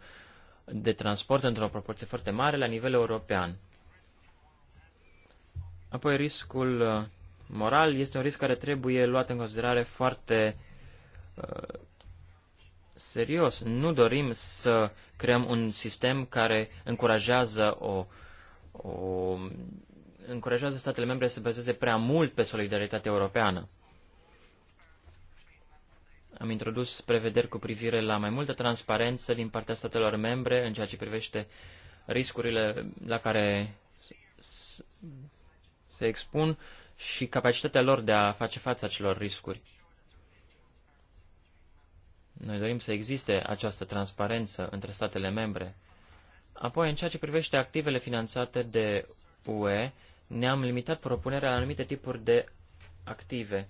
de transport într-o proporție foarte mare la nivel european. Apoi, riscul uh, moral este un risc care trebuie luat în considerare foarte uh, serios. Nu dorim să creăm un sistem care încurajează o, o încurajează statele membre să se bazeze prea mult pe solidaritatea europeană. Am introdus prevederi cu privire la mai multă transparență din partea statelor membre în ceea ce privește riscurile la care se expun și capacitatea lor de a face față acelor riscuri. Noi dorim să existe această transparență între statele membre. Apoi, în ceea ce privește activele finanțate de UE, ne-am limitat propunerea la anumite tipuri de active,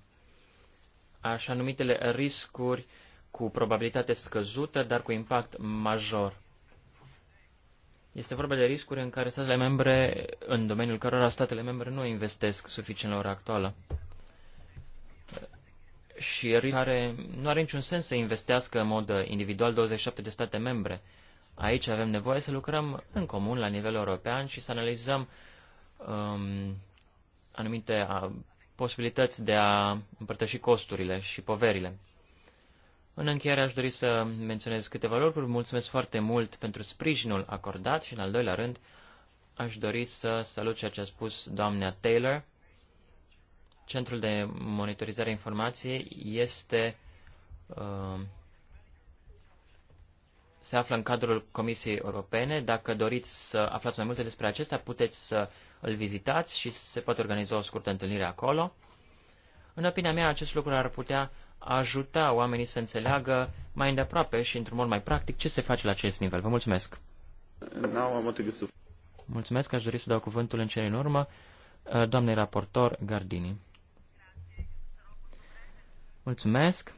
așa numitele riscuri cu probabilitate scăzută, dar cu impact major. Este vorba de riscuri în care statele membre, în domeniul cărora statele membre nu investesc suficient la ora actuală. Și care nu are niciun sens să investească în mod individual 27 de state membre. Aici avem nevoie să lucrăm în comun la nivel european și să analizăm uh, um, anumite uh, posibilități de a împărtăși costurile și poverile. În încheiere aș dori să menționez câteva lucruri. Mulțumesc foarte mult pentru sprijinul acordat și, în al doilea rând, aș dori să salut ceea ce a spus doamna Taylor. Centrul de monitorizare a informației este uh, se află în cadrul Comisiei Europene. Dacă doriți să aflați mai multe despre acesta, puteți să îl vizitați și se poate organiza o scurtă întâlnire acolo. În opinia mea, acest lucru ar putea ajuta oamenii să înțeleagă mai îndeaproape și într-un mod mai practic ce se face la acest nivel. Vă mulțumesc! Mulțumesc, aș dori să dau cuvântul în cele în urmă uh, doamnei raportor Gardini. Mulțumesc!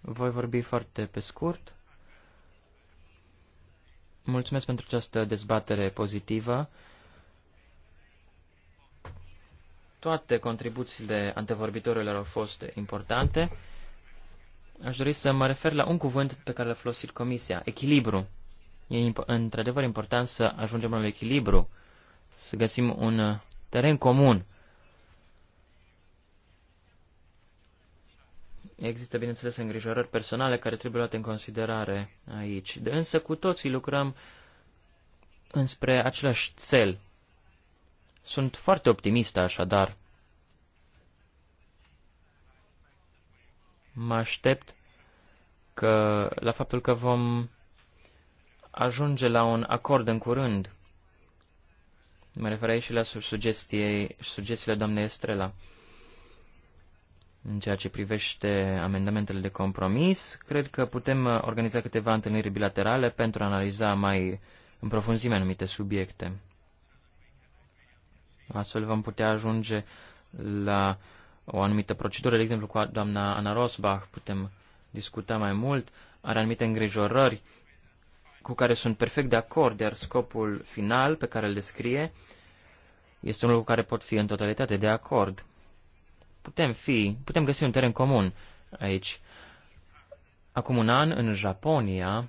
Voi vorbi foarte pe scurt. Mulțumesc pentru această dezbatere pozitivă. Toate contribuțiile antevorbitorilor au fost importante. Aș dori să mă refer la un cuvânt pe care l-a folosit Comisia, echilibru. E într-adevăr important să ajungem la echilibru, să găsim un teren comun Există, bineînțeles, îngrijorări personale care trebuie luate în considerare aici. De însă cu toții lucrăm înspre același cel. Sunt foarte optimistă, așadar. Mă aștept că, la faptul că vom ajunge la un acord în curând. Mă refer aici și la sugestiile doamnei Estrela. În ceea ce privește amendamentele de compromis, cred că putem uh, organiza câteva întâlniri bilaterale pentru a analiza mai în profunzime anumite subiecte. Astfel vom putea ajunge la o anumită procedură, de exemplu cu doamna Ana Rosbach putem discuta mai mult, are anumite îngrijorări cu care sunt perfect de acord, iar scopul final pe care îl descrie este un lucru cu care pot fi în totalitate de acord putem fi, putem găsi un teren comun aici. Acum un an, în Japonia,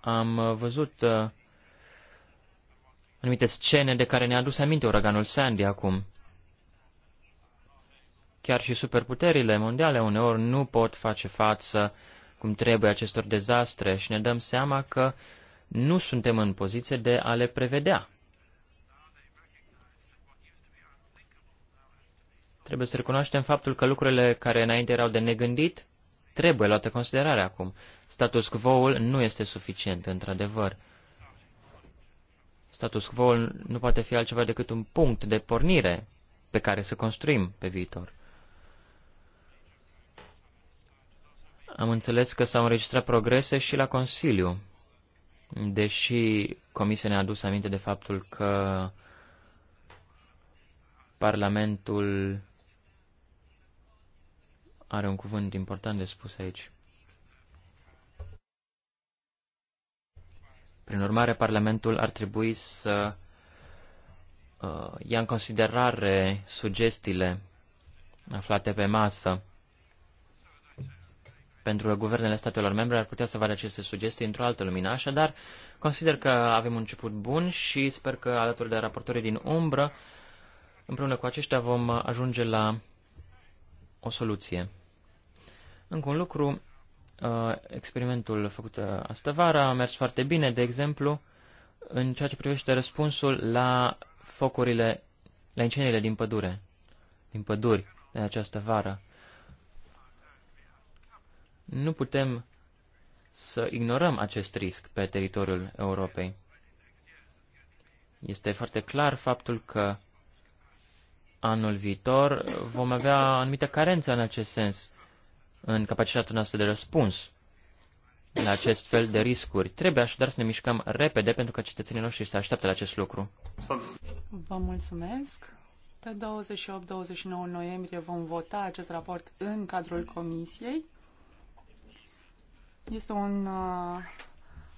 am văzut uh, anumite scene de care ne-a adus aminte uraganul Sandy acum. Chiar și superputerile mondiale uneori nu pot face față cum trebuie acestor dezastre și ne dăm seama că nu suntem în poziție de a le prevedea. Trebuie să recunoaștem faptul că lucrurile care înainte erau de negândit trebuie luate în considerare acum. Status quo-ul nu este suficient, într-adevăr. Status quo-ul nu poate fi altceva decât un punct de pornire pe care să construim pe viitor. Am înțeles că s-au înregistrat progrese și la Consiliu, deși Comisia ne-a adus aminte de faptul că Parlamentul are un cuvânt important de spus aici. Prin urmare, Parlamentul ar trebui să uh, ia în considerare sugestiile aflate pe masă, pentru că guvernele statelor membre ar putea să vadă aceste sugestii într-o altă lumină. Așadar, consider că avem un început bun și sper că alături de raportorii din umbră, împreună cu aceștia vom ajunge la o soluție. Încă un lucru, uh, experimentul făcut uh, astă vară a mers foarte bine, de exemplu, în ceea ce privește răspunsul la focurile, la incendiile din pădure, din păduri de această vară. Nu putem să ignorăm acest risc pe teritoriul Europei. Este foarte clar faptul că anul viitor vom avea anumite carențe în acest sens în capacitatea noastră de răspuns la acest fel de riscuri. Trebuie așadar să ne mișcăm repede pentru că cetățenii noștri se așteaptă la acest lucru. Vă mulțumesc. Pe 28-29 noiembrie vom vota acest raport în cadrul comisiei. Este un uh,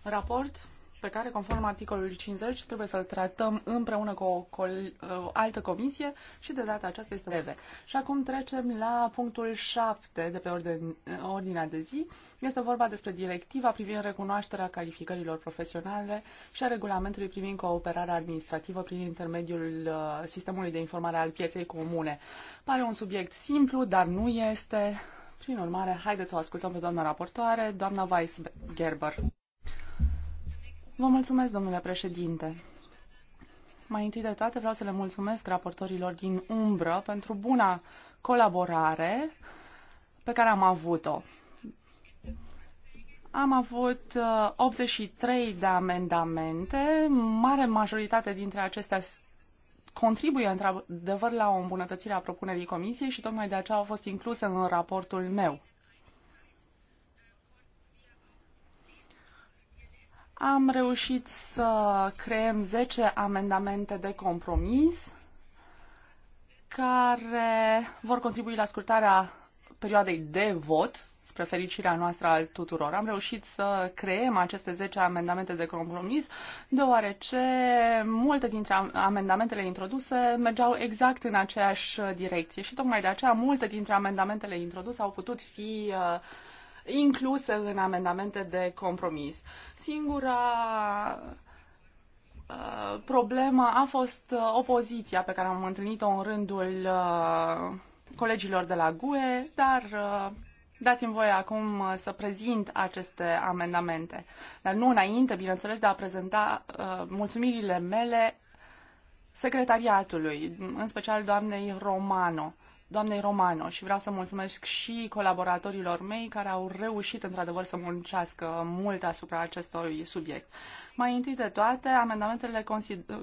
raport pe care, conform articolului 50, trebuie să-l tratăm împreună cu o, cu uh, o altă comisie și de data aceasta este breve. Și acum trecem la punctul 7 de pe ordine, uh, ordinea de zi. Este vorba despre directiva privind recunoașterea calificărilor profesionale și a regulamentului privind cooperarea administrativă prin intermediul uh, sistemului de informare al pieței comune. Pare un subiect simplu, dar nu este. Prin urmare, haideți să o ascultăm pe doamna raportoare, doamna Weiss Gerber. Vă mulțumesc, domnule președinte. Mai întâi de toate vreau să le mulțumesc raportorilor din umbră pentru buna colaborare pe care am avut-o. Am avut 83 uh, de amendamente, mare majoritate dintre acestea contribuie într-adevăr la o îmbunătățire a propunerii comisiei și tocmai de aceea au fost incluse în raportul meu. Am reușit să creăm 10 amendamente de compromis care vor contribui la scurtarea perioadei de vot, spre fericirea noastră al tuturor. Am reușit să creăm aceste 10 amendamente de compromis, deoarece multe dintre amendamentele introduse mergeau exact în aceeași direcție și tocmai de aceea multe dintre amendamentele introduse au putut fi uh, incluse în amendamente de compromis. Singura uh, problemă a fost uh, opoziția pe care am întâlnit-o în rândul uh, colegilor de la GUE, dar dați-mi voie acum să prezint aceste amendamente. Dar nu înainte, bineînțeles, de a prezenta mulțumirile mele secretariatului, în special doamnei Romano doamnei Romano și vreau să mulțumesc și colaboratorilor mei care au reușit într-adevăr să muncească mult asupra acestui subiect. Mai întâi de toate, amendamentele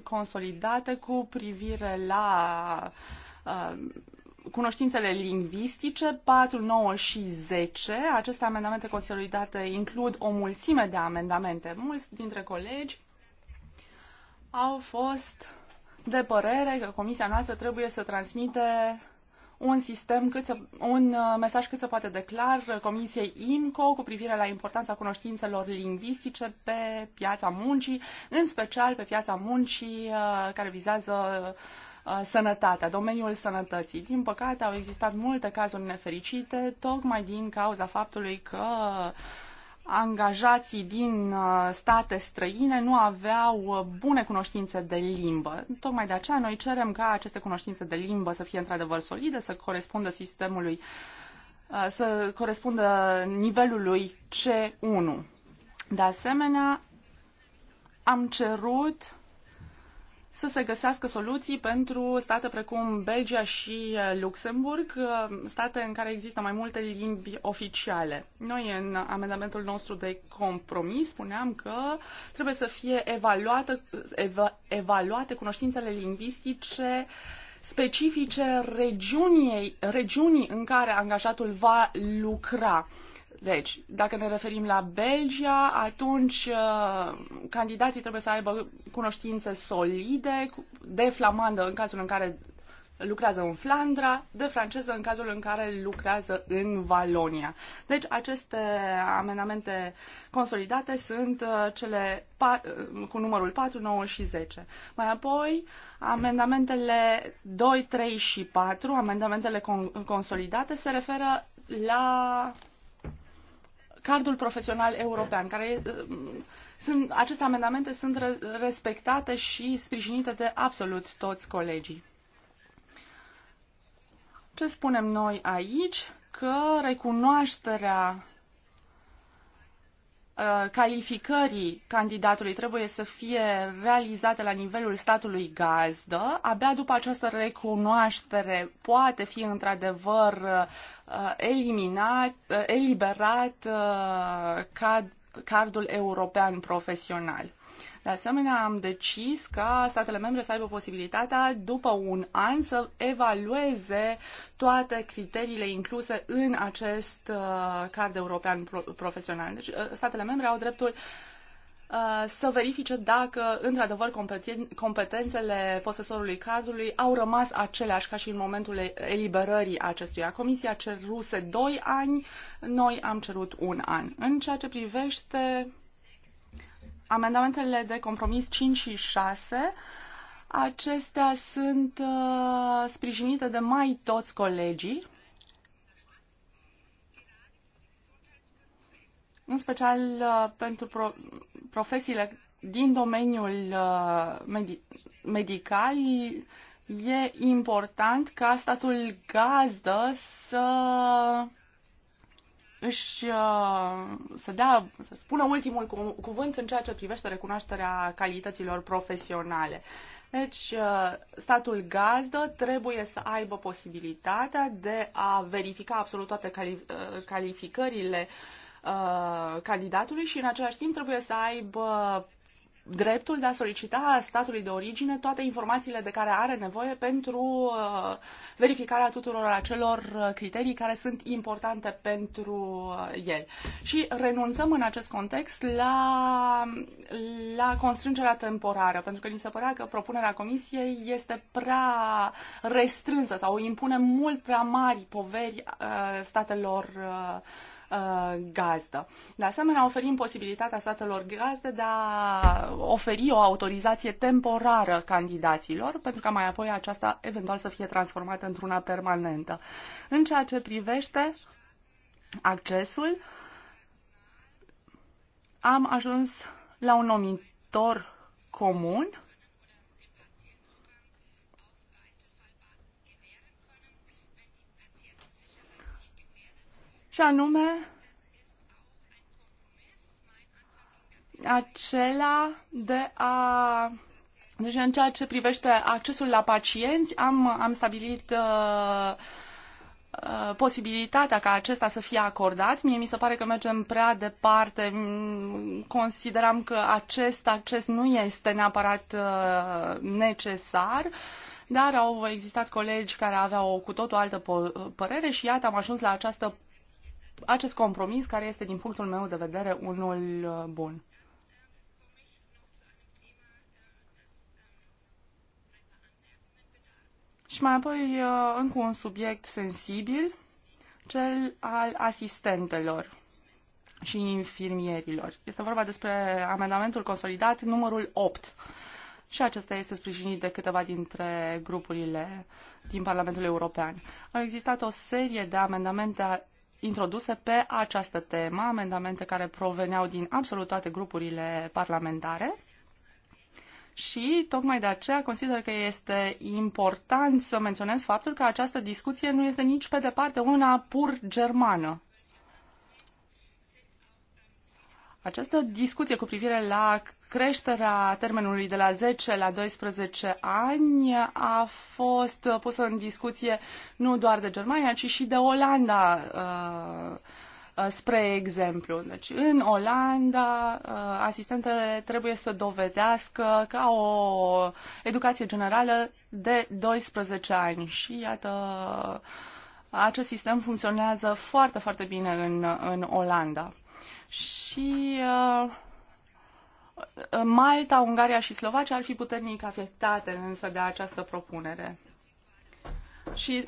consolidate cu privire la uh, cunoștințele lingvistice, 4, 9 și 10. Aceste amendamente consolidate includ o mulțime de amendamente. Mulți dintre colegi au fost de părere că comisia noastră trebuie să transmite un sistem cât se, un uh, mesaj cât se poate declar Comisiei IMCO cu privire la importanța cunoștințelor lingvistice pe piața muncii, în special pe piața muncii uh, care vizează uh, sănătatea, domeniul sănătății. Din păcate, au existat multe cazuri nefericite, tocmai din cauza faptului că uh, angajații din uh, state străine nu aveau uh, bune cunoștințe de limbă. Tocmai de aceea noi cerem ca aceste cunoștințe de limbă să fie într-adevăr solide, să corespundă sistemului, uh, să corespundă nivelului C1. De asemenea, am cerut să se găsească soluții pentru state precum Belgia și uh, Luxemburg, uh, state în care există mai multe limbi oficiale. Noi, în amendamentul nostru de compromis, spuneam că trebuie să fie evaluată, ev- evaluate cunoștințele lingvistice specifice regiunii, regiunii în care angajatul va lucra. Deci, dacă ne referim la Belgia, atunci uh, candidații trebuie să aibă cunoștințe solide de flamandă în cazul în care lucrează în Flandra, de franceză în cazul în care lucrează în Valonia. Deci aceste amenamente consolidate sunt uh, cele uh, cu numărul 4, 9 și 10. Mai apoi, amendamentele 2, 3 și 4, amendamentele consolidate, se referă la cardul profesional european, care um, sunt, aceste amendamente sunt respectate și sprijinite de absolut toți colegii. Ce spunem noi aici? Că recunoașterea Uh, calificării candidatului trebuie să fie realizate la nivelul statului gazdă, abia după această recunoaștere poate fi într-adevăr uh, uh, eliminat, eliberat cardul european profesional. De asemenea, am decis ca statele membre să aibă posibilitatea, după un an, să evalueze toate criteriile incluse în acest uh, card european profesional. Deci, uh, statele membre au dreptul uh, să verifice dacă, într-adevăr, competențele posesorului cadrului au rămas aceleași ca și în momentul eliberării acestuia. Comisia ceruse 2 ani, noi am cerut un an. În ceea ce privește amendamentele de compromis 5 și 6. Acestea sunt uh, sprijinite de mai toți colegii, în special uh, pentru pro- profesiile din domeniul uh, medi- medical. E important ca statul gazdă să își uh, să dea, să spună ultimul cuvânt în ceea ce privește recunoașterea calităților profesionale. Deci, uh, statul gazdă trebuie să aibă posibilitatea de a verifica absolut toate uh, calificările candidatului și în același timp trebuie să aibă dreptul de a solicita statului de origine toate informațiile de care are nevoie pentru uh, verificarea tuturor acelor uh, criterii care sunt importante pentru uh, el. Și renunțăm în acest context la, la constrângerea temporară, pentru că ni se părea că propunerea comisiei este prea restrânsă sau impune mult prea mari poveri statelor Uh, gazdă. De asemenea, oferim posibilitatea statelor gazde de a oferi o autorizație temporară candidaților, pentru ca mai apoi aceasta eventual să fie transformată într-una permanentă. În ceea ce privește accesul, am ajuns la un numitor comun și anume acela de a deci în ceea ce privește accesul la pacienți, am, am stabilit uh, uh, posibilitatea ca acesta să fie acordat. Mie mi se pare că mergem prea departe. Consideram că acest acces nu este neapărat uh, necesar, dar au existat colegi care aveau cu totul altă părere și iată am ajuns la această acest compromis care este, din punctul meu de vedere, unul uh, bun. Și mai apoi uh, încă un subiect sensibil, cel al asistentelor și infirmierilor. Este vorba despre amendamentul consolidat numărul 8. Și acesta este sprijinit de câteva dintre grupurile din Parlamentul European. Au existat o serie de amendamente introduse pe această temă, amendamente care proveneau din absolut toate grupurile parlamentare. Și tocmai de aceea consider că este important să menționez faptul că această discuție nu este nici pe departe una pur germană. Această discuție cu privire la creșterea termenului de la 10 la 12 ani a fost pusă în discuție nu doar de Germania, ci și de Olanda, uh, uh, spre exemplu. Deci, în Olanda, uh, asistentele trebuie să dovedească că au o educație generală de 12 ani și, iată, acest sistem funcționează foarte, foarte bine în, în Olanda și uh, Malta, Ungaria și Slovacia ar fi puternic afectate însă de această propunere. Și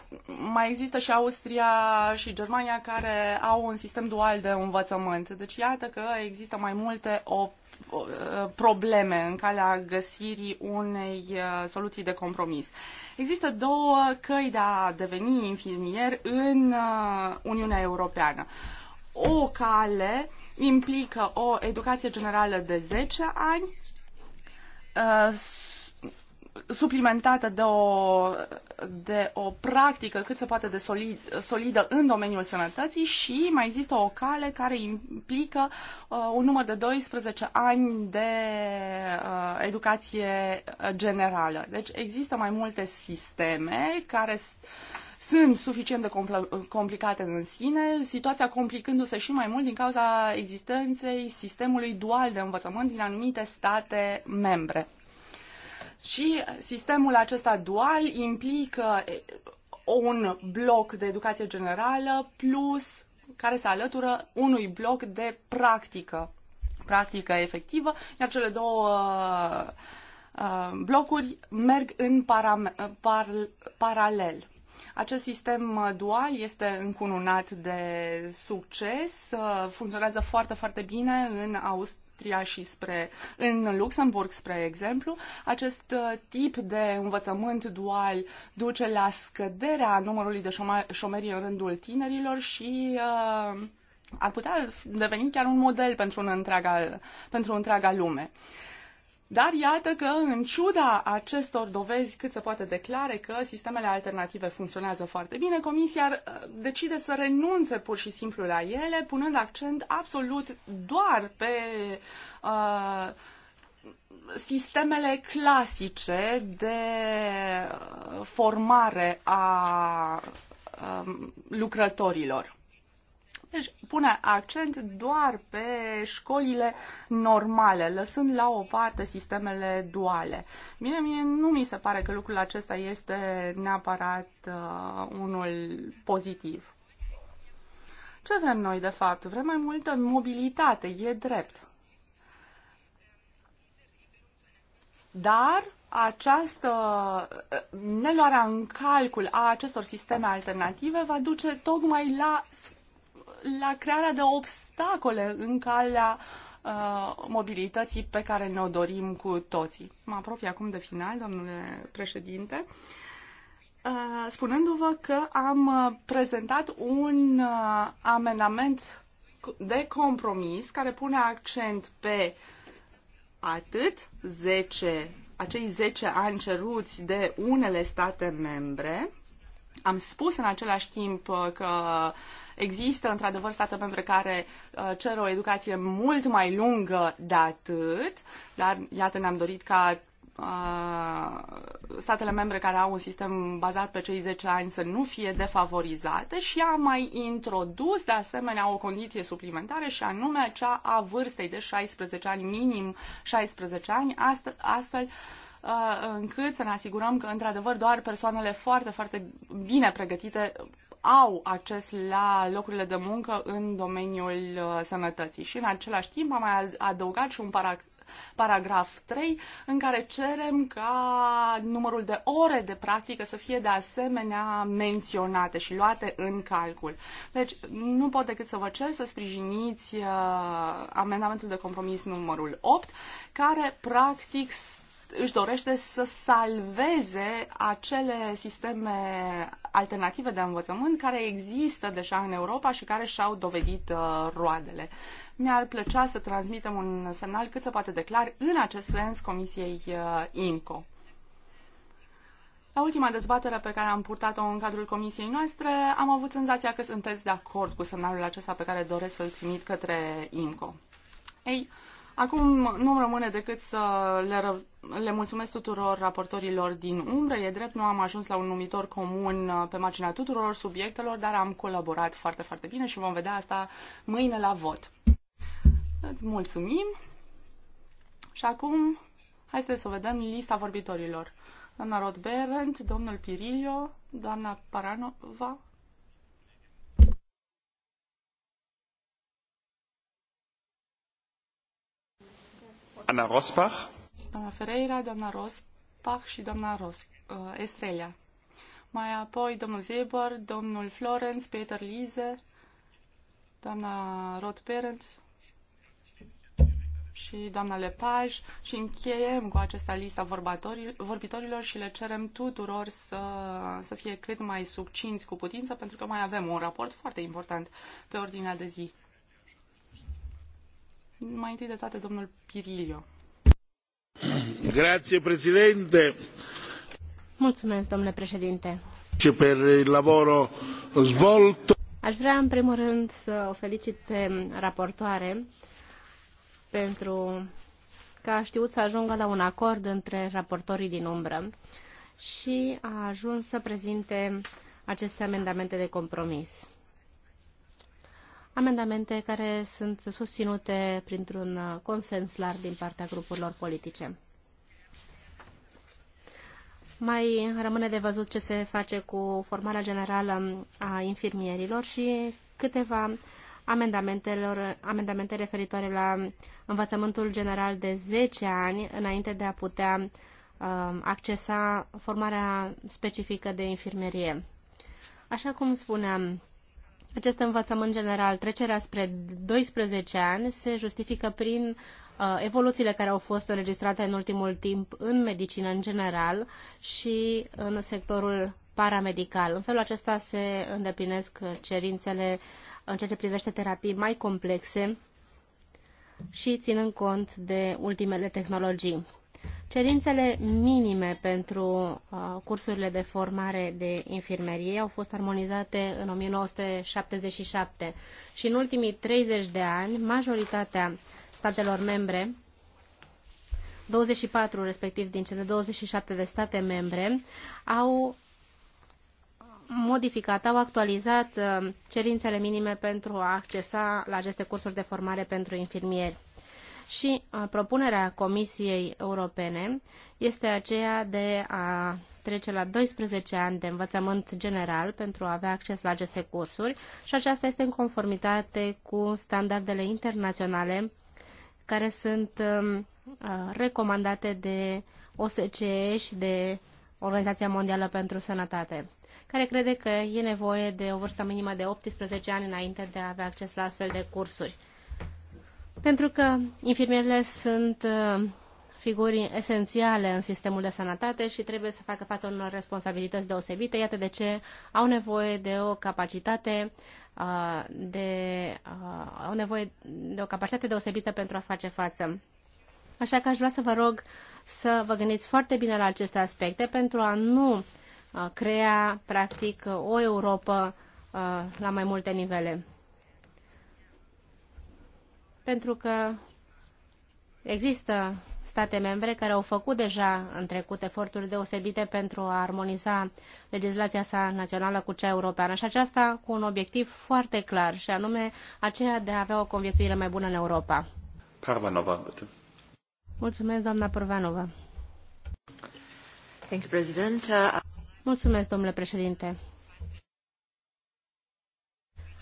mai există și Austria și Germania care au un sistem dual de învățământ. Deci iată că există mai multe o, o, uh, probleme în calea găsirii unei uh, soluții de compromis. Există două căi de a deveni infirmier în Uniunea Europeană. O cale implică o educație generală de 10 ani, uh, suplimentată de o, de o practică cât se poate de solid, solidă în domeniul sănătății și mai există o cale care implică uh, un număr de 12 ani de uh, educație generală. Deci există mai multe sisteme care uh, sunt suficient de compl- complicate în sine, situația complicându-se și mai mult din cauza existenței sistemului dual de învățământ din anumite state membre. Și sistemul acesta dual implică un bloc de educație generală plus care se alătură unui bloc de practică, practică efectivă, iar cele două uh, blocuri merg în param- par- paralel. Acest sistem dual este încununat de succes, funcționează foarte, foarte bine în Austria și spre, în Luxemburg, spre exemplu, acest uh, tip de învățământ dual duce la scăderea numărului de șomeri în rândul tinerilor și uh, ar putea deveni chiar un model pentru, un întreaga, pentru întreaga lume. Uh, dar iată că, în ciuda acestor dovezi cât se poate declare că sistemele alternative funcționează foarte bine, Comisia uh, decide să renunțe pur și simplu la ele, punând accent absolut doar pe uh, sistemele clasice de uh, formare a uh, lucrătorilor. Deci pune accent doar pe școlile normale, lăsând la o parte sistemele duale. Bine, mie nu mi se pare că lucrul acesta este neapărat uh, unul pozitiv. Ce vrem noi, de fapt? Vrem mai multă mobilitate, e drept. Dar această uh, neluarea în calcul a acestor sisteme alternative va duce tocmai la la crearea de obstacole în calea uh, mobilității pe care ne-o dorim cu toții. Mă apropii acum de final, domnule președinte, uh, spunându-vă că am uh, prezentat un amendament de compromis care pune accent pe atât 10, acei 10 ani ceruți de unele state membre, am spus în același timp uh, că există într-adevăr state membre care uh, cer o educație mult mai lungă de atât, dar iată ne-am dorit ca uh, statele membre care au un sistem bazat pe cei 10 ani să nu fie defavorizate și a mai introdus de asemenea o condiție suplimentară și anume cea a vârstei de 16 ani, minim 16 ani, astfel Uh, încât să ne asigurăm că, într-adevăr, doar persoanele foarte, foarte bine pregătite au acces la locurile de muncă în domeniul uh, sănătății. Și, în același timp, am mai adăugat și un paragraf paragraf 3, în care cerem ca numărul de ore de practică să fie de asemenea menționate și luate în calcul. Deci nu pot decât să vă cer să sprijiniți uh, amendamentul de compromis numărul 8, care practic își dorește să salveze acele sisteme alternative de învățământ care există deja în Europa și care și-au dovedit uh, roadele. Mi-ar plăcea să transmitem un semnal cât se poate declar în acest sens Comisiei uh, INCO. La ultima dezbatere pe care am purtat-o în cadrul comisiei noastre, am avut senzația că sunteți de acord cu semnalul acesta pe care doresc să-l trimit către INCO. Ei, Acum nu rămâne decât să le, ră- le mulțumesc tuturor raportorilor din umbră. E drept, nu am ajuns la un numitor comun uh, pe marginea tuturor subiectelor, dar am colaborat foarte, foarte bine și vom vedea asta mâine la vot. Îți mulțumim și acum hai să vedem lista vorbitorilor. Doamna Rod Berend, domnul Pirilio, doamna Paranova, Anna Rosbach. Doamna Ferreira, doamna Rosbach și doamna Ros, uh, Estrela. Mai apoi domnul Zeber, domnul Florence, Peter Lise, doamna Rod Parent și doamna Lepaj și încheiem cu această listă vorbitorilor și le cerem tuturor să, să fie cât mai succinți cu putință pentru că mai avem un raport foarte important pe ordinea de zi. Mai întâi de toate, domnul Pirilio. Grazie, Mulțumesc, domnule președinte. Și per lavoro svolto. Aș vrea, în primul rând, să o felicit pe raportoare pentru că a știut să ajungă la un acord între raportorii din umbră și a ajuns să prezinte aceste amendamente de compromis amendamente care sunt susținute printr-un uh, consens larg din partea grupurilor politice. Mai rămâne de văzut ce se face cu formarea generală a infirmierilor și câteva amendamentelor, amendamente referitoare la învățământul general de 10 ani înainte de a putea uh, accesa formarea specifică de infirmerie. Așa cum spuneam, acest învățământ general, trecerea spre 12 ani, se justifică prin uh, evoluțiile care au fost înregistrate în ultimul timp în medicină în general și în sectorul paramedical. În felul acesta se îndeplinesc cerințele în ceea ce privește terapii mai complexe și ținând cont de ultimele tehnologii. Cerințele minime pentru uh, cursurile de formare de infirmerie au fost armonizate în 1977 și în ultimii 30 de ani majoritatea statelor membre 24 respectiv din cele 27 de state membre au modificat, au actualizat uh, cerințele minime pentru a accesa la aceste cursuri de formare pentru infirmieri. Și propunerea Comisiei Europene este aceea de a trece la 12 ani de învățământ general pentru a avea acces la aceste cursuri și aceasta este în conformitate cu standardele internaționale care sunt um, recomandate de OSCE și de Organizația Mondială pentru Sănătate, care crede că e nevoie de o vârstă minimă de 18 ani înainte de a avea acces la astfel de cursuri pentru că infirmierile sunt uh, figuri esențiale în sistemul de sănătate și trebuie să facă față unor responsabilități deosebite. Iată de ce au nevoie de o capacitate uh, de, uh, au nevoie de o capacitate deosebită pentru a face față. Așa că aș vrea să vă rog să vă gândiți foarte bine la aceste aspecte pentru a nu crea, practic, o Europa la mai multe nivele pentru că există state membre care au făcut deja în trecut eforturi deosebite pentru a armoniza legislația sa națională cu cea europeană și aceasta cu un obiectiv foarte clar și anume aceea de a avea o conviețuire mai bună în Europa. Parvanova, Mulțumesc, doamna Parvanova. Mulțumesc, domnule președinte.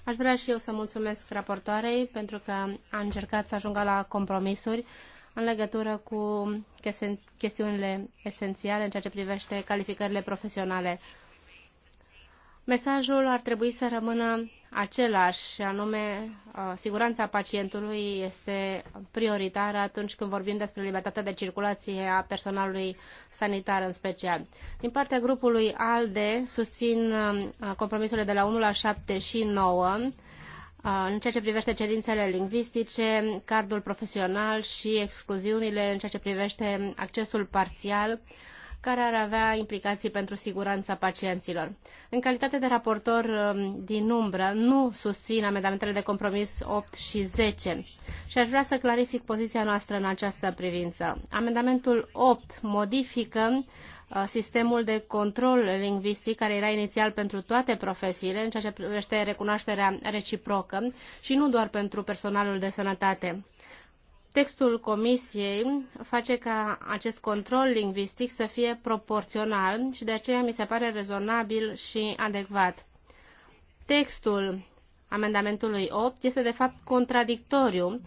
Aș vrea și eu să mulțumesc raportoarei pentru că a încercat să ajungă la compromisuri în legătură cu chestiunile esențiale în ceea ce privește calificările profesionale. Mesajul ar trebui să rămână același, și anume uh, siguranța pacientului este prioritară atunci când vorbim despre libertatea de circulație a personalului sanitar în special. Din partea grupului ALDE susțin uh, compromisurile de la 1 la 7 și 9 uh, în ceea ce privește cerințele lingvistice, cardul profesional și excluziunile în ceea ce privește accesul parțial care ar avea implicații pentru siguranța pacienților. În calitate de raportor um, din umbră, nu susțin amendamentele de compromis 8 și 10 și aș vrea să clarific poziția noastră în această privință. Amendamentul 8 modifică uh, sistemul de control lingvistic care era inițial pentru toate profesiile în ceea ce privește recunoașterea reciprocă și nu doar pentru personalul de sănătate. Textul comisiei face ca acest control lingvistic să fie proporțional și de aceea mi se pare rezonabil și adecvat. Textul amendamentului 8 este de fapt contradictoriu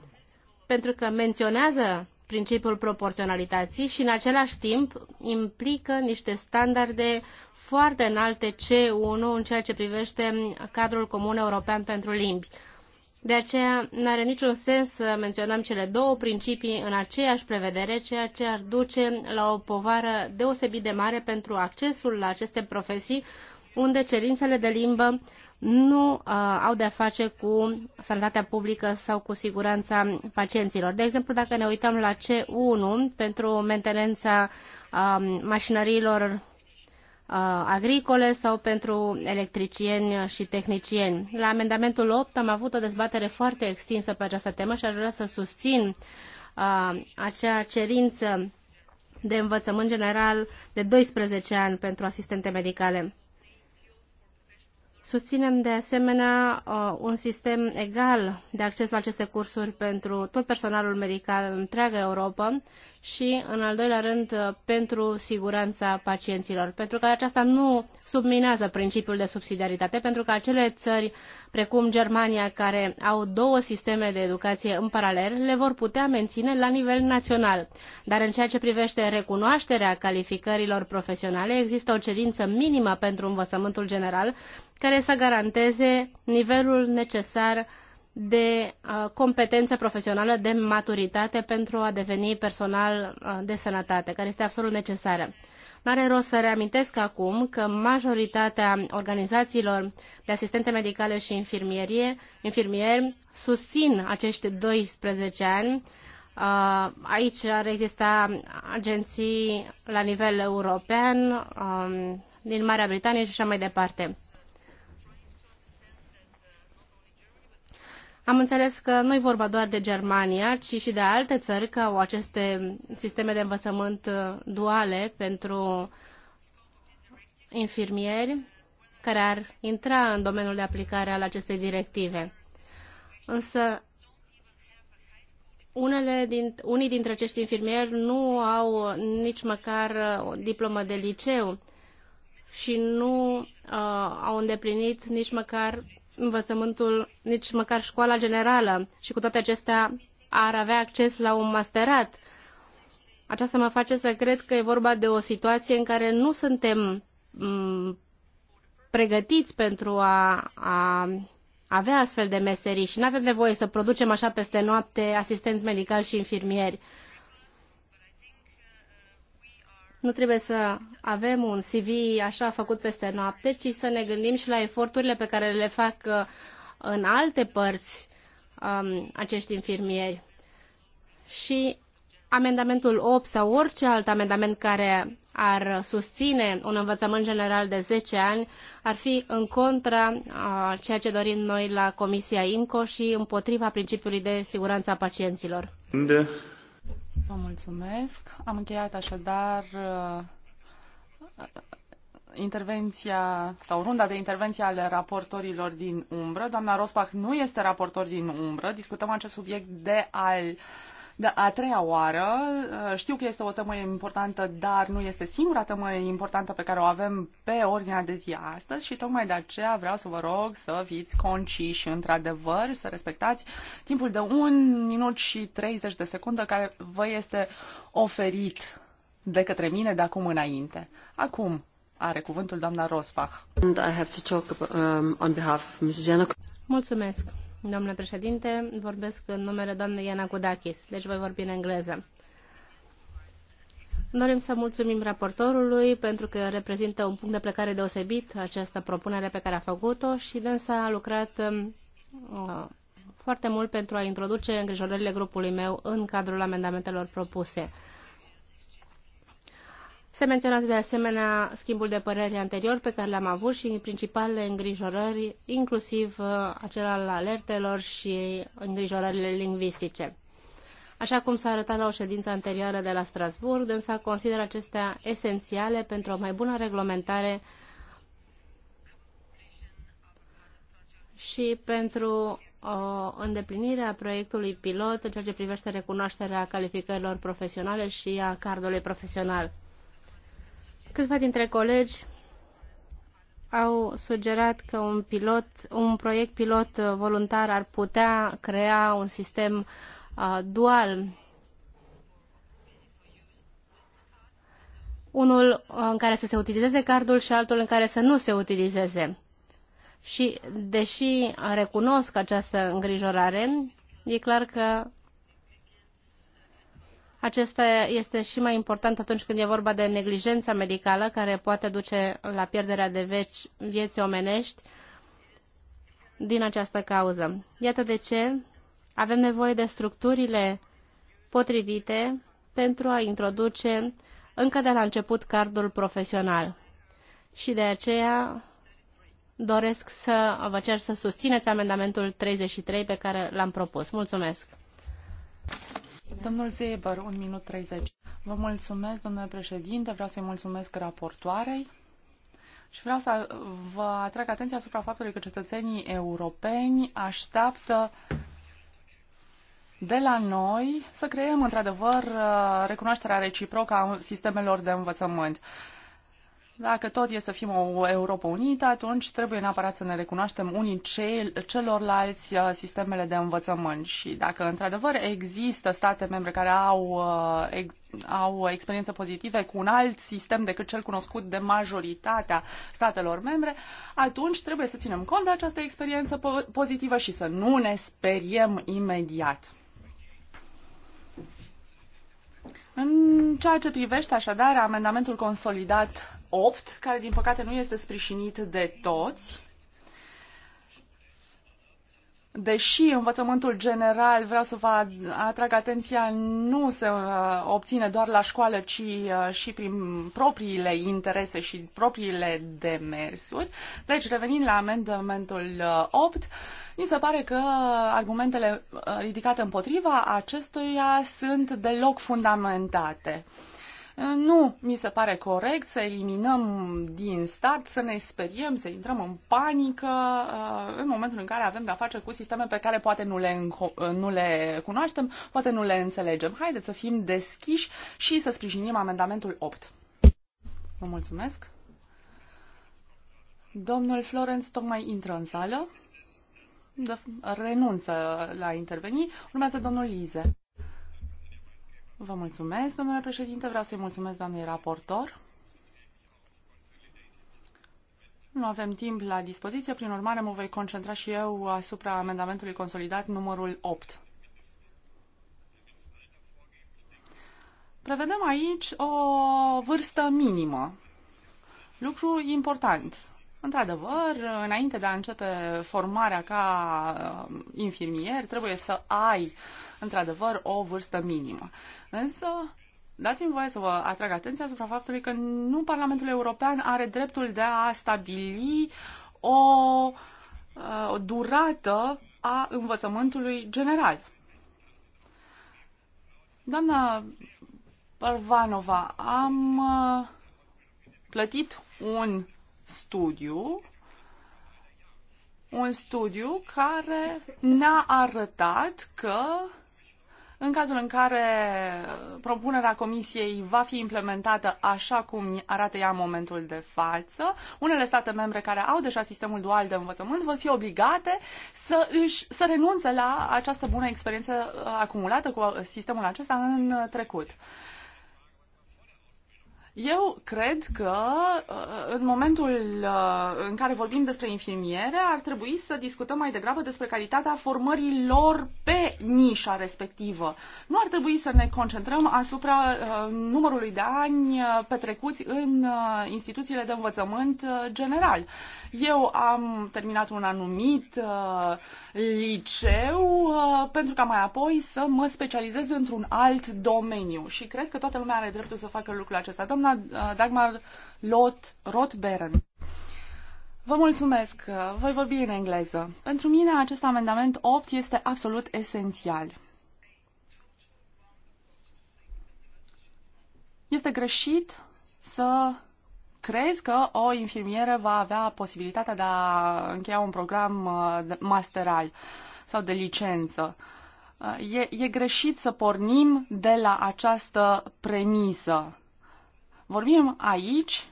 pentru că menționează principiul proporționalității și în același timp implică niște standarde foarte înalte C1 în ceea ce privește cadrul comun european pentru limbi. De aceea nu are niciun sens să menționăm cele două principii în aceeași prevedere, ceea ce ar duce la o povară deosebit de mare pentru accesul la aceste profesii, unde cerințele de limbă nu uh, au de-a face cu sănătatea publică sau cu siguranța pacienților. De exemplu, dacă ne uităm la C1 pentru mentenența uh, mașinăriilor Uh, agricole sau pentru electricieni și tehnicieni. La amendamentul 8 am avut o dezbatere foarte extinsă pe această temă și aș vrea să susțin uh, acea cerință de învățământ general de 12 ani pentru asistente medicale. Susținem de asemenea uh, un sistem egal de acces la aceste cursuri pentru tot personalul medical în întreaga Europa și, în al doilea rând, uh, pentru siguranța pacienților, pentru că aceasta nu subminează principiul de subsidiaritate, pentru că acele țări, precum Germania, care au două sisteme de educație în paralel, le vor putea menține la nivel național. Dar în ceea ce privește recunoașterea calificărilor profesionale, există o cerință minimă pentru învățământul general, care să garanteze nivelul necesar de uh, competență profesională, de maturitate pentru a deveni personal uh, de sănătate, care este absolut necesară. N-are rost să reamintesc acum că majoritatea organizațiilor de asistente medicale și infirmierie, infirmieri susțin acești 12 ani. Uh, aici ar exista agenții la nivel european, um, din Marea Britanie și așa mai departe. Am înțeles că nu e vorba doar de Germania, ci și de alte țări care au aceste sisteme de învățământ uh, duale pentru infirmieri care ar intra în domeniul de aplicare al acestei directive. Însă, unele din, unii dintre acești infirmieri nu au nici măcar uh, o diplomă de liceu și nu uh, au îndeplinit nici măcar învățământul, nici măcar școala generală și cu toate acestea ar avea acces la un masterat. Aceasta mă face să cred că e vorba de o situație în care nu suntem mm, pregătiți pentru a, a avea astfel de meserii și nu avem nevoie să producem așa peste noapte asistenți medicali și infirmieri. Nu trebuie să avem un CV așa făcut peste noapte, ci să ne gândim și la eforturile pe care le fac uh, în alte părți um, acești infirmieri. Și amendamentul 8 sau orice alt amendament care ar susține un învățământ general de 10 ani ar fi în contra a uh, ceea ce dorim noi la Comisia INCO și împotriva principiului de siguranță a pacienților. De Vă mulțumesc. Am încheiat așadar uh, uh, intervenția sau runda de intervenție ale raportorilor din umbră. Doamna Rosbach nu este raportor din umbră. Discutăm acest subiect de al de a treia oară. Uh, știu că este o temă importantă, dar nu este singura temă importantă pe care o avem pe ordinea de zi astăzi și tocmai de aceea vreau să vă rog să fiți conciși, într-adevăr, să respectați timpul de 1 minut și 30 de secunde care vă este oferit de către mine de acum înainte. Acum are cuvântul doamna Rosbach. And I have to talk about, um, on behalf of Mrs. Mulțumesc. Domnule președinte, vorbesc în numele doamnei Iana Kudakis, deci voi vorbi în engleză. Dorim să mulțumim raportorului pentru că reprezintă un punct de plecare deosebit această propunere pe care a făcut-o și dânsa a lucrat um, uh, foarte mult pentru a introduce îngrijorările grupului meu în cadrul amendamentelor propuse. Se menționează de asemenea schimbul de păreri anterior pe care l-am avut și principalele îngrijorări, inclusiv uh, acela al alertelor și îngrijorările lingvistice. Așa cum s-a arătat la o ședință anterioară de la Strasburg, însă consider acestea esențiale pentru o mai bună reglementare și pentru o uh, îndeplinire a proiectului pilot în ceea ce privește recunoașterea calificărilor profesionale și a cardului profesional. Câțiva dintre colegi au sugerat că un, pilot, un proiect pilot voluntar ar putea crea un sistem uh, dual. Unul în care să se utilizeze cardul și altul în care să nu se utilizeze. Și deși recunosc această îngrijorare, e clar că acesta este și mai important atunci când e vorba de neglijența medicală care poate duce la pierderea de veci, vieți omenești din această cauză. Iată de ce avem nevoie de structurile potrivite pentru a introduce încă de la început cardul profesional. Și de aceea doresc să vă cer să susțineți amendamentul 33 pe care l-am propus. Mulțumesc! minut Vă mulțumesc, domnule președinte, vreau să-i mulțumesc raportoarei și vreau să vă atrag atenția asupra faptului că cetățenii europeni așteaptă de la noi să creăm într-adevăr recunoașterea reciprocă a sistemelor de învățământ. Dacă tot e să fim o Europa unită, atunci trebuie neapărat să ne recunoaștem unii cel, celorlalți uh, sistemele de învățământ și dacă într-adevăr există state membre care au, uh, au experiențe pozitive cu un alt sistem decât cel cunoscut de majoritatea statelor membre, atunci trebuie să ținem cont de această experiență po pozitivă și să nu ne speriem imediat. În ceea ce privește așadar amendamentul consolidat 8, care din păcate nu este sprijinit de toți. Deși învățământul general, vreau să vă atrag atenția, nu se uh, obține doar la școală, ci uh, și prin propriile interese și propriile demersuri. Deci, revenind la amendamentul 8, uh, mi se pare că argumentele ridicate împotriva acestuia sunt deloc fundamentate. Nu mi se pare corect să eliminăm din start, să ne speriem, să intrăm în panică uh, în momentul în care avem de-a face cu sisteme pe care poate nu le, uh, nu le cunoaștem, poate nu le înțelegem. Haideți să fim deschiși și să sprijinim amendamentul 8. Vă mulțumesc. Domnul Florenț tocmai intră în sală, de, renunță la interveni. Urmează domnul Lize. Vă mulțumesc, domnule președinte. Vreau să-i mulțumesc doamnei raportor. Nu avem timp la dispoziție, prin urmare mă voi concentra și eu asupra amendamentului consolidat numărul 8. Prevedem aici o vârstă minimă. Lucru important. Într-adevăr, înainte de a începe formarea ca uh, infirmier, trebuie să ai, într-adevăr, o vârstă minimă. Însă, dați-mi voie să vă atrag atenția asupra faptului că nu Parlamentul European are dreptul de a stabili o, uh, o durată a învățământului general. Doamna Parvanova, am uh, plătit un studiu, un studiu care ne-a arătat că în cazul în care propunerea Comisiei va fi implementată așa cum arată ea în momentul de față, unele state membre care au deja sistemul dual de învățământ vor fi obligate să, își, să renunțe la această bună experiență uh, acumulată cu sistemul acesta în trecut. Uh, eu cred că uh, în momentul uh, în care vorbim despre infirmiere ar trebui să discutăm mai degrabă despre calitatea formării lor pe nișa respectivă. Nu ar trebui să ne concentrăm asupra uh, numărului de ani petrecuți în instituțiile de învățământ general. Eu am terminat un anumit liceu pentru ca mai apoi să mă specializez într-un alt domeniu și cred că toată lumea are dreptul să facă lucrul acesta. Doamna doamna uh, Dagmar Lot Rotberen. Vă mulțumesc. Voi vorbi în engleză. Pentru mine acest amendament 8 este absolut esențial. Este greșit să crezi că o infirmieră va avea posibilitatea de a încheia un program uh, masteral sau de licență. Uh, e, e greșit să pornim de la această premisă. Vorbim aici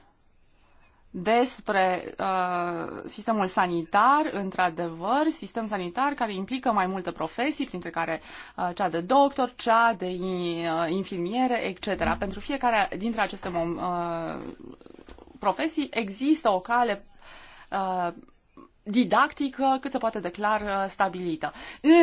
despre uh, sistemul sanitar, într-adevăr, sistem sanitar care implică mai multe profesii, printre care uh, cea de doctor, cea de uh, infirmiere, etc. Pentru fiecare dintre aceste uh, profesii există o cale uh, didactică cât se poate declar uh, stabilită.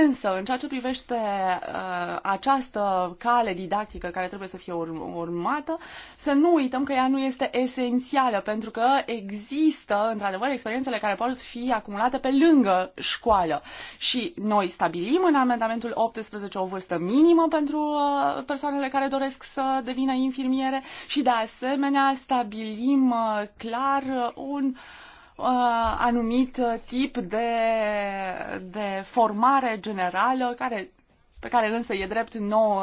Însă, în ceea ce privește uh, această cale didactică care trebuie să fie urm- urmată, să nu uităm că ea nu este esențială, pentru că există, într-adevăr, experiențele care pot fi acumulate pe lângă școală. Și noi stabilim în amendamentul 18 o vârstă minimă pentru uh, persoanele care doresc să devină infirmiere și, de asemenea, stabilim uh, clar uh, un uh, uh, anumit uh, tip de, de formare generală care pe care însă e drept nu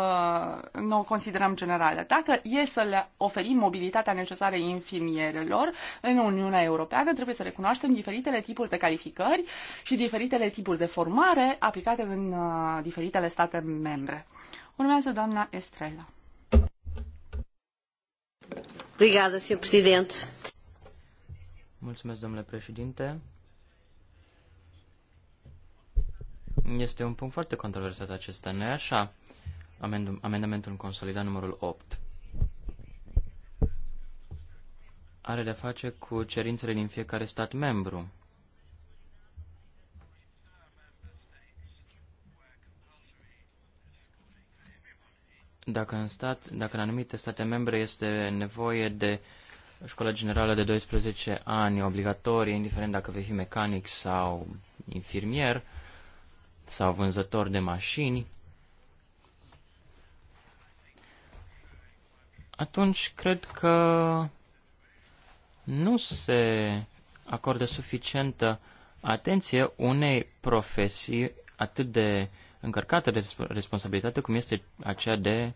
o considerăm generală. Dacă e să le oferim mobilitatea necesară infirmierelor în Uniunea Europeană, trebuie să recunoaștem diferitele tipuri de calificări și diferitele tipuri de formare aplicate în uh, diferitele state membre. Urmează doamna Estrela. Obrigada, Sr. Presidente. Mulțumesc, domnule președinte. Este un punct foarte controversat acesta, nu-i așa? Amendamentul consolidat numărul 8. Are de-a face cu cerințele din fiecare stat membru. Dacă în, stat, dacă în anumite state membre este nevoie de uh, școala generală de 12 ani obligatorie, indiferent dacă vei fi mecanic sau infirmier sau vânzător de mașini, atunci cred că nu se acordă suficientă atenție unei profesii atât de încărcată de responsabilitate cum este aceea de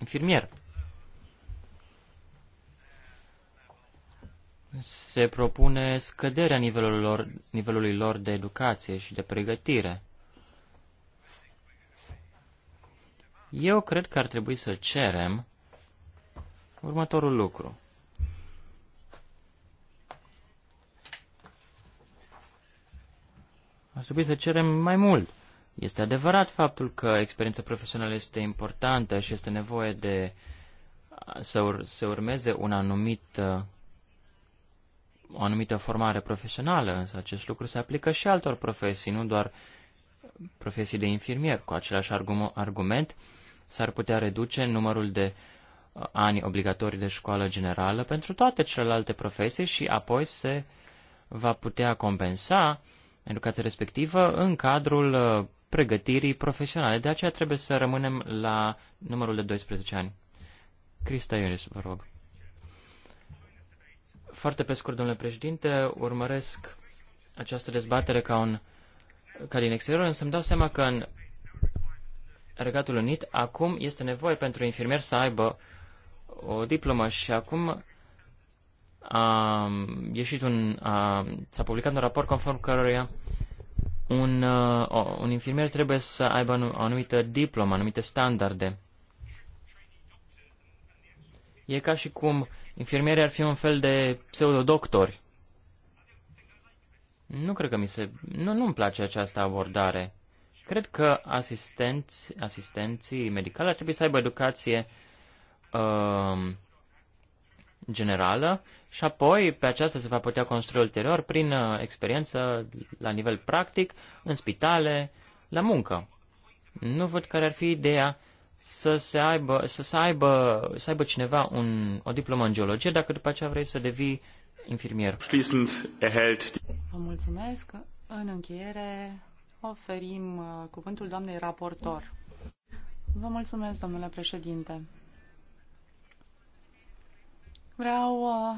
infirmier. se propune scăderea nivelurilor nivelului lor de educație și de pregătire. Eu cred că ar trebui să cerem următorul lucru. Ar trebui să cerem mai mult. Este adevărat faptul că experiența profesională este importantă și este nevoie de să, ur- să urmeze un anumit uh, o anumită formare profesională, însă acest lucru se aplică și altor profesii, nu doar profesii de infirmier. Cu același argument s-ar putea reduce numărul de uh, ani obligatorii de școală generală pentru toate celelalte profesii și apoi se va putea compensa educația respectivă în cadrul uh, pregătirii profesionale. De aceea trebuie să rămânem la numărul de 12 ani. Crista Ionis, vă rog. Foarte pe scurt, domnule președinte, urmăresc această dezbatere ca, un, ca din exterior, însă îmi dau seama că în Regatul Unit acum este nevoie pentru infirmier să aibă o diplomă și acum a ieșit un, a, s-a publicat un raport conform căruia un, un infirmier trebuie să aibă o anumită diplomă, anumite standarde. E ca și cum Infirmierii ar fi un fel de pseudodoctori. Nu cred că mi se... Nu, nu-mi place această abordare. Cred că asistenți, asistenții medicali ar trebui să aibă educație uh, generală și apoi pe aceasta se va putea construi ulterior prin uh, experiență la nivel practic, în spitale, la muncă. Nu văd care ar fi ideea să, se aibă, să, să, aibă, să aibă cineva un, o diplomă în geologie dacă după aceea vrei să devii infirmier. Vă mulțumesc. În încheiere oferim uh, cuvântul doamnei raportor. Vă mulțumesc, domnule președinte. Vreau uh,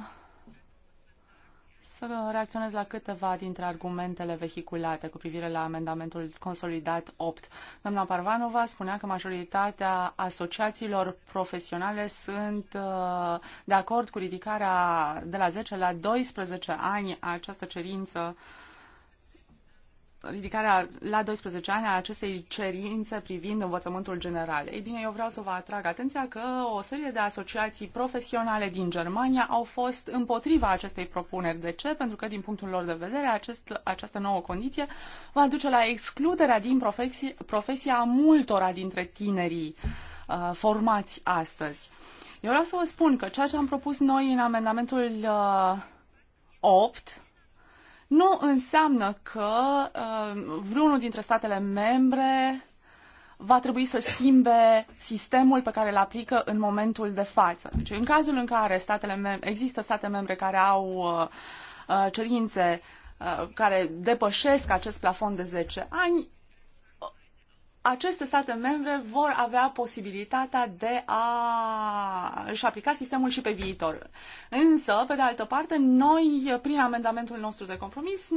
să reacționez la câteva dintre argumentele vehiculate cu privire la amendamentul consolidat 8. Doamna Parvanova spunea că majoritatea asociațiilor profesionale sunt uh, de acord cu ridicarea de la 10 la 12 ani a această cerință uh, ridicarea la 12 ani a acestei cerințe privind învățământul general. Ei bine, eu vreau să vă atrag atenția că o serie de asociații profesionale din Germania au fost împotriva acestei propuneri. De ce? Pentru că, din punctul lor de vedere, acest, această nouă condiție va duce la excluderea din profesie, profesia multora dintre tinerii uh, formați astăzi. Eu vreau să vă spun că ceea ce am propus noi în amendamentul uh, 8 nu înseamnă că uh, vreunul dintre statele membre va trebui să schimbe sistemul pe care îl aplică în momentul de față. Deci, în cazul în care statele mem- există state membre care au uh, uh cerințe uh, care depășesc acest plafon de 10 ani, aceste state membre vor avea posibilitatea de a își aplica sistemul și pe viitor. Însă, pe de altă parte, noi, prin amendamentul nostru de compromis,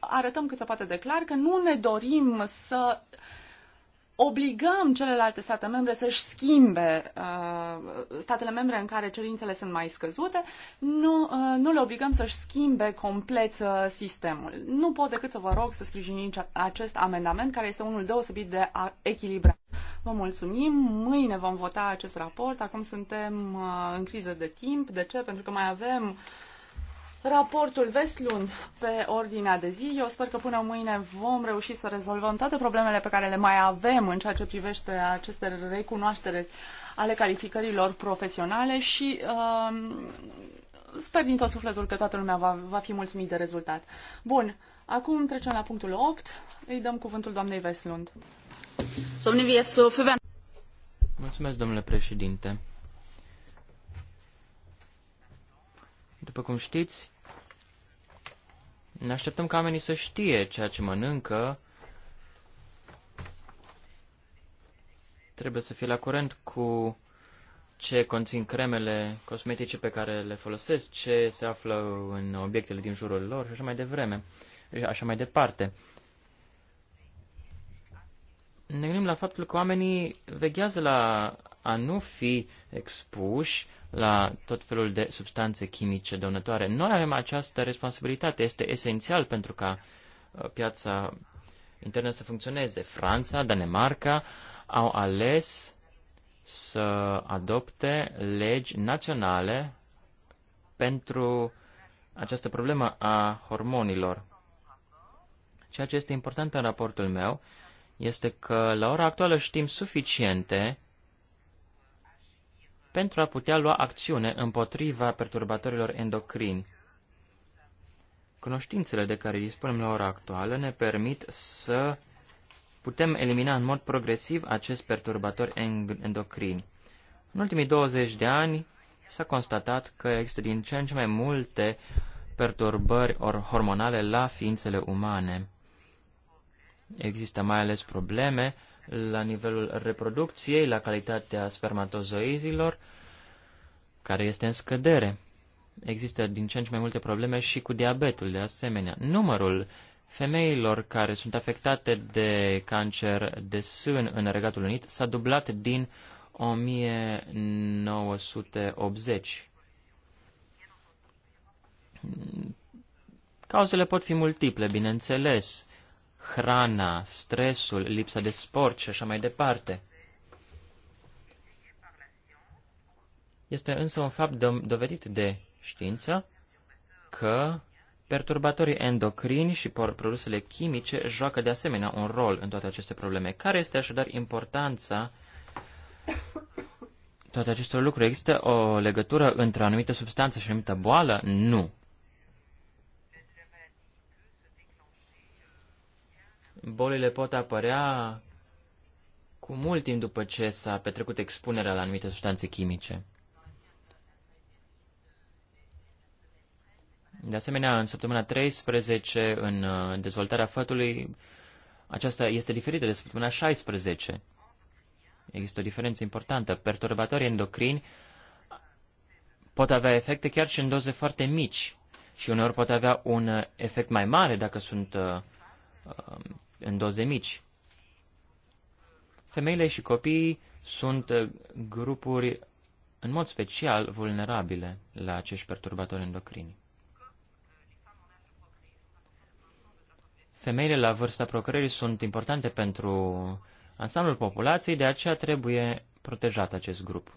arătăm cât se poate de clar că nu ne dorim să obligăm celelalte state membre să-și schimbe uh, statele membre în care cerințele sunt mai scăzute, nu, uh, nu le obligăm să-și schimbe complet uh, sistemul. Nu pot decât să vă rog să sprijiniți acest amendament, care este unul deosebit de echilibrat. Vă mulțumim, mâine vom vota acest raport, acum suntem în criză de timp. De ce? Pentru că mai avem uh, raportul Vestlund pe ordinea de zi. Eu sper că până mâine vom reuși să rezolvăm toate problemele pe care le mai avem în ceea ce privește aceste recunoaștere ale calificărilor profesionale și uh, sper din tot sufletul că toată lumea va, va fi mulțumit de rezultat. Bun, acum trecem la punctul 8. Îi dăm cuvântul doamnei Vestlund. Mulțumesc, domnule președinte. După cum știți, ne așteptăm ca oamenii să știe ceea ce mănâncă. Trebuie să fie la curent cu ce conțin cremele cosmetice pe care le folosesc, ce se află în obiectele din jurul lor și așa mai devreme, așa mai departe. Ne gândim la faptul că oamenii veghează la a nu fi expuși la tot felul de substanțe chimice dăunătoare. Noi avem această responsabilitate, este esențial pentru ca uh, piața internă să funcționeze. Franța, Danemarca au ales să adopte legi naționale pentru această problemă a hormonilor. Ceea ce este important în raportul meu este că la ora actuală știm suficiente pentru a putea lua acțiune împotriva perturbatorilor endocrini. Cunoștințele de care dispunem la ora actuală ne permit să putem elimina în mod progresiv acest perturbator endocrin. În ultimii 20 de ani s-a constatat că există din ce în ce mai multe perturbări hormonale la ființele umane. Există mai ales probleme la nivelul reproducției, la calitatea spermatozoizilor, care este în scădere. Există din ce în ce mai multe probleme și cu diabetul, de asemenea. Numărul femeilor care sunt afectate de cancer de sân în Regatul Unit s-a dublat din 1980. Cauzele pot fi multiple, bineînțeles hrana, stresul, lipsa de sport și așa mai departe. Este însă un fapt dovedit de știință că perturbatorii endocrini și produsele chimice joacă de asemenea un rol în toate aceste probleme. Care este așadar importanța toate acestor lucruri? Există o legătură între anumite anumită substanță și anumită boală? Nu. bolile pot apărea cu mult timp după ce s-a petrecut expunerea la anumite substanțe chimice. De asemenea, în săptămâna 13, în uh, dezvoltarea fătului, aceasta este diferită de săptămâna 16. Există o diferență importantă. Perturbatorii endocrini pot avea efecte chiar și în doze foarte mici și uneori pot avea un uh, efect mai mare dacă sunt uh, um, în doze mici. Femeile și copiii sunt uh, grupuri în mod special vulnerabile la acești perturbatori endocrini. Femeile la vârsta procreării sunt importante pentru ansamblul populației, de aceea trebuie protejat acest grup.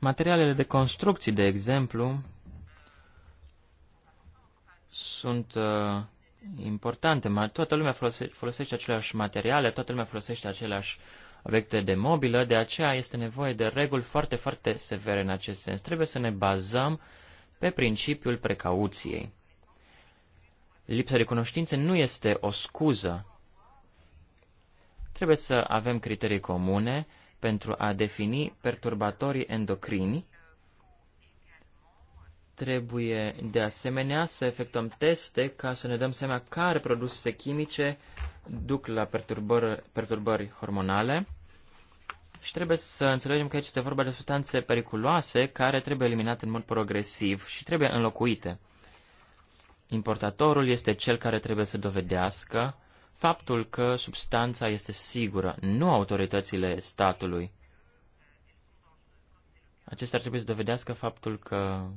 Materialele de construcții, de exemplu, sunt uh, importante. Toată lumea folose folosește aceleași materiale, toată lumea folosește aceleași obiecte de mobilă, de aceea este nevoie de reguli foarte, foarte severe în acest sens. Trebuie să ne bazăm pe principiul precauției. Lipsa de cunoștințe nu este o scuză. Trebuie să avem criterii comune pentru a defini perturbatorii endocrini. Trebuie de asemenea să efectuăm teste ca să ne dăm seama care produse chimice duc la perturbări, perturbări hormonale și trebuie să înțelegem că aici este vorba de substanțe periculoase care trebuie eliminate în mod progresiv și trebuie înlocuite. Importatorul este cel care trebuie să dovedească faptul că substanța este sigură, nu autoritățile statului. Acestea ar trebui să dovedească faptul că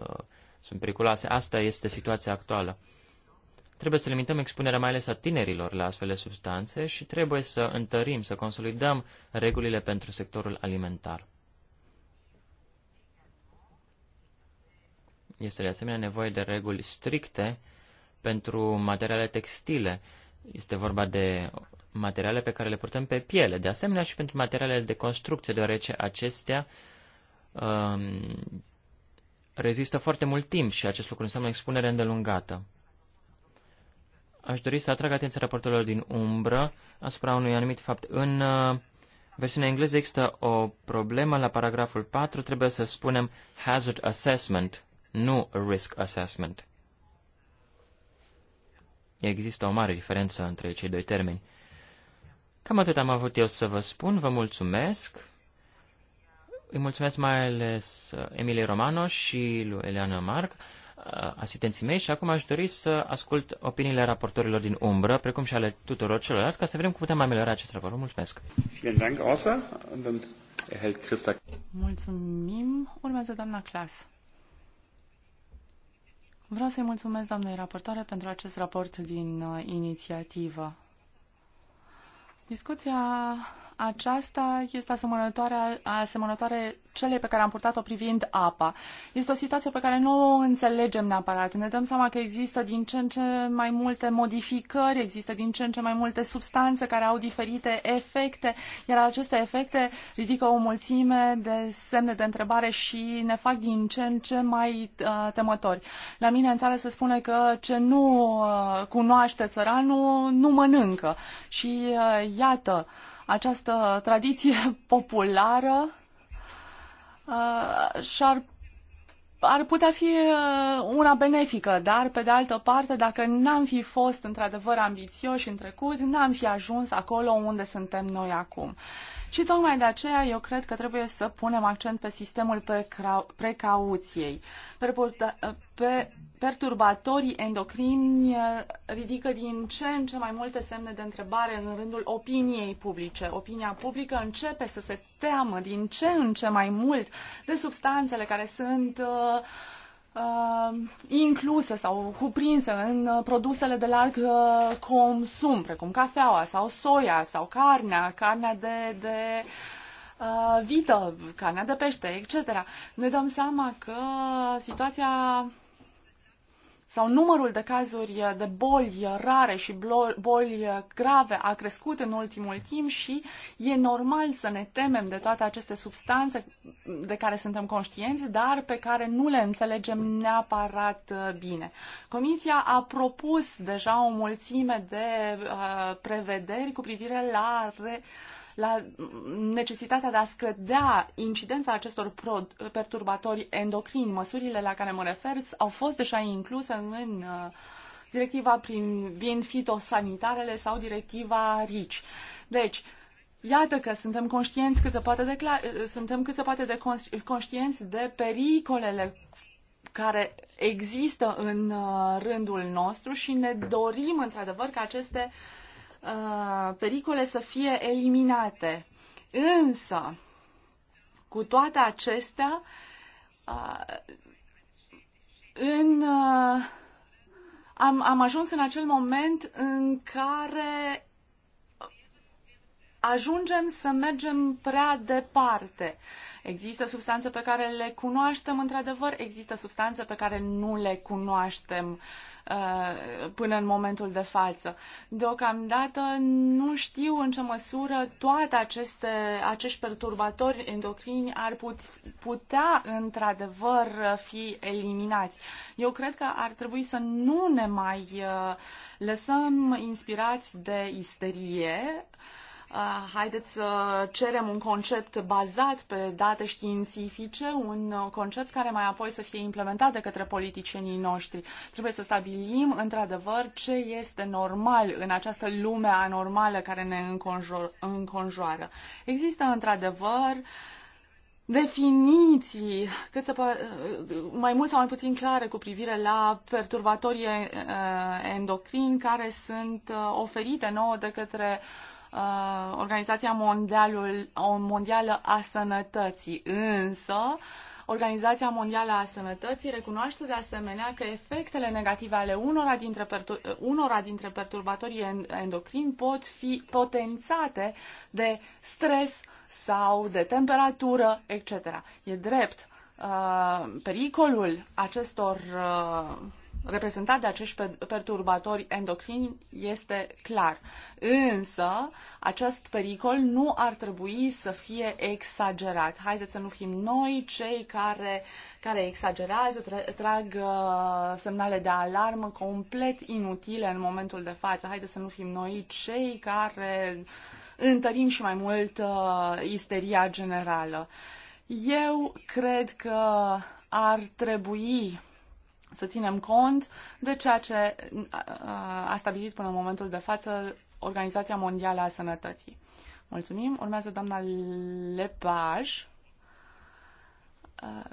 uh, sunt periculoase. Asta este situația actuală. Trebuie să limităm expunerea mai ales a tinerilor la astfel de substanțe și trebuie să întărim, să consolidăm regulile pentru sectorul alimentar. Este de asemenea nevoie de reguli stricte pentru materiale textile, este vorba de materiale pe care le purtăm pe piele, de asemenea și pentru materialele de construcție, deoarece acestea um, rezistă foarte mult timp și acest lucru înseamnă expunere îndelungată. Aș dori să atrag atenția raportelor din umbră asupra unui anumit fapt. În uh, versiunea engleză există o problemă la paragraful 4, trebuie să spunem hazard assessment, nu risk assessment. Există o mare diferență între cei doi termeni. Cam atât am avut eu să vă spun, vă mulțumesc. Îi mulțumesc mai ales uh, Emilie Romano și lui Eleana Marc, uh, asistenții mei, și acum aș dori să ascult opiniile raportorilor din umbră, precum și ale tuturor celorlalți, ca să vedem cum putem ameliora acest raport. Mulțumesc! Mulțumim! Urmează doamna Clas. Vreau să-i mulțumesc doamnei raportoare pentru acest raport din uh, inițiativă. Discuția aceasta este asemănătoare, asemănătoare celei pe care am purtat-o privind apa. Este o situație pe care nu o înțelegem neapărat. Ne dăm seama că există din ce în ce mai multe modificări, există din ce în ce mai multe substanțe care au diferite efecte, iar aceste efecte ridică o mulțime de semne de întrebare și ne fac din ce în ce mai uh, temători. La mine în țară se spune că ce nu uh, cunoaște țăranul nu mănâncă. Și uh, iată, uh, această tradiție populară uh, și-ar ar putea fi uh, una benefică, dar pe de altă parte, dacă n-am fi fost într-adevăr ambițioși în trecut, n-am fi ajuns acolo unde suntem noi acum. Și tocmai de aceea eu cred că trebuie să punem accent pe sistemul precauției, pe, perturbatorii endocrini eh, ridică din ce în ce mai multe semne de întrebare în rândul opiniei publice. Opinia publică începe să se teamă din ce în ce mai mult de substanțele care sunt uh, uh, incluse sau cuprinse în produsele de larg uh, consum, precum cafeaua sau soia sau carnea, carnea de, de vită, carnea de pește, etc. Ne dăm seama că situația sau numărul de cazuri uh, de boli uh, rare și boli uh, grave a crescut în ultimul timp și e normal să ne temem de toate aceste substanțe de care suntem conștienți, dar pe care nu le înțelegem neapărat bine. Comisia a propus deja o mulțime de prevederi cu privire la re- la necesitatea de a scădea incidența acestor perturbatori endocrini. Măsurile la care mă refer au fost deja incluse în uh, directiva privind fitosanitarele sau directiva RICI. Deci, Iată că suntem conștienți cât se poate de, clar, uh, suntem cât se poate de conștienți de pericolele care există în uh, rândul nostru și ne dorim într-adevăr ca aceste uh, Uh, pericole să fie eliminate. Însă, cu toate acestea, uh, în, uh, am, am ajuns în acel moment în care ajungem să mergem prea departe. Există substanțe pe care le cunoaștem într-adevăr, există substanțe pe care nu le cunoaștem. Uh, Uh, până în momentul de față. Deocamdată nu știu în ce măsură toate aceste, acești perturbatori endocrini ar put, putea într-adevăr fi eliminați. Eu cred că ar trebui să nu ne mai uh, lăsăm inspirați de isterie, uh, Uh, haideți să cerem un concept bazat pe date științifice, un concept care mai apoi să fie implementat de către politicienii noștri. Trebuie să stabilim, într-adevăr, ce este normal în această lume anormală care ne înconjo- înconjoară. Există, într-adevăr, definiții cât să, mai mult sau mai puțin clare cu privire la perturbatorii uh, endocrini care sunt uh, oferite nouă de către uh, Uh, Organizația Mondială a Sănătății, însă Organizația Mondială a Sănătății recunoaște de asemenea că efectele negative ale unora dintre, pertur- unora dintre perturbatorii endocrini pot fi potențate de stres sau de temperatură, etc. E drept. Uh, pericolul acestor uh, reprezentat de acești perturbatori endocrini este clar. Însă, acest pericol nu ar trebui să fie exagerat. Haideți să nu fim noi cei care, care exagerează, trag uh, semnale de alarmă complet inutile în momentul de față. Haideți să nu fim noi cei care întărim și mai mult uh, isteria generală. Eu cred că ar trebui să ținem cont de ceea ce a stabilit până în momentul de față Organizația Mondială a Sănătății. Mulțumim. Urmează doamna Lepaj.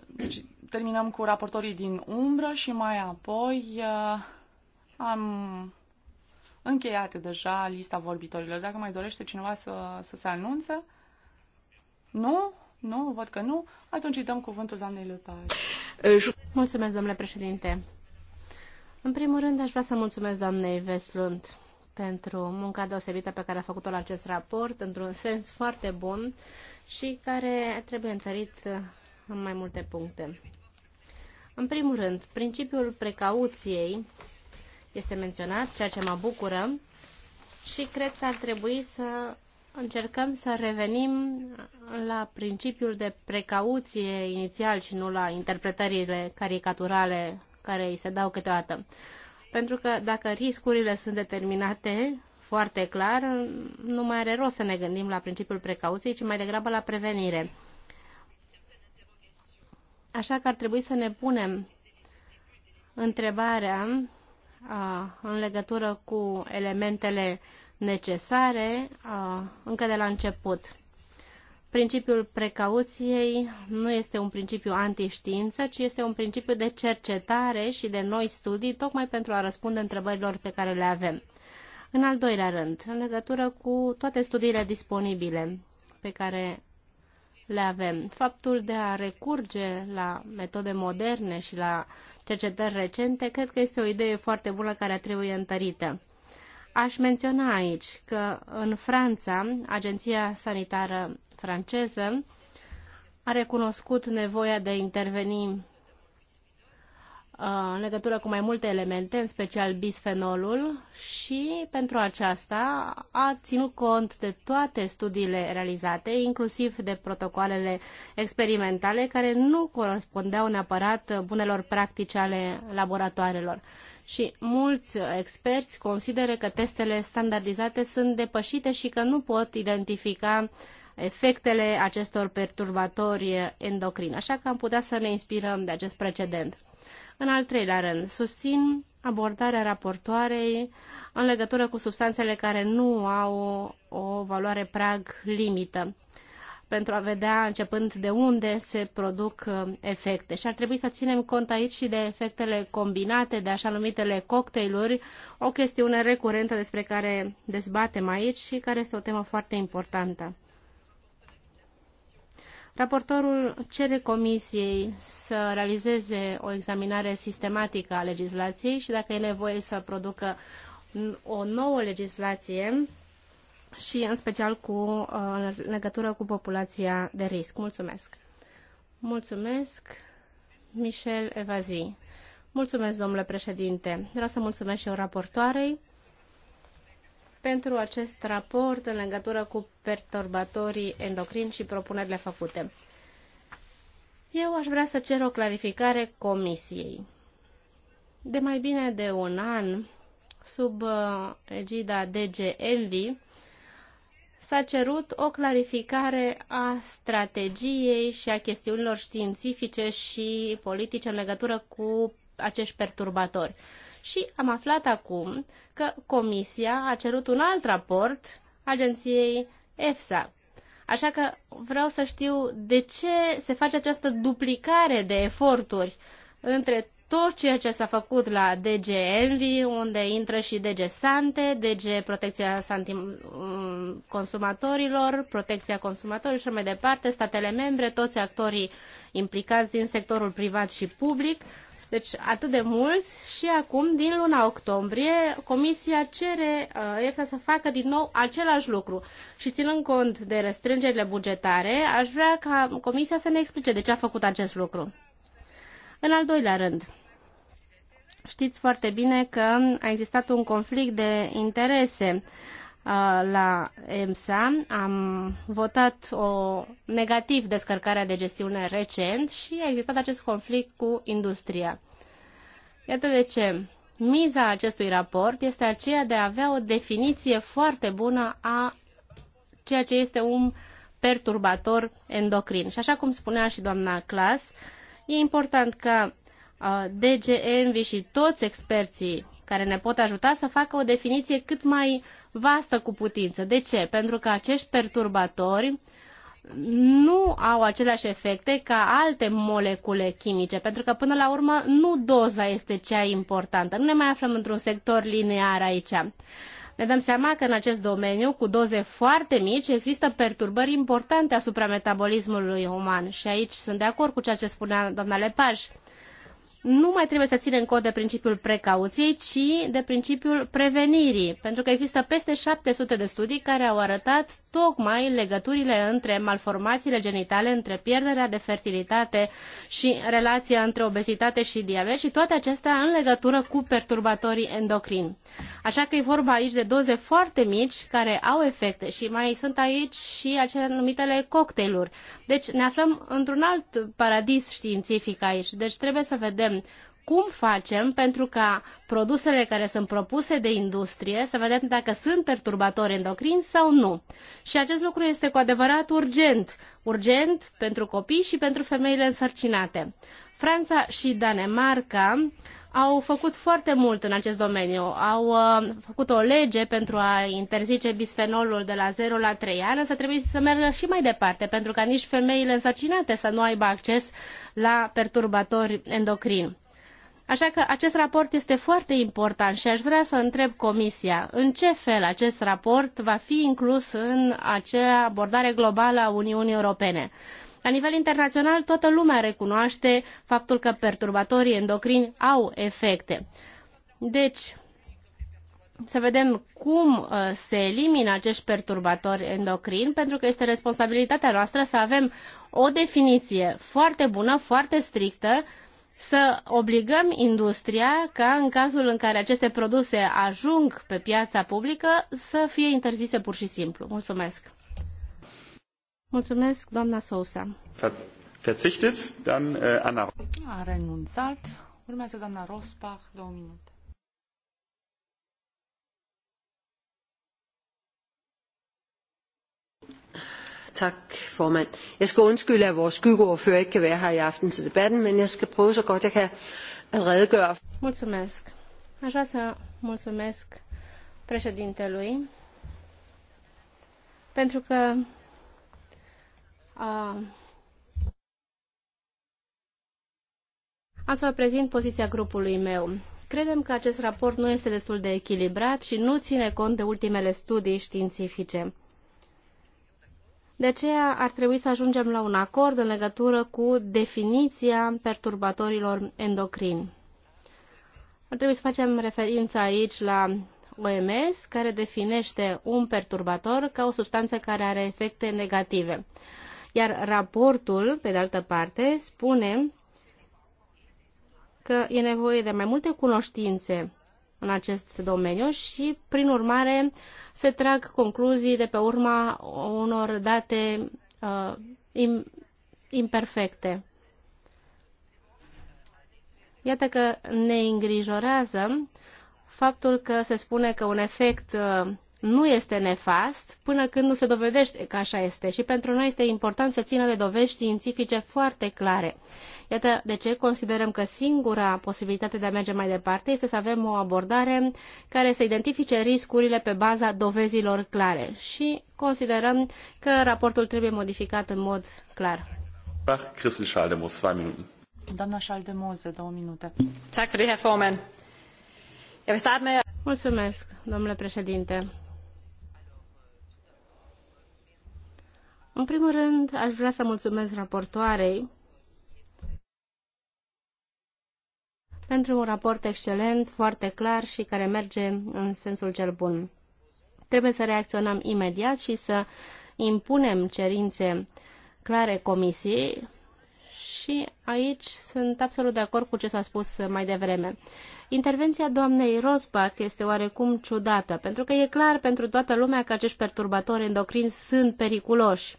Deci terminăm cu raportorii din umbră și mai apoi am încheiat deja lista vorbitorilor. Dacă mai dorește cineva să, să se anunțe, nu? Nu? Văd că nu. Atunci îi dăm cuvântul doamnei Lepage. Eh, mulțumesc, domnule președinte. În primul rând, aș vrea să mulțumesc doamnei Veslund pentru munca deosebită pe care a făcut-o la acest raport, într-un sens foarte bun și care trebuie întărit eh, în mai multe puncte. În primul rând, principiul precauției este menționat, ceea ce mă bucură și cred că ar trebui să încercăm să revenim la principiul de precauție inițial și nu la interpretările caricaturale care îi se dau câteodată. Pentru că dacă riscurile sunt determinate foarte clar, nu mai are rost să ne gândim la principiul precauției, ci mai degrabă la prevenire. Așa că ar trebui să ne punem întrebarea a, în legătură cu elementele uh, necesare încă de la început. Principiul precauției nu este un principiu antiștiință, ci este un principiu de cercetare și de noi studii, tocmai pentru a răspunde întrebărilor pe care le avem. În al doilea rând, în legătură cu toate studiile disponibile pe care le avem, faptul de a recurge la metode moderne și la cercetări recente, cred că este o idee foarte bună care trebuie întărită. Aș menționa aici că în Franța, Agenția Sanitară franceză a recunoscut nevoia de a interveni uh, în legătură cu mai multe elemente, în special bisfenolul, și pentru aceasta a ținut cont de toate studiile realizate, inclusiv de protocoalele experimentale, care nu corespundeau neapărat bunelor practici ale laboratoarelor și mulți experți consideră că testele standardizate sunt depășite și că nu pot identifica efectele acestor perturbatori endocrini, așa că am putea să ne inspirăm de acest precedent. În al treilea rând, susțin abordarea raportoarei în legătură cu substanțele care nu au o, o valoare prag limită pentru a vedea începând de unde se produc uh, efecte. Și ar trebui să ținem cont aici și de efectele combinate, de așa numitele cocktailuri, o chestiune recurentă despre care dezbatem aici și care este o temă foarte importantă. Raportorul cere Comisiei să realizeze o examinare sistematică a legislației și dacă e nevoie să producă o nouă legislație și în special cu, uh, în legătură cu populația de risc. Mulțumesc! Mulțumesc, Michel Evazi. Mulțumesc, domnule președinte. Vreau să mulțumesc și eu raportoarei pentru acest raport în legătură cu perturbatorii endocrini și propunerile făcute. Eu aș vrea să cer o clarificare comisiei. De mai bine de un an, sub uh, egida DG s-a cerut o clarificare a strategiei și a chestiunilor științifice și politice în legătură cu acești perturbatori. Și am aflat acum că Comisia a cerut un alt raport agenției EFSA. Așa că vreau să știu de ce se face această duplicare de eforturi între tot ceea ce s-a făcut la DG Envy, unde intră și DG Sante, DG Protecția Santim, mm, Consumatorilor, Protecția Consumatorilor și mai departe, statele membre, toți actorii implicați din sectorul privat și public. Deci atât de mulți și acum, din luna octombrie, Comisia cere uh, EFSA să facă din nou același lucru. Și ținând cont de restrângerile bugetare, aș vrea ca Comisia să ne explice de ce a făcut acest lucru. În al doilea rând, Știți foarte bine că a existat un conflict de interese uh, la EMSA. Am votat o negativ descărcarea de gestiune recent și a existat acest conflict cu industria. Iată de ce. Miza acestui raport este aceea de a avea o definiție foarte bună a ceea ce este un perturbator endocrin. Și așa cum spunea și doamna Clas, e important ca DG Envi și toți experții care ne pot ajuta să facă o definiție cât mai vastă cu putință. De ce? Pentru că acești perturbatori nu au aceleași efecte ca alte molecule chimice, pentru că până la urmă nu doza este cea importantă. Nu ne mai aflăm într-un sector linear aici. Ne dăm seama că în acest domeniu, cu doze foarte mici, există perturbări importante asupra metabolismului uman și aici sunt de acord cu ceea ce spunea doamna Lepaj nu mai trebuie să ținem cont de principiul precauției, ci de principiul prevenirii, pentru că există peste 700 de studii care au arătat tocmai legăturile între malformațiile genitale, între pierderea de fertilitate și relația între obezitate și diabet și toate acestea în legătură cu perturbatorii endocrini. Așa că e vorba aici de doze foarte mici care au efecte și mai sunt aici și acele numitele cocktailuri. Deci ne aflăm într-un alt paradis științific aici, deci trebuie să vedem vedem cum facem pentru ca produsele care sunt propuse de industrie să vedem dacă sunt perturbatori endocrini sau nu. Și acest lucru este cu adevărat urgent. Urgent pentru copii și pentru femeile însărcinate. Franța și Danemarca au făcut foarte mult în acest domeniu. Au uh, făcut o lege pentru a interzice bisfenolul de la 0 la 3 ani, însă trebuie să meargă și mai departe, pentru ca nici femeile însărcinate să nu aibă acces la perturbatori endocrini. Așa că acest raport este foarte important și aș vrea să întreb Comisia în ce fel acest raport va fi inclus în acea abordare globală a Uniunii Europene. La nivel internațional, toată lumea recunoaște faptul că perturbatorii endocrini au efecte. Deci, să vedem cum uh, se elimină acești perturbatori endocrini, pentru că este responsabilitatea noastră să avem o definiție foarte bună, foarte strictă, să obligăm industria ca în cazul în care aceste produse ajung pe piața publică să fie interzise pur și simplu. Mulțumesc! Mulțumesc, doamna Sousa. Verzichtet, dann uh, Anna. A renunțat. Urmează doamna Rosbach, două minute. Tak, formand. Jeg skal undskylde, at vores skyggeordfører ikke kan være her i aften til debatten, men jeg skal prøve så godt jeg kan at redegøre. Mulțumesc. Aș vrea să mulțumesc președintelui pentru că a... Am să vă prezint poziția grupului meu. Credem că acest raport nu este destul de echilibrat și nu ține cont de ultimele studii științifice. De aceea ar trebui să ajungem la un acord în legătură cu definiția perturbatorilor endocrini. Ar trebui să facem referință aici la OMS, care definește un perturbator ca o substanță care are efecte negative. Iar raportul, pe de altă parte, spune că e nevoie de mai multe cunoștințe în acest domeniu și, prin urmare, se trag concluzii de pe urma unor date uh, imperfecte. Iată că ne îngrijorează faptul că se spune că un efect uh, nu este nefast până când nu se dovedește că așa este și pentru noi este important să țină de dovești științifice foarte clare. Iată de ce considerăm că singura posibilitate de a merge mai departe este să avem o abordare care să identifice riscurile pe baza dovezilor clare și considerăm că raportul trebuie modificat în mod clar. 2 minute. Doamna Schaldemose, două minute. Mulțumesc, domnule președinte. În primul rând, aș vrea să mulțumesc raportoarei pentru un raport excelent, foarte clar și care merge în sensul cel bun. Trebuie să reacționăm imediat și să impunem cerințe clare comisiei și aici sunt absolut de acord cu ce s-a spus mai devreme. Intervenția doamnei Rosbach este oarecum ciudată, pentru că e clar pentru toată lumea că acești perturbatori endocrini sunt periculoși.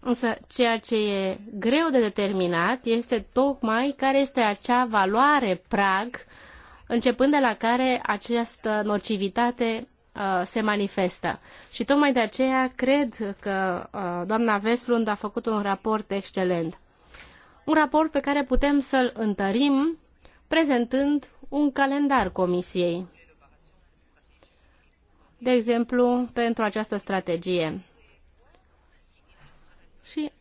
Însă ceea ce e greu de determinat este tocmai care este acea valoare prag începând de la care această nocivitate Uh, se manifestă. Și tocmai de aceea cred că uh, doamna Veslund a făcut un raport excelent. Un raport pe care putem să-l întărim prezentând un calendar comisiei. De exemplu, pentru această strategie. Și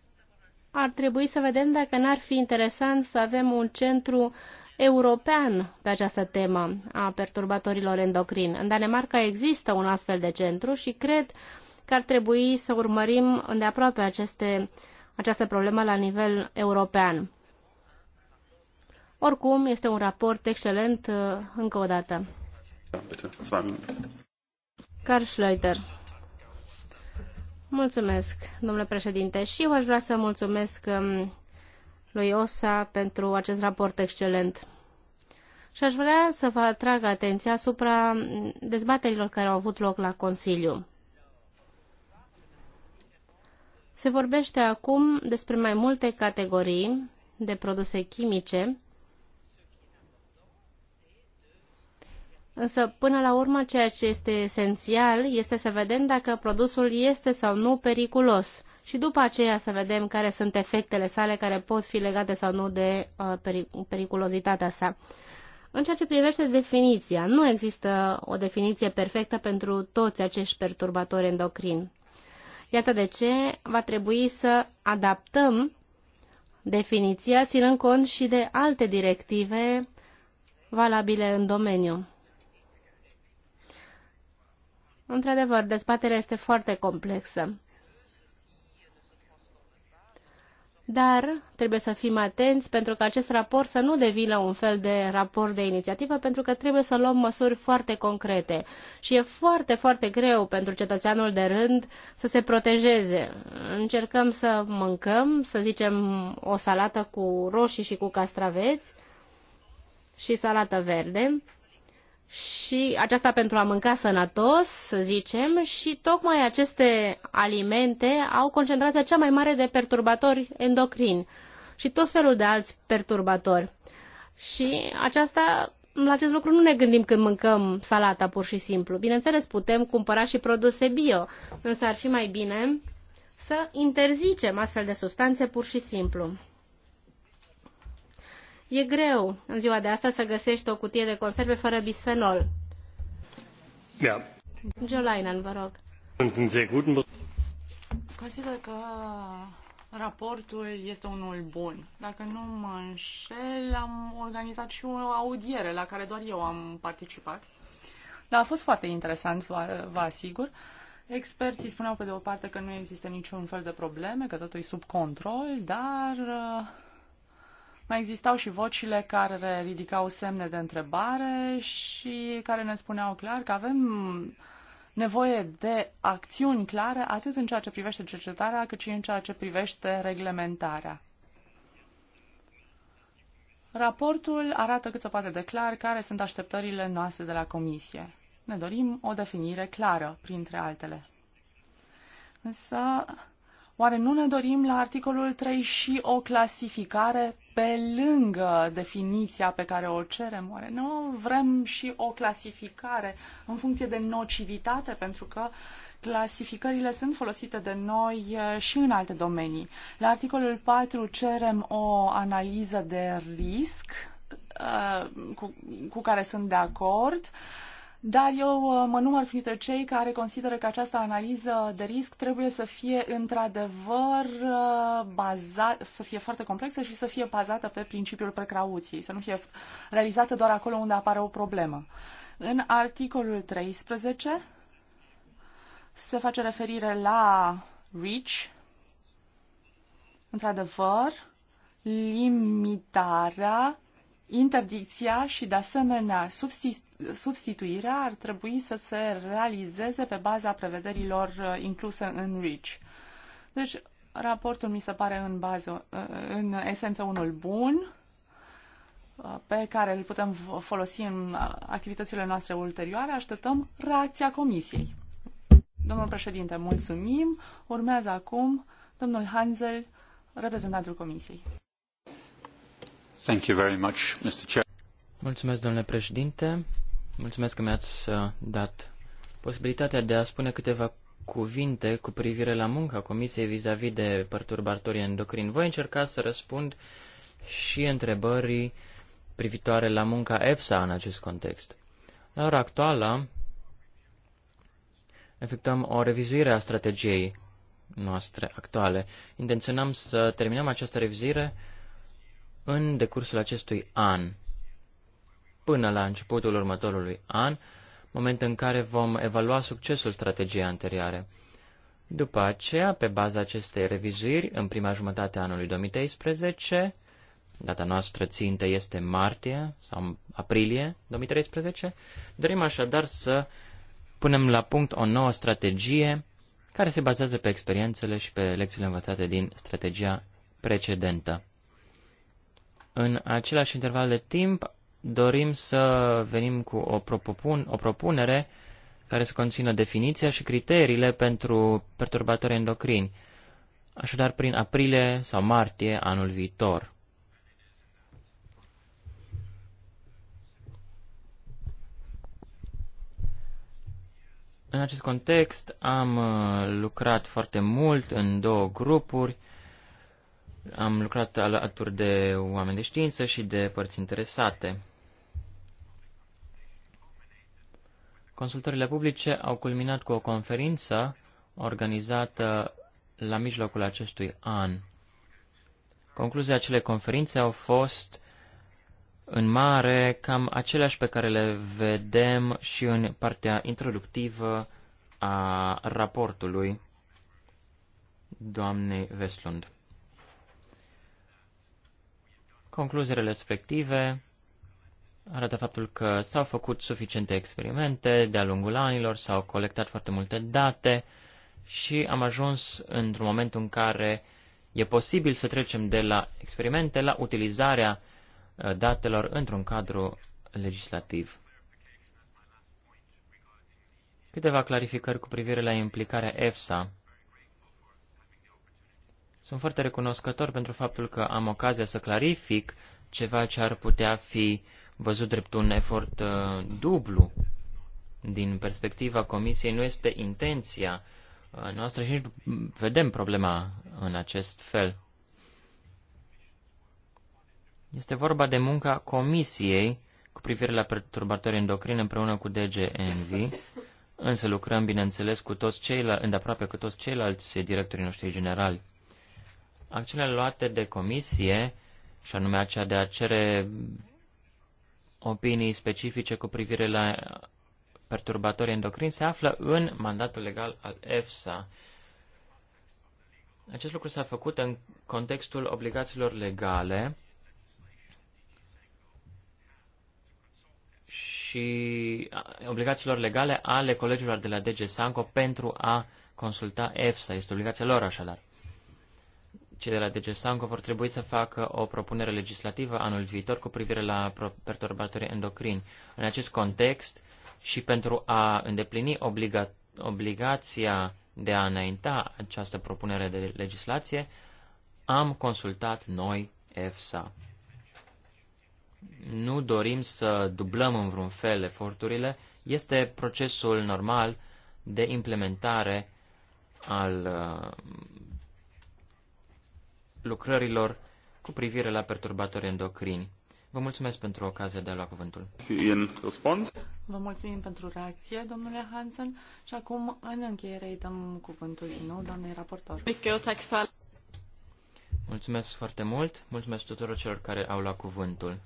ar trebui să vedem dacă n-ar fi interesant să avem un centru european pe această temă a perturbatorilor endocrini. În Danemarca există un astfel de centru și cred că ar trebui să urmărim îndeaproape aceste, această problemă la nivel european. Oricum, este un raport excelent uh, încă o dată. Carl Schleuter. Mulțumesc, domnule președinte, și eu aș vrea să mulțumesc um, lui Osa pentru acest raport excelent. Și aș vrea să vă atrag atenția asupra dezbaterilor care au avut loc la Consiliu. Se vorbește acum despre mai multe categorii de produse chimice, însă până la urmă ceea ce este esențial este să vedem dacă produsul este sau nu periculos și după aceea să vedem care sunt efectele sale care pot fi legate sau nu de uh, periculozitatea sa. În ceea ce privește definiția, nu există o definiție perfectă pentru toți acești perturbatori endocrini. Iată de ce va trebui să adaptăm definiția, ținând cont și de alte directive valabile în domeniu. Într-adevăr, dezbaterea este foarte complexă. dar trebuie să fim atenți pentru că acest raport să nu devină un fel de raport de inițiativă, pentru că trebuie să luăm măsuri foarte concrete. Și e foarte, foarte greu pentru cetățeanul de rând să se protejeze. Încercăm să mâncăm, să zicem, o salată cu roșii și cu castraveți și salată verde și aceasta pentru a mânca sănătos, să zicem, și tocmai aceste alimente au concentrația cea mai mare de perturbatori endocrini și tot felul de alți perturbatori. Și aceasta, la acest lucru nu ne gândim când mâncăm salata pur și simplu. Bineînțeles, putem cumpăra și produse bio, însă ar fi mai bine să interzicem astfel de substanțe pur și simplu. E greu în ziua de asta să găsești o cutie de conserve fără bisfenol. Da. Jolainen, vă rog. Consider că raportul este unul bun. Dacă nu mă înșel, am organizat și o audiere la care doar eu am participat. Dar a fost foarte interesant, vă, vă asigur. Experții spuneau pe de o parte că nu există niciun fel de probleme, că totul e sub control, dar uh, mai existau și vocile care ridicau semne de întrebare și care ne spuneau clar că avem nevoie de acțiuni clare atât în ceea ce privește cercetarea cât și în ceea ce privește reglementarea. Raportul arată cât se poate de clar care sunt așteptările noastre de la Comisie. Ne dorim o definire clară, printre altele. Însă, Oare nu ne dorim la articolul 3 și o clasificare pe lângă definiția pe care o cerem? Oare nu vrem și o clasificare în funcție de nocivitate? Pentru că clasificările sunt folosite de noi și în alte domenii. La articolul 4 cerem o analiză de risc cu, cu care sunt de acord dar eu uh, mă număr printre cei care consideră că această analiză de risc trebuie să fie într-adevăr uh, bazată, să fie foarte complexă și să fie bazată pe principiul precauției, să nu fie realizată doar acolo unde apare o problemă. În articolul 13 se face referire la REACH, într-adevăr, limitarea interdicția și, de asemenea, substituirea ar trebui să se realizeze pe baza prevederilor uh, incluse în REACH. Deci, raportul mi se pare în, bază, uh, în esență unul bun, uh, pe care îl putem folosi în activitățile noastre ulterioare. Așteptăm reacția Comisiei. Domnul președinte, mulțumim. Urmează acum domnul Hansel, reprezentantul Comisiei. Mulțumesc, domnule președinte. Mulțumesc că mi-ați uh, dat posibilitatea de a spune câteva cuvinte cu privire la munca Comisiei vis-a-vis de perturbatorii endocrini. Voi încerca să răspund și întrebării privitoare la munca EFSA în acest context. La ora actuală, efectuăm o revizuire a strategiei noastre actuale. Intenționam să terminăm această revizuire în decursul acestui an, până la începutul următorului an, moment în care vom evalua succesul strategiei anterioare. După aceea, pe baza acestei revizuiri, în prima jumătate a anului 2013, data noastră țintă este martie sau aprilie 2013, dorim așadar să punem la punct o nouă strategie care se bazează pe experiențele și pe lecțiile învățate din strategia precedentă. În același interval de timp, dorim să venim cu o, propun, o propunere care să conțină definiția și criteriile pentru perturbatori endocrini, așadar prin aprilie sau martie anul viitor. În acest context am uh, lucrat foarte mult în două grupuri am lucrat alături de oameni de știință și de părți interesate. Consultările publice au culminat cu o conferință organizată la mijlocul acestui an. Concluzia acelei conferințe au fost în mare cam aceleași pe care le vedem și în partea introductivă a raportului doamnei Veslund. Concluziile respective arată faptul că s-au făcut suficiente experimente de-a lungul anilor, s-au colectat foarte multe date și am ajuns într-un moment în care e posibil să trecem de la experimente la utilizarea uh, datelor într-un cadru legislativ. Câteva clarificări cu privire la implicarea EFSA sunt foarte recunoscător pentru faptul că am ocazia să clarific ceva ce ar putea fi văzut drept un efort uh, dublu. Din perspectiva Comisiei nu este intenția uh, noastră și vedem problema în acest fel. Este vorba de munca Comisiei cu privire la perturbatorii endocrini împreună cu Envy, însă lucrăm, bineînțeles, cu toți ceilalți, îndeaproape cu toți ceilalți directorii noștri generali acțiunile luate de comisie, și anume aceea de a cere opinii specifice cu privire la perturbatorii endocrini, se află în mandatul legal al EFSA. Acest lucru s-a făcut în contextul obligațiilor legale și obligațiilor legale ale colegilor de la DG Sanco pentru a consulta EFSA. Este obligația lor așadar cei de la DG Sanco vor trebui să facă o propunere legislativă anul viitor cu privire la perturbatorii endocrini. În acest context și pentru a îndeplini obliga obligația de a înainta această propunere de legislație, am consultat noi EFSA. Nu dorim să dublăm în vreun fel eforturile, este procesul normal de implementare al uh, lucrărilor cu privire la perturbatori endocrini. Vă mulțumesc pentru ocazia de a lua cuvântul. În răspuns. Vă mulțumim pentru reacție, domnule Hansen. Și acum, în încheiere, îi dăm cuvântul din nou, doamnei raportor. Mulțumesc foarte mult. Mulțumesc tuturor celor care au luat cuvântul.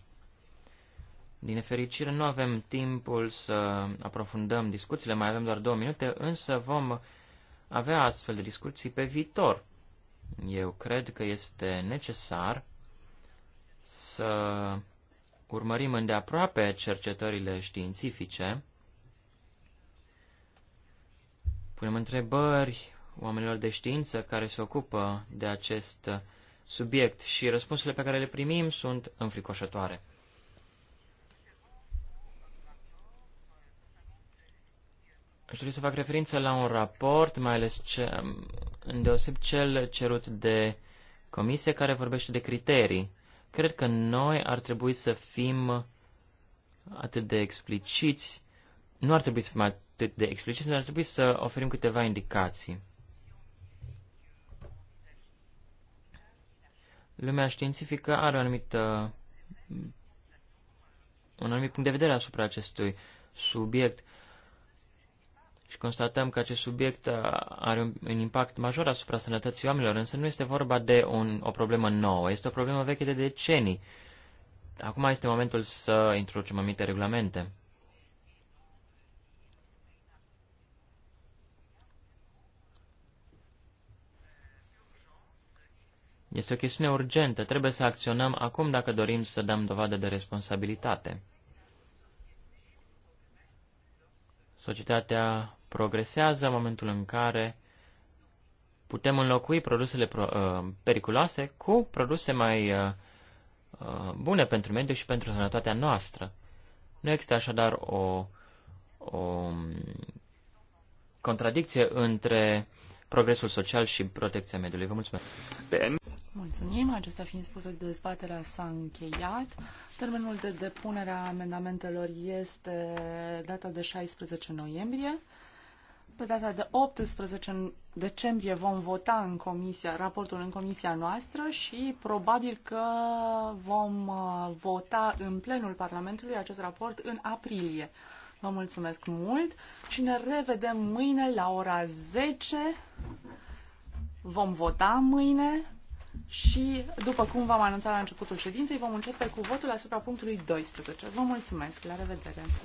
Din nefericire, nu avem timpul să aprofundăm discuțiile, mai avem doar două minute, însă vom avea astfel de discuții pe viitor. Eu cred că este necesar să urmărim îndeaproape cercetările științifice, punem întrebări oamenilor de știință care se ocupă de acest subiect și răspunsurile pe care le primim sunt înfricoșătoare. Aș dori să fac referință la un raport, mai ales ce, îndeoseb cel cerut de comisie care vorbește de criterii. Cred că noi ar trebui să fim atât de expliciți, nu ar trebui să fim atât de expliciți, dar ar trebui să oferim câteva indicații. Lumea științifică are o anumită, un anumit punct de vedere asupra acestui subiect și constatăm că acest subiect are un impact major asupra sănătății oamenilor, însă nu este vorba de un, o problemă nouă, este o problemă veche de decenii. Acum este momentul să introducem anumite regulamente. Este o chestiune urgentă, trebuie să acționăm acum dacă dorim să dăm dovadă de responsabilitate. Societatea progresează în momentul în care putem înlocui produsele pro, uh, periculoase cu produse mai uh, uh, bune pentru mediu și pentru sănătatea noastră. Nu există așadar o, o contradicție între progresul social și protecția mediului. Vă mulțumesc! Ben. Mulțumim! Acesta fiind spusă, dezbaterea s-a încheiat. Termenul de depunere a amendamentelor este data de 16 noiembrie. Pe data de 18 decembrie vom vota în comisia, raportul în comisia noastră și probabil că vom uh, vota în plenul Parlamentului acest raport în aprilie. Vă mulțumesc mult și ne revedem mâine la ora 10. Vom vota mâine și, după cum v-am anunțat la începutul ședinței, vom începe cu votul asupra punctului 12. Vă mulțumesc! La revedere!